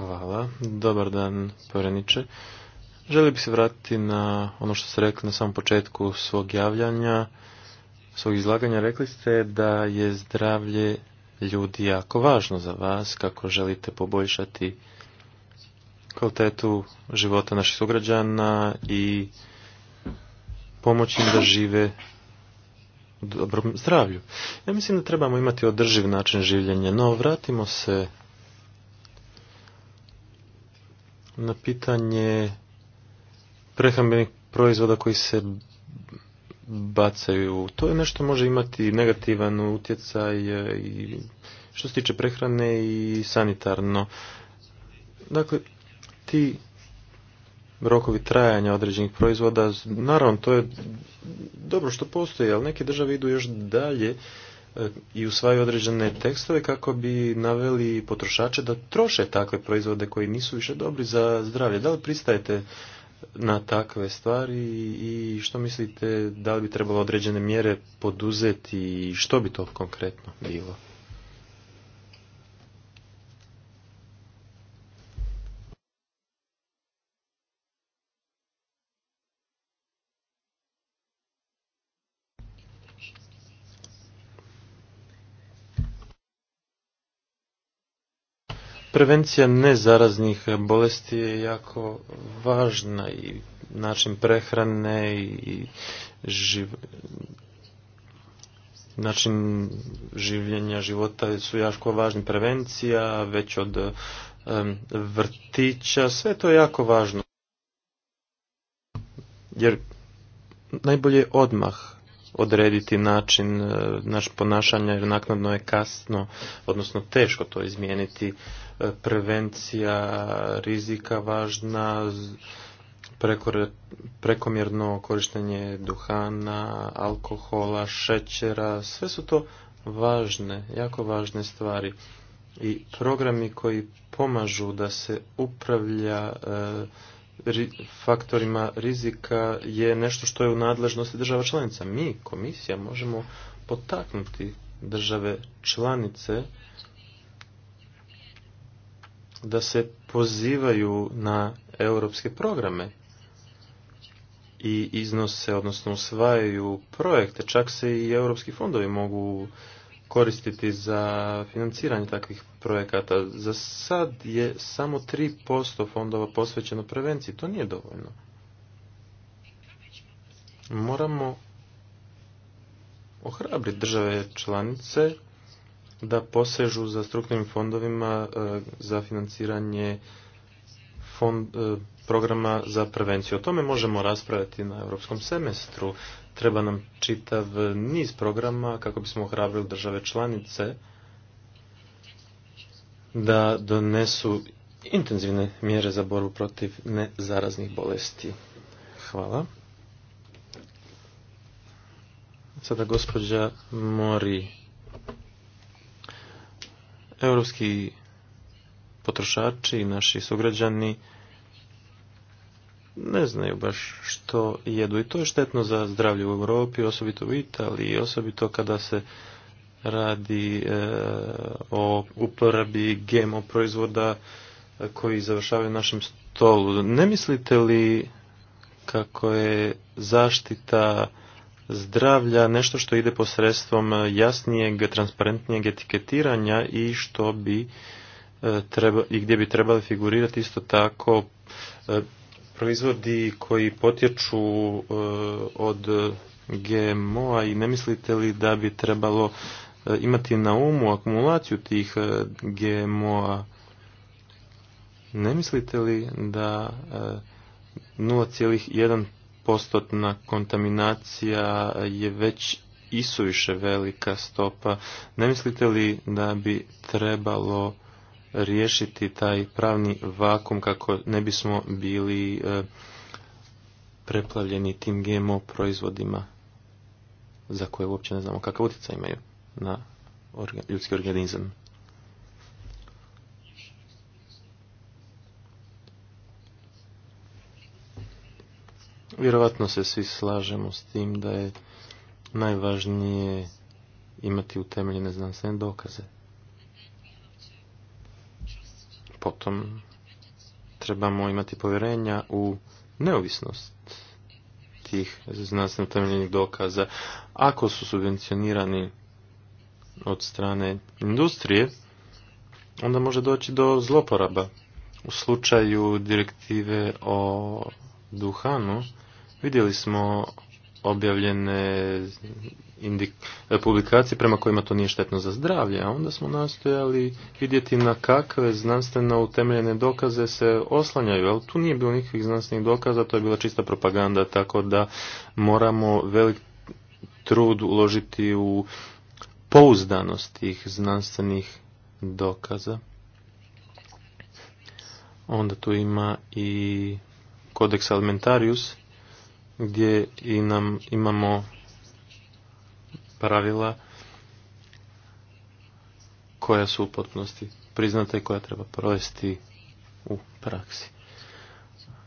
Hvala. Dobar dan, povjereniče. Želio bih se vratiti na ono što ste rekli na samom početku svog javljanja, svog izlaganja. Rekli ste da je zdravlje ljudi jako važno za vas, kako želite poboljšati kvalitetu života naših sugrađana i pomoći im da žive u dobrom zdravlju. Ja mislim da trebamo imati održiv način življenja, no vratimo se na pitanje prehrambenih proizvoda koji se bacaju. To je nešto može imati negativan utjecaj e, i što se tiče prehrane i sanitarno. Dakle, ti rokovi trajanja određenih proizvoda, naravno to je dobro što postoji, ali neke države idu još dalje E, i usvajaju određene tekstove kako bi naveli potrošače da troše takve proizvode koji nisu više dobri za zdravlje. Da li pristajete na takve stvari i što mislite da li bi trebalo određene mjere poduzeti i što bi to konkretno bilo? Prevencija nezaraznih bolesti je jako važna i način prehrane i živ... način življenja života su jako važni. Prevencija već od vrtića, sve to je jako važno. Jer najbolje odmah odrediti način e, naš ponašanja jer naknadno je kasno, odnosno teško to izmijeniti. E, prevencija rizika važna, prekomjerno korištenje duhana, alkohola, šećera, sve su to važne, jako važne stvari. I programi koji pomažu da se upravlja e, faktorima rizika je nešto što je u nadležnosti država članica. Mi, komisija, možemo potaknuti države članice da se pozivaju na europske programe i iznose, odnosno usvajaju projekte. Čak se i europski fondovi mogu koristiti za financiranje takvih projekata. Za sad je samo 3% fondova posvećeno prevenciji. To nije dovoljno. Moramo ohrabriti države članice da posežu za strukturnim fondovima e, za financiranje fond, e, programa za prevenciju. O tome možemo raspraviti na europskom semestru. Treba nam čitav niz programa kako bismo ohrabrili države članice da donesu intenzivne mjere za borbu protiv nezaraznih bolesti. Hvala. Sada gospođa Mori. Europski potrošači i naši sugrađani ne znaju baš što jedu i to je štetno za zdravlje u Europi, osobito u Italiji, osobito kada se radi e, o uporabi GMO proizvoda e, koji završavaju našem stolu. Ne mislite li kako je zaštita zdravlja nešto što ide posredstvom jasnijeg, transparentnijeg etiketiranja i što bi e, treba, i gdje bi trebali figurirati isto tako proizvodi koji potječu eh, od GMO-a i ne mislite li da bi trebalo eh, imati na umu akumulaciju tih eh, GMO-a? Ne mislite li da 0,1 postotna kontaminacija je već isuviše velika stopa? Ne mislite li da bi trebalo riješiti taj pravni vakum kako ne bismo bili e, preplavljeni tim GMO proizvodima za koje uopće ne znamo kakav utjecaj imaju na ljudski organizam. Vjerovatno se svi slažemo s tim da je najvažnije imati utemeljene znanstvene dokaze. Potom trebamo imati povjerenja u neovisnost tih znanstveno temeljenih dokaza. Ako su subvencionirani od strane industrije, onda može doći do zloporaba. U slučaju direktive o duhanu vidjeli smo objavljene publikacije prema kojima to nije štetno za zdravlje, a onda smo nastojali vidjeti na kakve znanstveno utemeljene dokaze se oslanjaju, ali tu nije bilo nikakvih znanstvenih dokaza, to je bila čista propaganda, tako da moramo velik trud uložiti u pouzdanost tih znanstvenih dokaza. Onda tu ima i kodeks alimentarius gdje i nam imamo pravila koja su u potpunosti priznata i koja treba provesti u praksi.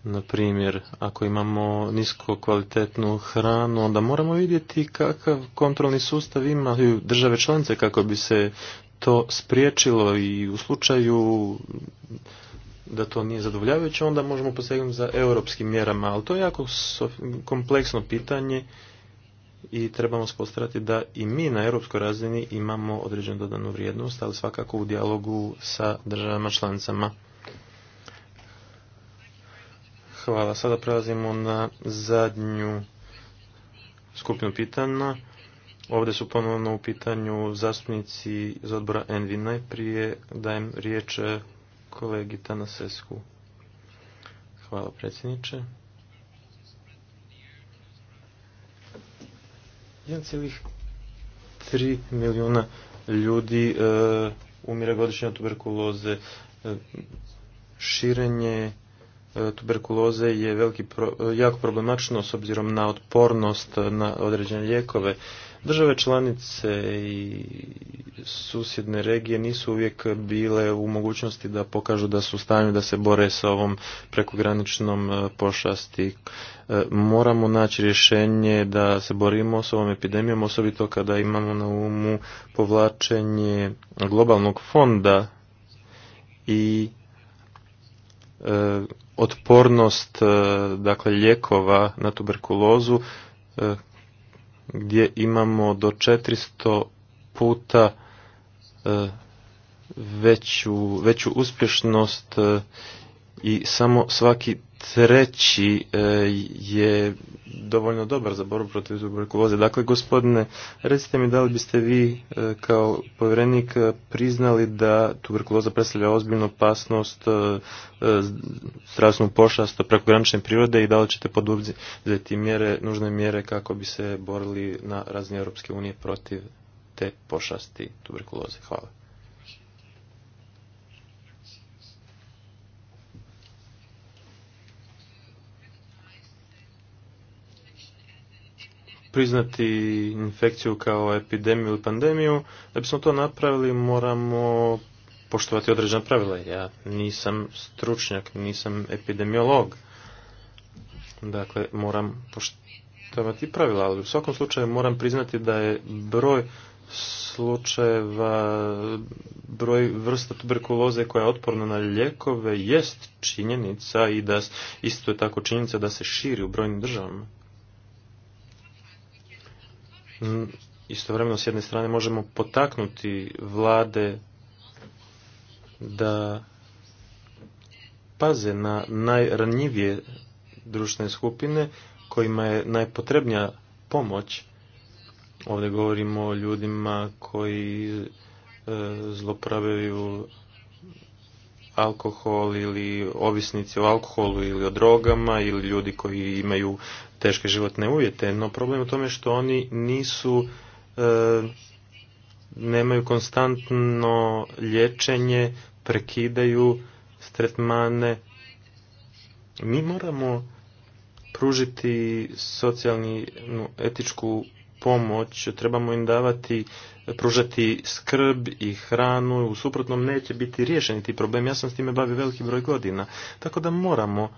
Na primjer, ako imamo nisko kvalitetnu hranu, onda moramo vidjeti kakav kontrolni sustav imaju države članice kako bi se to spriječilo i u slučaju da to nije zadovoljavajuće, onda možemo posegnuti za europskim mjerama, ali to je jako kompleksno pitanje i trebamo spostarati da i mi na europskoj razini imamo određenu dodanu vrijednost, ali svakako u dijalogu sa državama članicama. Hvala. Sada prelazimo na zadnju skupinu pitanja. Ovdje su ponovno u pitanju zastupnici iz odbora Envi. Najprije dajem riječ kolegi Tanasesku. Hvala predsjedniče. 1,3 milijuna ljudi e, umire godišnje od tuberkuloze. E, širenje e, tuberkuloze je veliki pro, e, jako problematično s obzirom na otpornost na određene lijekove. Države članice i susjedne regije nisu uvijek bile u mogućnosti da pokažu da su u stanju da se bore sa ovom prekograničnom e, pošasti. E, moramo naći rješenje da se borimo s ovom epidemijom, osobito kada imamo na umu povlačenje globalnog fonda i e, otpornost dakle lijekova na tuberkulozu gdje imamo do 400 puta e, veću, veću uspješnost e, i samo svaki treći e, je dovoljno dobar za borbu protiv tuberkuloze. Dakle, gospodine, recite mi da li biste vi e, kao povjerenik e, priznali da tuberkuloza predstavlja ozbiljnu opasnost zdravstvenu pošast prekogranične prirode i da li ćete poduzeti mjere, nužne mjere kako bi se borili na razini Europske unije protiv te pošasti tuberkuloze? Hvala. priznati infekciju kao epidemiju ili pandemiju, da bismo to napravili moramo poštovati određena pravila. Ja nisam stručnjak, nisam epidemiolog. Dakle, moram poštovati pravila, ali u svakom slučaju moram priznati da je broj slučajeva, broj vrsta tuberkuloze koja je otporna na ljekove jest činjenica i da isto je tako činjenica da se širi u brojnim državama. Mhm. istovremeno s jedne strane možemo potaknuti vlade da paze na najranjivije društvene skupine kojima je najpotrebnija pomoć. Ovdje govorimo o ljudima koji e, zlopravljaju alkohol ili ovisnici o alkoholu ili o drogama ili ljudi koji imaju teške životne uvjete, no problem u tome što oni nisu, e, nemaju konstantno liječenje, prekidaju stretmane. Mi moramo pružiti socijalnu no, etičku pomoć, trebamo im davati, pružati skrb i hranu, u suprotnom neće biti riješeni ti problem. Ja sam s time bavio veliki broj godina, tako da moramo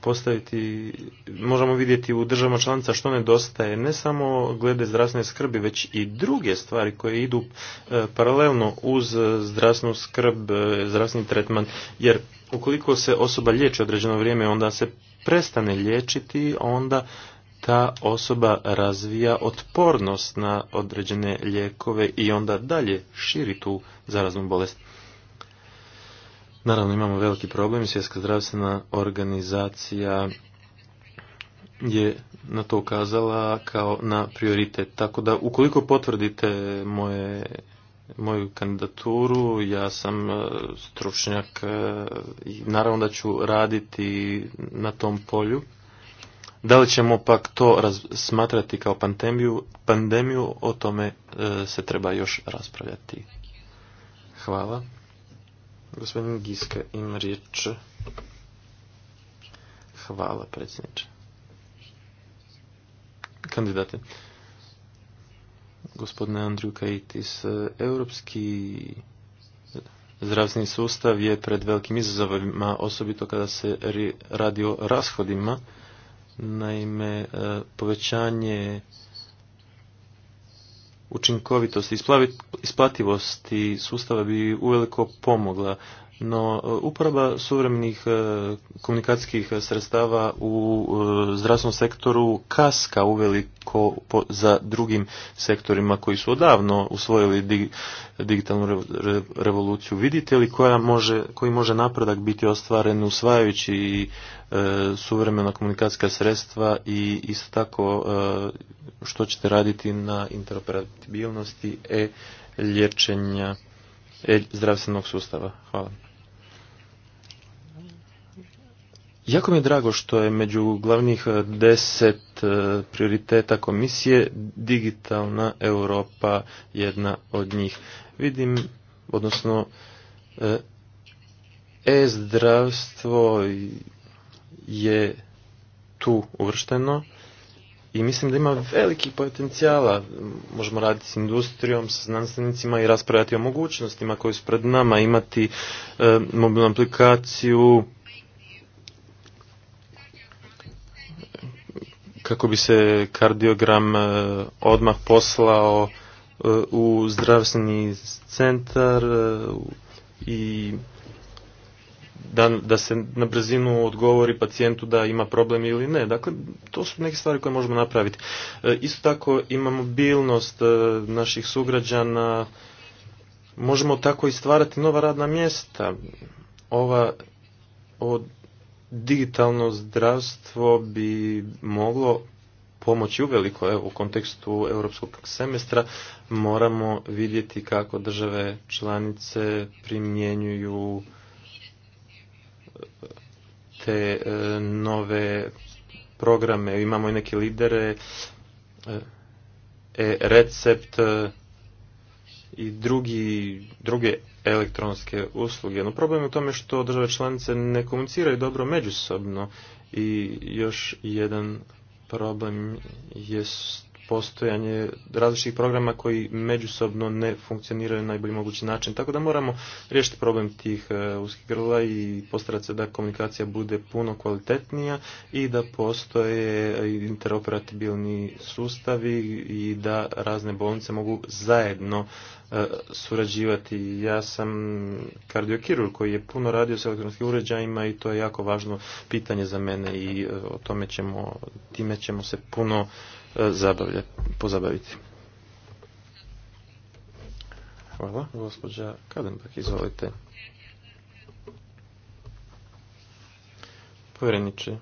postaviti, možemo vidjeti u državama članica što nedostaje, ne samo glede zdravstvene skrbi, već i druge stvari koje idu e, paralelno uz e, zdravstvenu skrb, e, zdravstveni tretman, jer ukoliko se osoba liječi određeno vrijeme, onda se prestane liječiti, onda ta osoba razvija otpornost na određene lijekove i onda dalje širi tu zaraznu bolest. Naravno imamo veliki problem, svjetska zdravstvena organizacija je na to ukazala kao na prioritet. Tako da ukoliko potvrdite moje, moju kandidaturu, ja sam e, stručnjak e, i naravno da ću raditi na tom polju. Da li ćemo pak to smatrati kao pandemiju, pandemiju, o tome e, se treba još raspravljati. Hvala. Gospodin Giska ima riječ. Hvala, predsjedniče. Kandidate. Gospodine Andriju Kajitis, europski zdravstveni sustav je pred velikim izazovima, osobito kada se radi o rashodima. Naime, e, povećanje učinkovitosti, isplativosti sustava bi uveliko pomogla. No, e, uporaba suvremenih e, komunikacijskih sredstava u e, zdravstvenom sektoru kaska uveliko za drugim sektorima koji su odavno usvojili digitalnu revoluciju. Vidite li koja može, koji može napredak biti ostvaren usvajajući suvremena komunikacijska sredstva i isto tako što ćete raditi na interoperabilnosti e lječenja e zdravstvenog sustava. Hvala. Jako mi je drago što je među glavnih eh, deset eh, prioriteta komisije digitalna Europa jedna od njih. Vidim, odnosno eh, e-zdravstvo je tu uvršteno i mislim da ima veliki potencijala. Možemo raditi s industrijom, sa znanstvenicima i raspravljati o mogućnostima koje su pred nama, imati mobilnu aplikaciju, kako bi se kardiogram e, odmah poslao e, u zdravstveni centar e, i da, da se na brzinu odgovori pacijentu da ima problem ili ne. Dakle, to su neke stvari koje možemo napraviti. Isto tako imamo mobilnost naših sugrađana. Možemo tako i stvarati nova radna mjesta. Ova, od digitalno zdravstvo bi moglo pomoći uveliko evo, u kontekstu europskog semestra moramo vidjeti kako države članice primjenjuju eh, te eh, nove programe. Imamo i neke lidere, e, eh, recept i drugi, druge elektronske usluge. No problem je u tome što države članice ne komuniciraju dobro međusobno i još jedan problem jest postojanje različitih programa koji međusobno ne funkcioniraju na najbolji mogući način. Tako da moramo riješiti problem tih e, uskih grla i postarati se da komunikacija bude puno kvalitetnija i da postoje interoperabilni sustavi i da razne bolnice mogu zajedno e, surađivati. Ja sam kardiokirur koji je puno radio s elektronskim uređajima i to je jako važno pitanje za mene i e, o tome ćemo, time ćemo se puno E, pozabaviti. Hvala. Gospođa Kadenbak, izvolite. Povjereniče.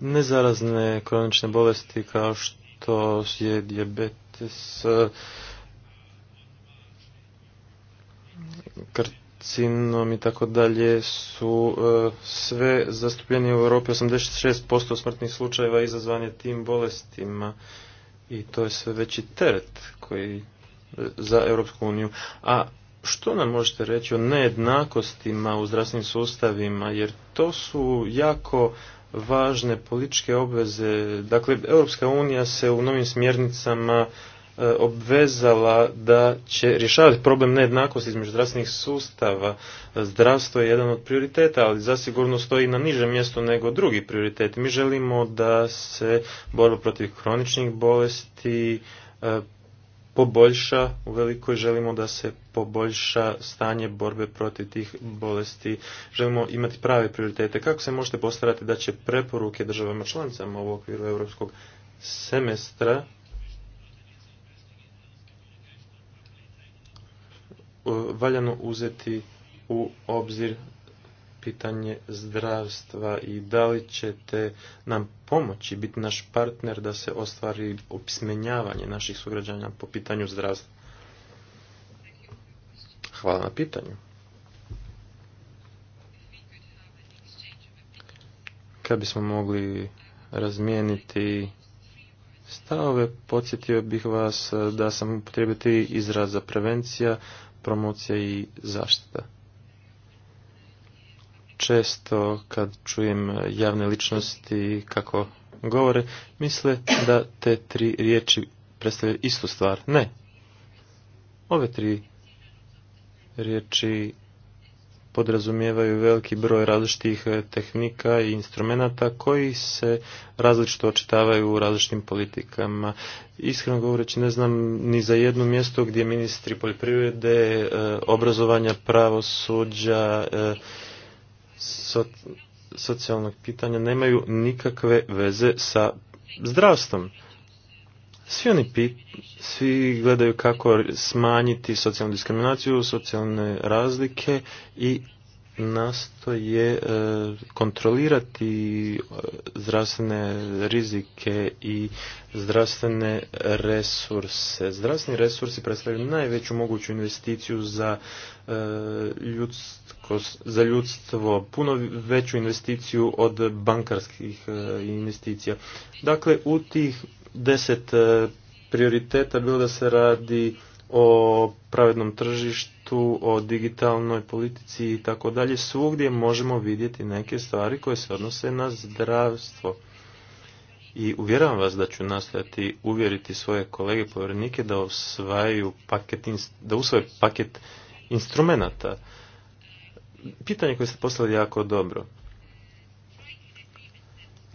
Nezarazne kronične bolesti kao što je diabetes, e, krt karcinom i tako dalje su e, sve zastupljeni u Europi 86% smrtnih slučajeva izazvanje tim bolestima i to je sve veći teret koji e, za Europsku uniju. A što nam možete reći o nejednakostima u zdravstvenim sustavima jer to su jako važne političke obveze. Dakle, Europska unija se u novim smjernicama Eh, obvezala da će rješavati problem nejednakosti između zdravstvenih sustava. Zdravstvo je jedan od prioriteta, ali zasigurno stoji na nižem mjestu nego drugi prioritet. Mi želimo da se borba protiv kroničnih bolesti eh, poboljša, u velikoj želimo da se poboljša stanje borbe protiv tih bolesti. Želimo imati prave prioritete. Kako se možete postarati da će preporuke državama članicama u okviru europskog semestra E, valjano uzeti u obzir pitanje zdravstva i da li ćete nam pomoći biti naš partner da se ostvari opismenjavanje naših sugrađanja po pitanju zdravstva? Hvala na pitanju. Kad bismo mogli razmijeniti stavove, podsjetio bih vas da sam upotrijebiti izraz za prevencija, promocija i zaštita. Često kad čujem javne ličnosti kako govore, misle da te tri riječi predstavljaju istu stvar. Ne. Ove tri riječi podrazumijevaju veliki broj različitih e, tehnika i instrumenata koji se različito očitavaju u različitim politikama. Iskreno govoreći ne znam ni za jedno mjesto gdje ministri poljoprivrede, e, obrazovanja, pravosuđa, e, socijalnog pitanja nemaju nikakve veze sa zdravstvom. Svi oni svi gledaju kako smanjiti socijalnu diskriminaciju, socijalne razlike i nastoje e, kontrolirati e, zdravstvene rizike i zdravstvene resurse. Zdravstveni resursi predstavljaju najveću moguću investiciju za e, za ljudstvo, puno veću investiciju od bankarskih investicija. Dakle, u tih deset e, prioriteta, bilo da se radi o pravednom tržištu, o digitalnoj politici i tako dalje, svugdje možemo vidjeti neke stvari koje se odnose na zdravstvo. I uvjeravam vas da ću nastaviti uvjeriti svoje kolege povjerenike da usvajaju paket, da usvaju paket instrumenata. Pitanje koje ste poslali jako dobro.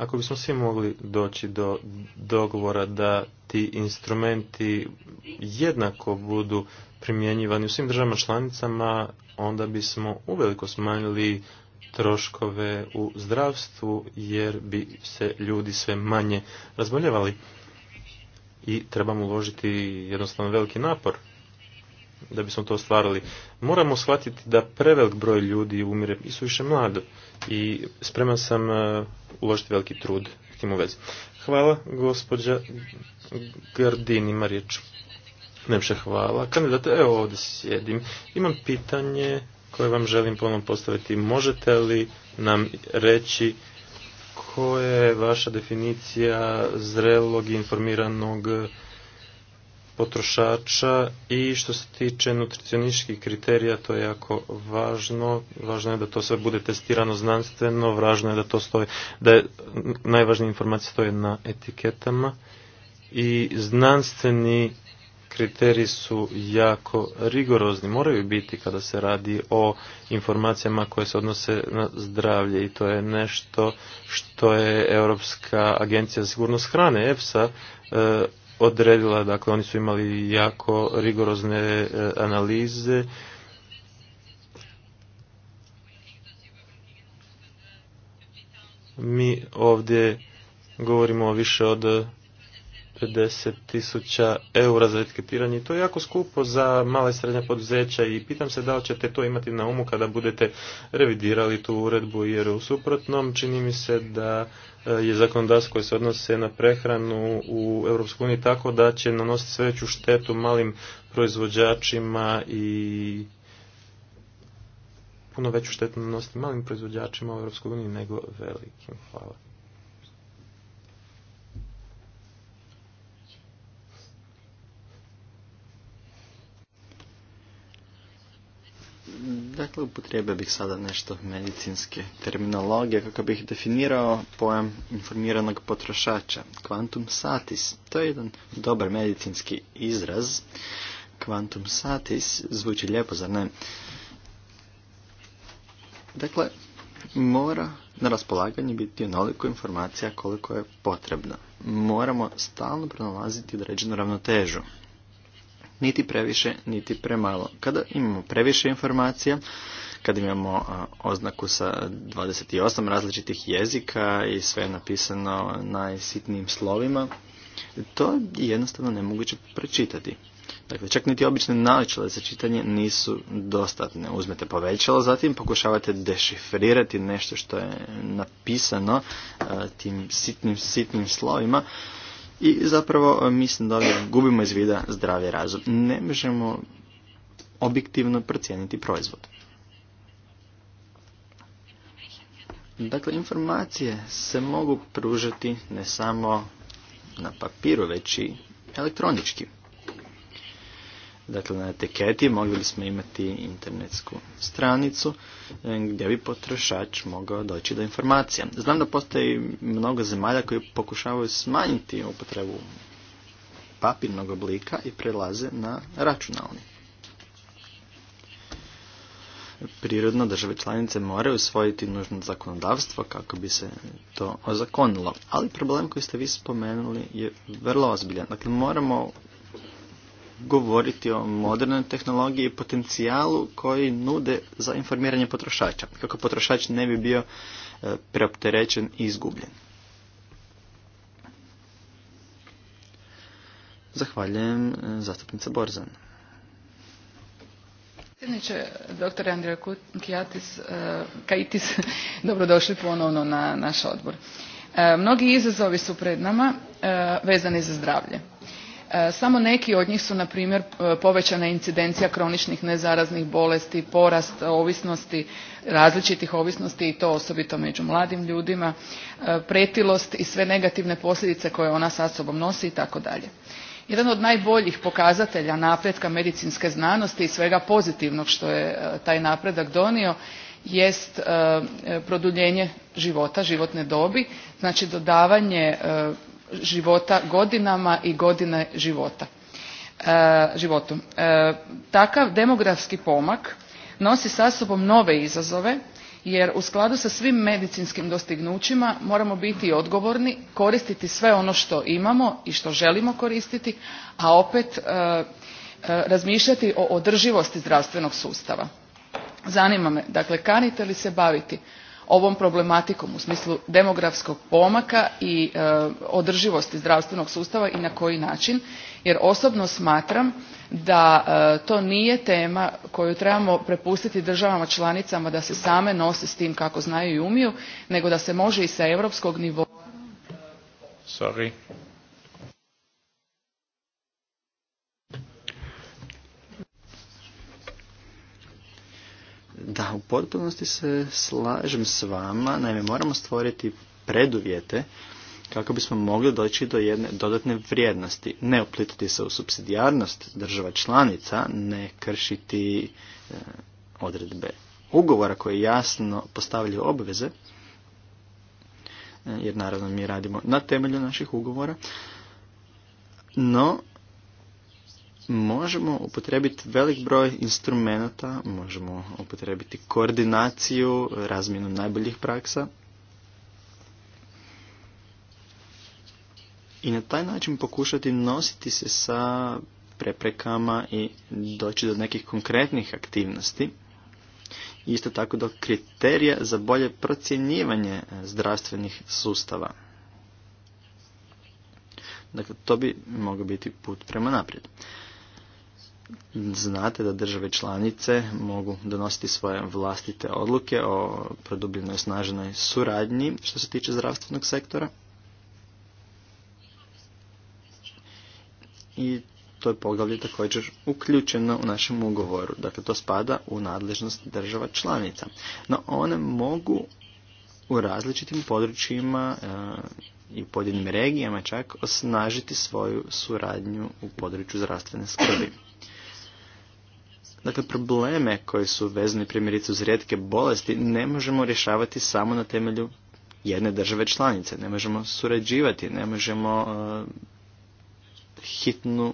Ako bismo svi mogli doći do dogovora da ti instrumenti jednako budu primjenjivani u svim državama članicama, onda bismo uveliko smanjili troškove u zdravstvu jer bi se ljudi sve manje razboljevali i trebamo uložiti jednostavno veliki napor da bismo to ostvarili. Moramo shvatiti da prevelik broj ljudi umire i su više mlado i spreman sam e, uložiti veliki trud s tim u vezi. Hvala gospođa Gardini Mariječu. Nemše hvala. Kandidate, evo ovdje sjedim. Imam pitanje koje vam želim ponovno postaviti. Možete li nam reći koja je vaša definicija zrelog i informiranog potrošača i što se tiče nutricionističkih kriterija to je jako važno. Važno je da to sve bude testirano znanstveno, važno je da to stoji, da je najvažnija informacija stoje na etiketama i znanstveni kriteriji su jako rigorozni, moraju biti kada se radi o informacijama koje se odnose na zdravlje i to je nešto što je Europska agencija za sigurnost hrane, EFSA, e, odredila, dakle oni su imali jako rigorozne e, analize. Mi ovdje govorimo o više od 50 tisuća eura za etiketiranje to je jako skupo za male i srednja poduzeća i pitam se da li ćete to imati na umu kada budete revidirali tu uredbu jer u suprotnom čini mi se da E, je zakonodavstvo koje se odnose na prehranu u EU tako da će nanositi sve veću štetu malim proizvođačima i puno veću štetu nanositi malim proizvođačima u EU nego velikim. Hvala. Dakle, upotrijebio bih sada nešto medicinske terminologije kako bih definirao pojam informiranog potrošača. Quantum satis. To je jedan dobar medicinski izraz. Quantum satis zvuči lijepo, zar ne? Dakle, mora na raspolaganju biti onoliko informacija koliko je potrebno. Moramo stalno pronalaziti određenu ravnotežu niti previše, niti premalo. Kada imamo previše informacija, kada imamo oznaku sa 28 različitih jezika i sve je napisano najsitnijim slovima, to je jednostavno nemoguće prečitati. Dakle, čak niti obične naličale za čitanje nisu dostatne. Uzmete povećalo, zatim pokušavate dešifrirati nešto što je napisano tim sitnim, sitnim slovima i zapravo e, mislim da gubimo iz vida zdravi razum. Ne možemo objektivno procijeniti proizvod. Dakle, informacije se mogu pružati ne samo na papiru, već i elektronički. Dakle, na etiketi mogli smo imati internetsku stranicu e, gdje bi potrošač mogao doći do informacija. Znam da postoji mnogo zemalja koji pokušavaju smanjiti upotrebu papirnog oblika i prelaze na računalni. Prirodno države članice moraju usvojiti nužno zakonodavstvo kako bi se to ozakonilo. Ali problem koji ste vi spomenuli je vrlo ozbiljan. Dakle, moramo govoriti o modernoj tehnologiji i potencijalu koji nude za informiranje potrošača, kako potrošač ne bi bio e, preopterećen i izgubljen. Zahvaljujem e, zastupnica Borzan. Predsjedniče, doktor Andrija Kijatis, e, Kajitis, [laughs] dobrodošli ponovno na naš odbor. Mnogi izazovi su pred nama vezani za zdravlje E, samo neki od njih su na primjer e, povećana incidencija kroničnih nezaraznih bolesti porast ovisnosti različitih ovisnosti i to osobito među mladim ljudima e, pretilost i sve negativne posljedice koje ona sa sobom nosi i tako dalje jedan od najboljih pokazatelja napretka medicinske znanosti i svega pozitivnog što je taj napredak donio jest produljenje života životne dobi znači dodavanje života godinama i godine života e, životu. E, takav demografski pomak nosi sa sobom nove izazove jer u skladu sa svim medicinskim dostignućima moramo biti odgovorni, koristiti sve ono što imamo i što želimo koristiti, a opet e, razmišljati o održivosti zdravstvenog sustava. Zanima me, dakle kanite li se baviti ovom problematikom u smislu demografskog pomaka i e, održivosti zdravstvenog sustava i na koji način jer osobno smatram da e, to nije tema koju trebamo prepustiti državama članicama da se same nose s tim kako znaju i umiju nego da se može i sa europskog nivoa Da, u potpunosti se slažem s vama. Naime, moramo stvoriti preduvjete kako bismo mogli doći do jedne dodatne vrijednosti. Ne uplitati se u subsidijarnost država članica, ne kršiti e, odredbe ugovora koje jasno postavljaju obveze, e, jer naravno mi radimo na temelju naših ugovora, no možemo upotrebiti velik broj instrumenata, možemo upotrebiti koordinaciju, razmjenu najboljih praksa. I na taj način pokušati nositi se sa preprekama i doći do nekih konkretnih aktivnosti. Isto tako do kriterija za bolje procjenjivanje zdravstvenih sustava. Dakle, to bi mogao biti put prema naprijed znate da države članice mogu donositi svoje vlastite odluke o produbljenoj snaženoj suradnji što se tiče zdravstvenog sektora. I to je poglavlje također uključeno u našem ugovoru. Dakle, to spada u nadležnost država članica. No, one mogu u različitim područjima e, i pojedinim regijama čak osnažiti svoju suradnju u području zdravstvene skrbi. Dakle, probleme koji su vezani primjerice uz rijetke bolesti ne možemo rješavati samo na temelju jedne države članice. Ne možemo surađivati, ne možemo e, hitnu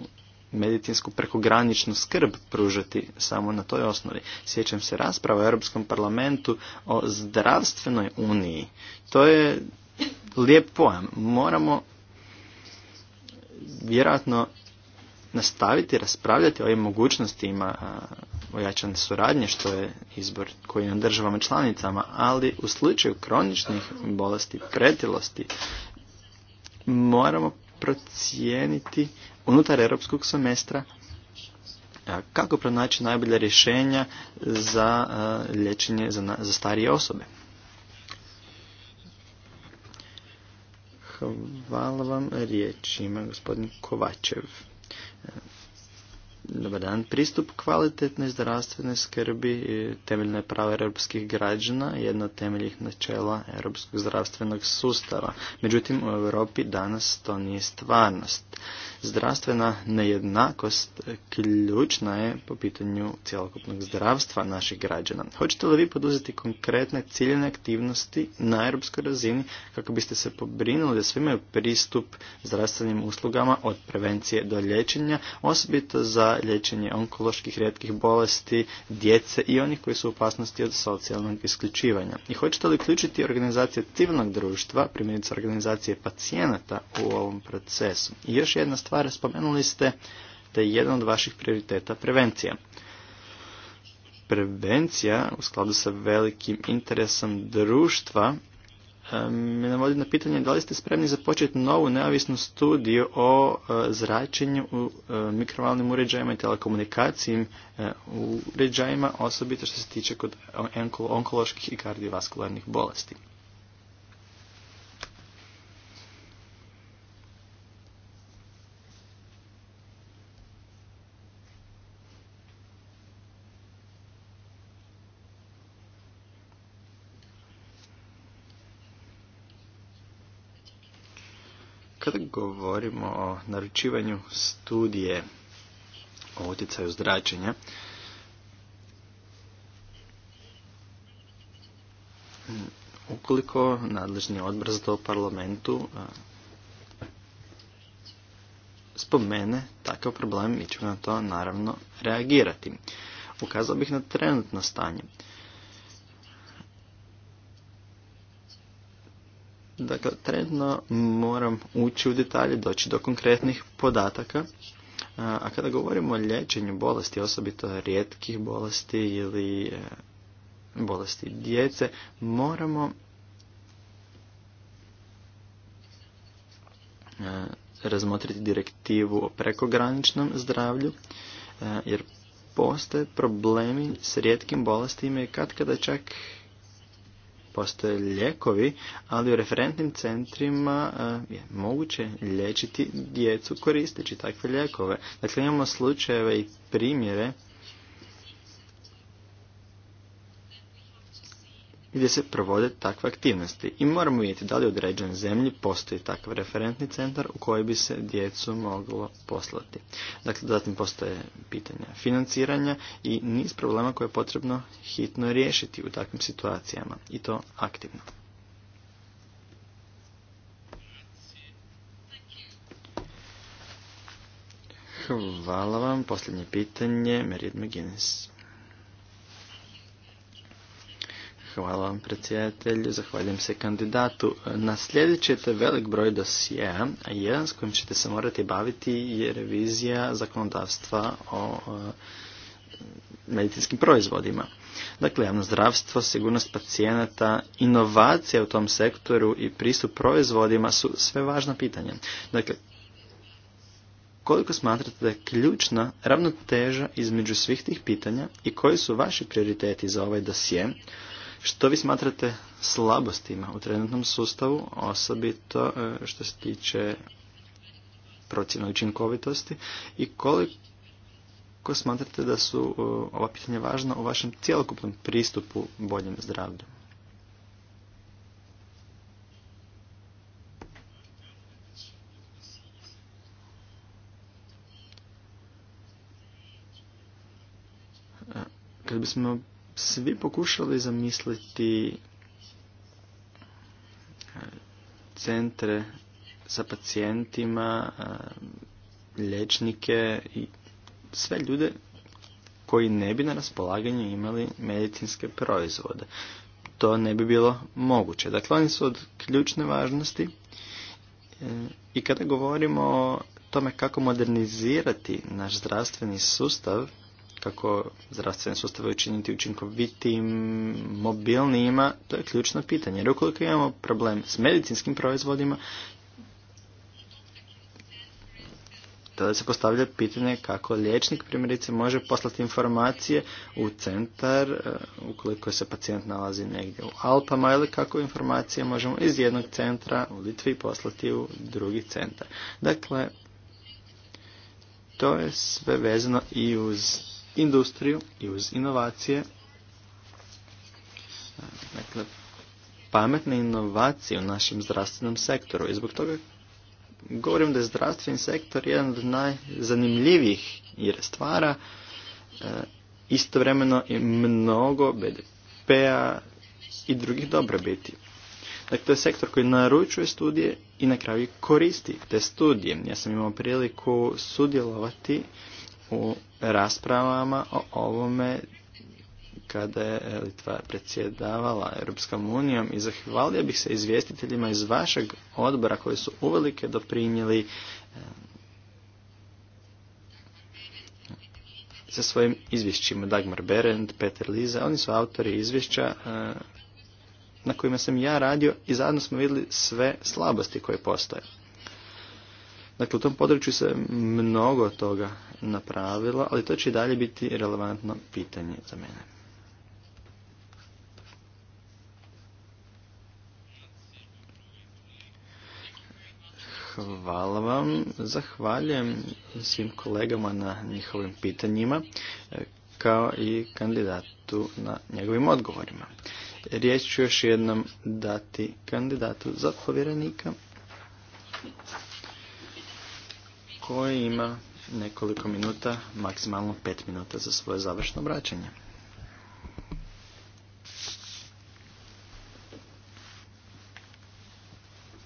medicinsku prekograničnu skrb pružati samo na toj osnovi. Sjećam se rasprava u Europskom parlamentu o zdravstvenoj uniji. To je lijep pojam. Moramo vjerojatno nastaviti raspravljati o ovim mogućnostima ojačane suradnje, što je izbor koji je na državama članicama, ali u slučaju kroničnih bolesti, pretilosti, moramo procijeniti unutar europskog semestra kako pronaći najbolje rješenja za liječenje za, starije osobe. Hvala vam ima gospodin Kovačev. Dobar dan. Pristup kvalitetne zdravstvene skrbi temeljno prava europskih građana, jedno od temeljih načela europskog zdravstvenog sustava. Međutim, u Europi danas to nije stvarnost. Zdravstvena nejednakost ključna je po pitanju cjelokupnog zdravstva naših građana. Hoćete li vi poduzeti konkretne ciljene aktivnosti na europskoj razini kako biste se pobrinuli da svi imaju pristup zdravstvenim uslugama od prevencije do liječenja, osobito za liječenje onkoloških rijetkih bolesti, djece i onih koji su u opasnosti od socijalnog isključivanja? I hoćete li uključiti organizacije civilnog društva, primjerice organizacije pacijenata u ovom procesu? I još jedna stvar spomenuli ste da je jedan od vaših prioriteta prevencija. Prevencija u skladu sa velikim interesom društva me navodi na pitanje da li ste spremni započeti novu neovisnu studiju o e, zračenju u e, mikrovalnim uređajima i telekomunikacijim u e, uređajima, osobito što se tiče kod onkoloških i kardiovaskularnih bolesti. govorimo o naručivanju studije o utjecaju zračenja, ukoliko nadležni odbor za to parlamentu spomene takav problem, mi ćemo na to naravno reagirati. Ukazao bih na trenutno stanje. Dakle, trenutno moram ući u detalje, doći do konkretnih podataka. A kada govorimo o liječenju bolesti, osobito rijetkih bolesti ili e, bolesti djece, moramo e, razmotriti direktivu o prekograničnom zdravlju, e, jer postoje problemi s rijetkim bolestima i kad kada čak postoje lijekovi, ali u referentnim centrima e, je moguće liječiti djecu koristeći takve lijekove. Dakle, imamo slučajeve i primjere gdje se provode takve aktivnosti i moramo vidjeti da li u određenoj zemlji postoji takav referentni centar u koji bi se djecu moglo poslati. Dakle, zatim postoje pitanja financiranja i niz problema koje je potrebno hitno riješiti u takvim situacijama i to aktivno. Hvala vam. Posljednje pitanje, Merid McGuinness. Hvala vam predsjedatelju, zahvaljujem se kandidatu. Naslijedit ćete velik broj dosijeja, a jedan s kojim ćete se morati baviti je revizija zakonodavstva o e, medicinskim proizvodima. Dakle, javno zdravstvo, sigurnost pacijenata, inovacija u tom sektoru i pristup proizvodima su sve važna pitanja. Dakle, koliko smatrate da je ključna ravnoteža između svih tih pitanja i koji su vaši prioriteti za ovaj dosje, što vi smatrate slabostima u trenutnom sustavu, osobito e, što se tiče procjene učinkovitosti i koliko smatrate da su e, ova pitanja važna u vašem cjelokupnom pristupu boljem zdravlju? E, kad bismo svi pokušali zamisliti eh, centre sa pacijentima, eh, liječnike i sve ljude koji ne bi na raspolaganju imali medicinske proizvode. To ne bi bilo moguće. Dakle, oni su od ključne važnosti eh, i kada govorimo o tome kako modernizirati naš zdravstveni sustav, kako zdravstvene sustave učiniti učinkovitim, mobilnijima, to je ključno pitanje. Jer ukoliko imamo problem s medicinskim proizvodima, tada se postavlja pitanje kako liječnik primjerice može poslati informacije u centar e, ukoliko se pacijent nalazi negdje u Alpama ili kako informacije možemo iz jednog centra u Litvi poslati u drugi centar. Dakle, to je sve vezano i uz industriju i uz inovacije. Dakle, pametne inovacije u našem zdravstvenom sektoru. I zbog toga govorim da je zdravstveni sektor jedan od najzanimljivijih jer stvara e, istovremeno i mnogo BDP-a i drugih dobrobiti. Dakle, to je sektor koji naručuje studije i na kraju koristi te studije. Ja sam imao priliku sudjelovati u raspravama o ovome kada je Litva predsjedavala Europskom unijom i zahvalio bih se izvjestiteljima iz vašeg odbora koji su uvelike doprinijeli eh, sa svojim izvješćima. Dagmar Berend, Peter Liza, oni su autori izvješća eh, na kojima sam ja radio i zajedno smo vidjeli sve slabosti koje postoje. Dakle, u tom području se mnogo toga napravila, ali to će i dalje biti relevantno pitanje za mene. Hvala vam. Zahvaljujem svim kolegama na njihovim pitanjima, kao i kandidatu na njegovim odgovorima. Riječ ću još jednom dati kandidatu za povjerenika koji ima nekoliko minuta, maksimalno pet minuta za svoje završno obraćanje.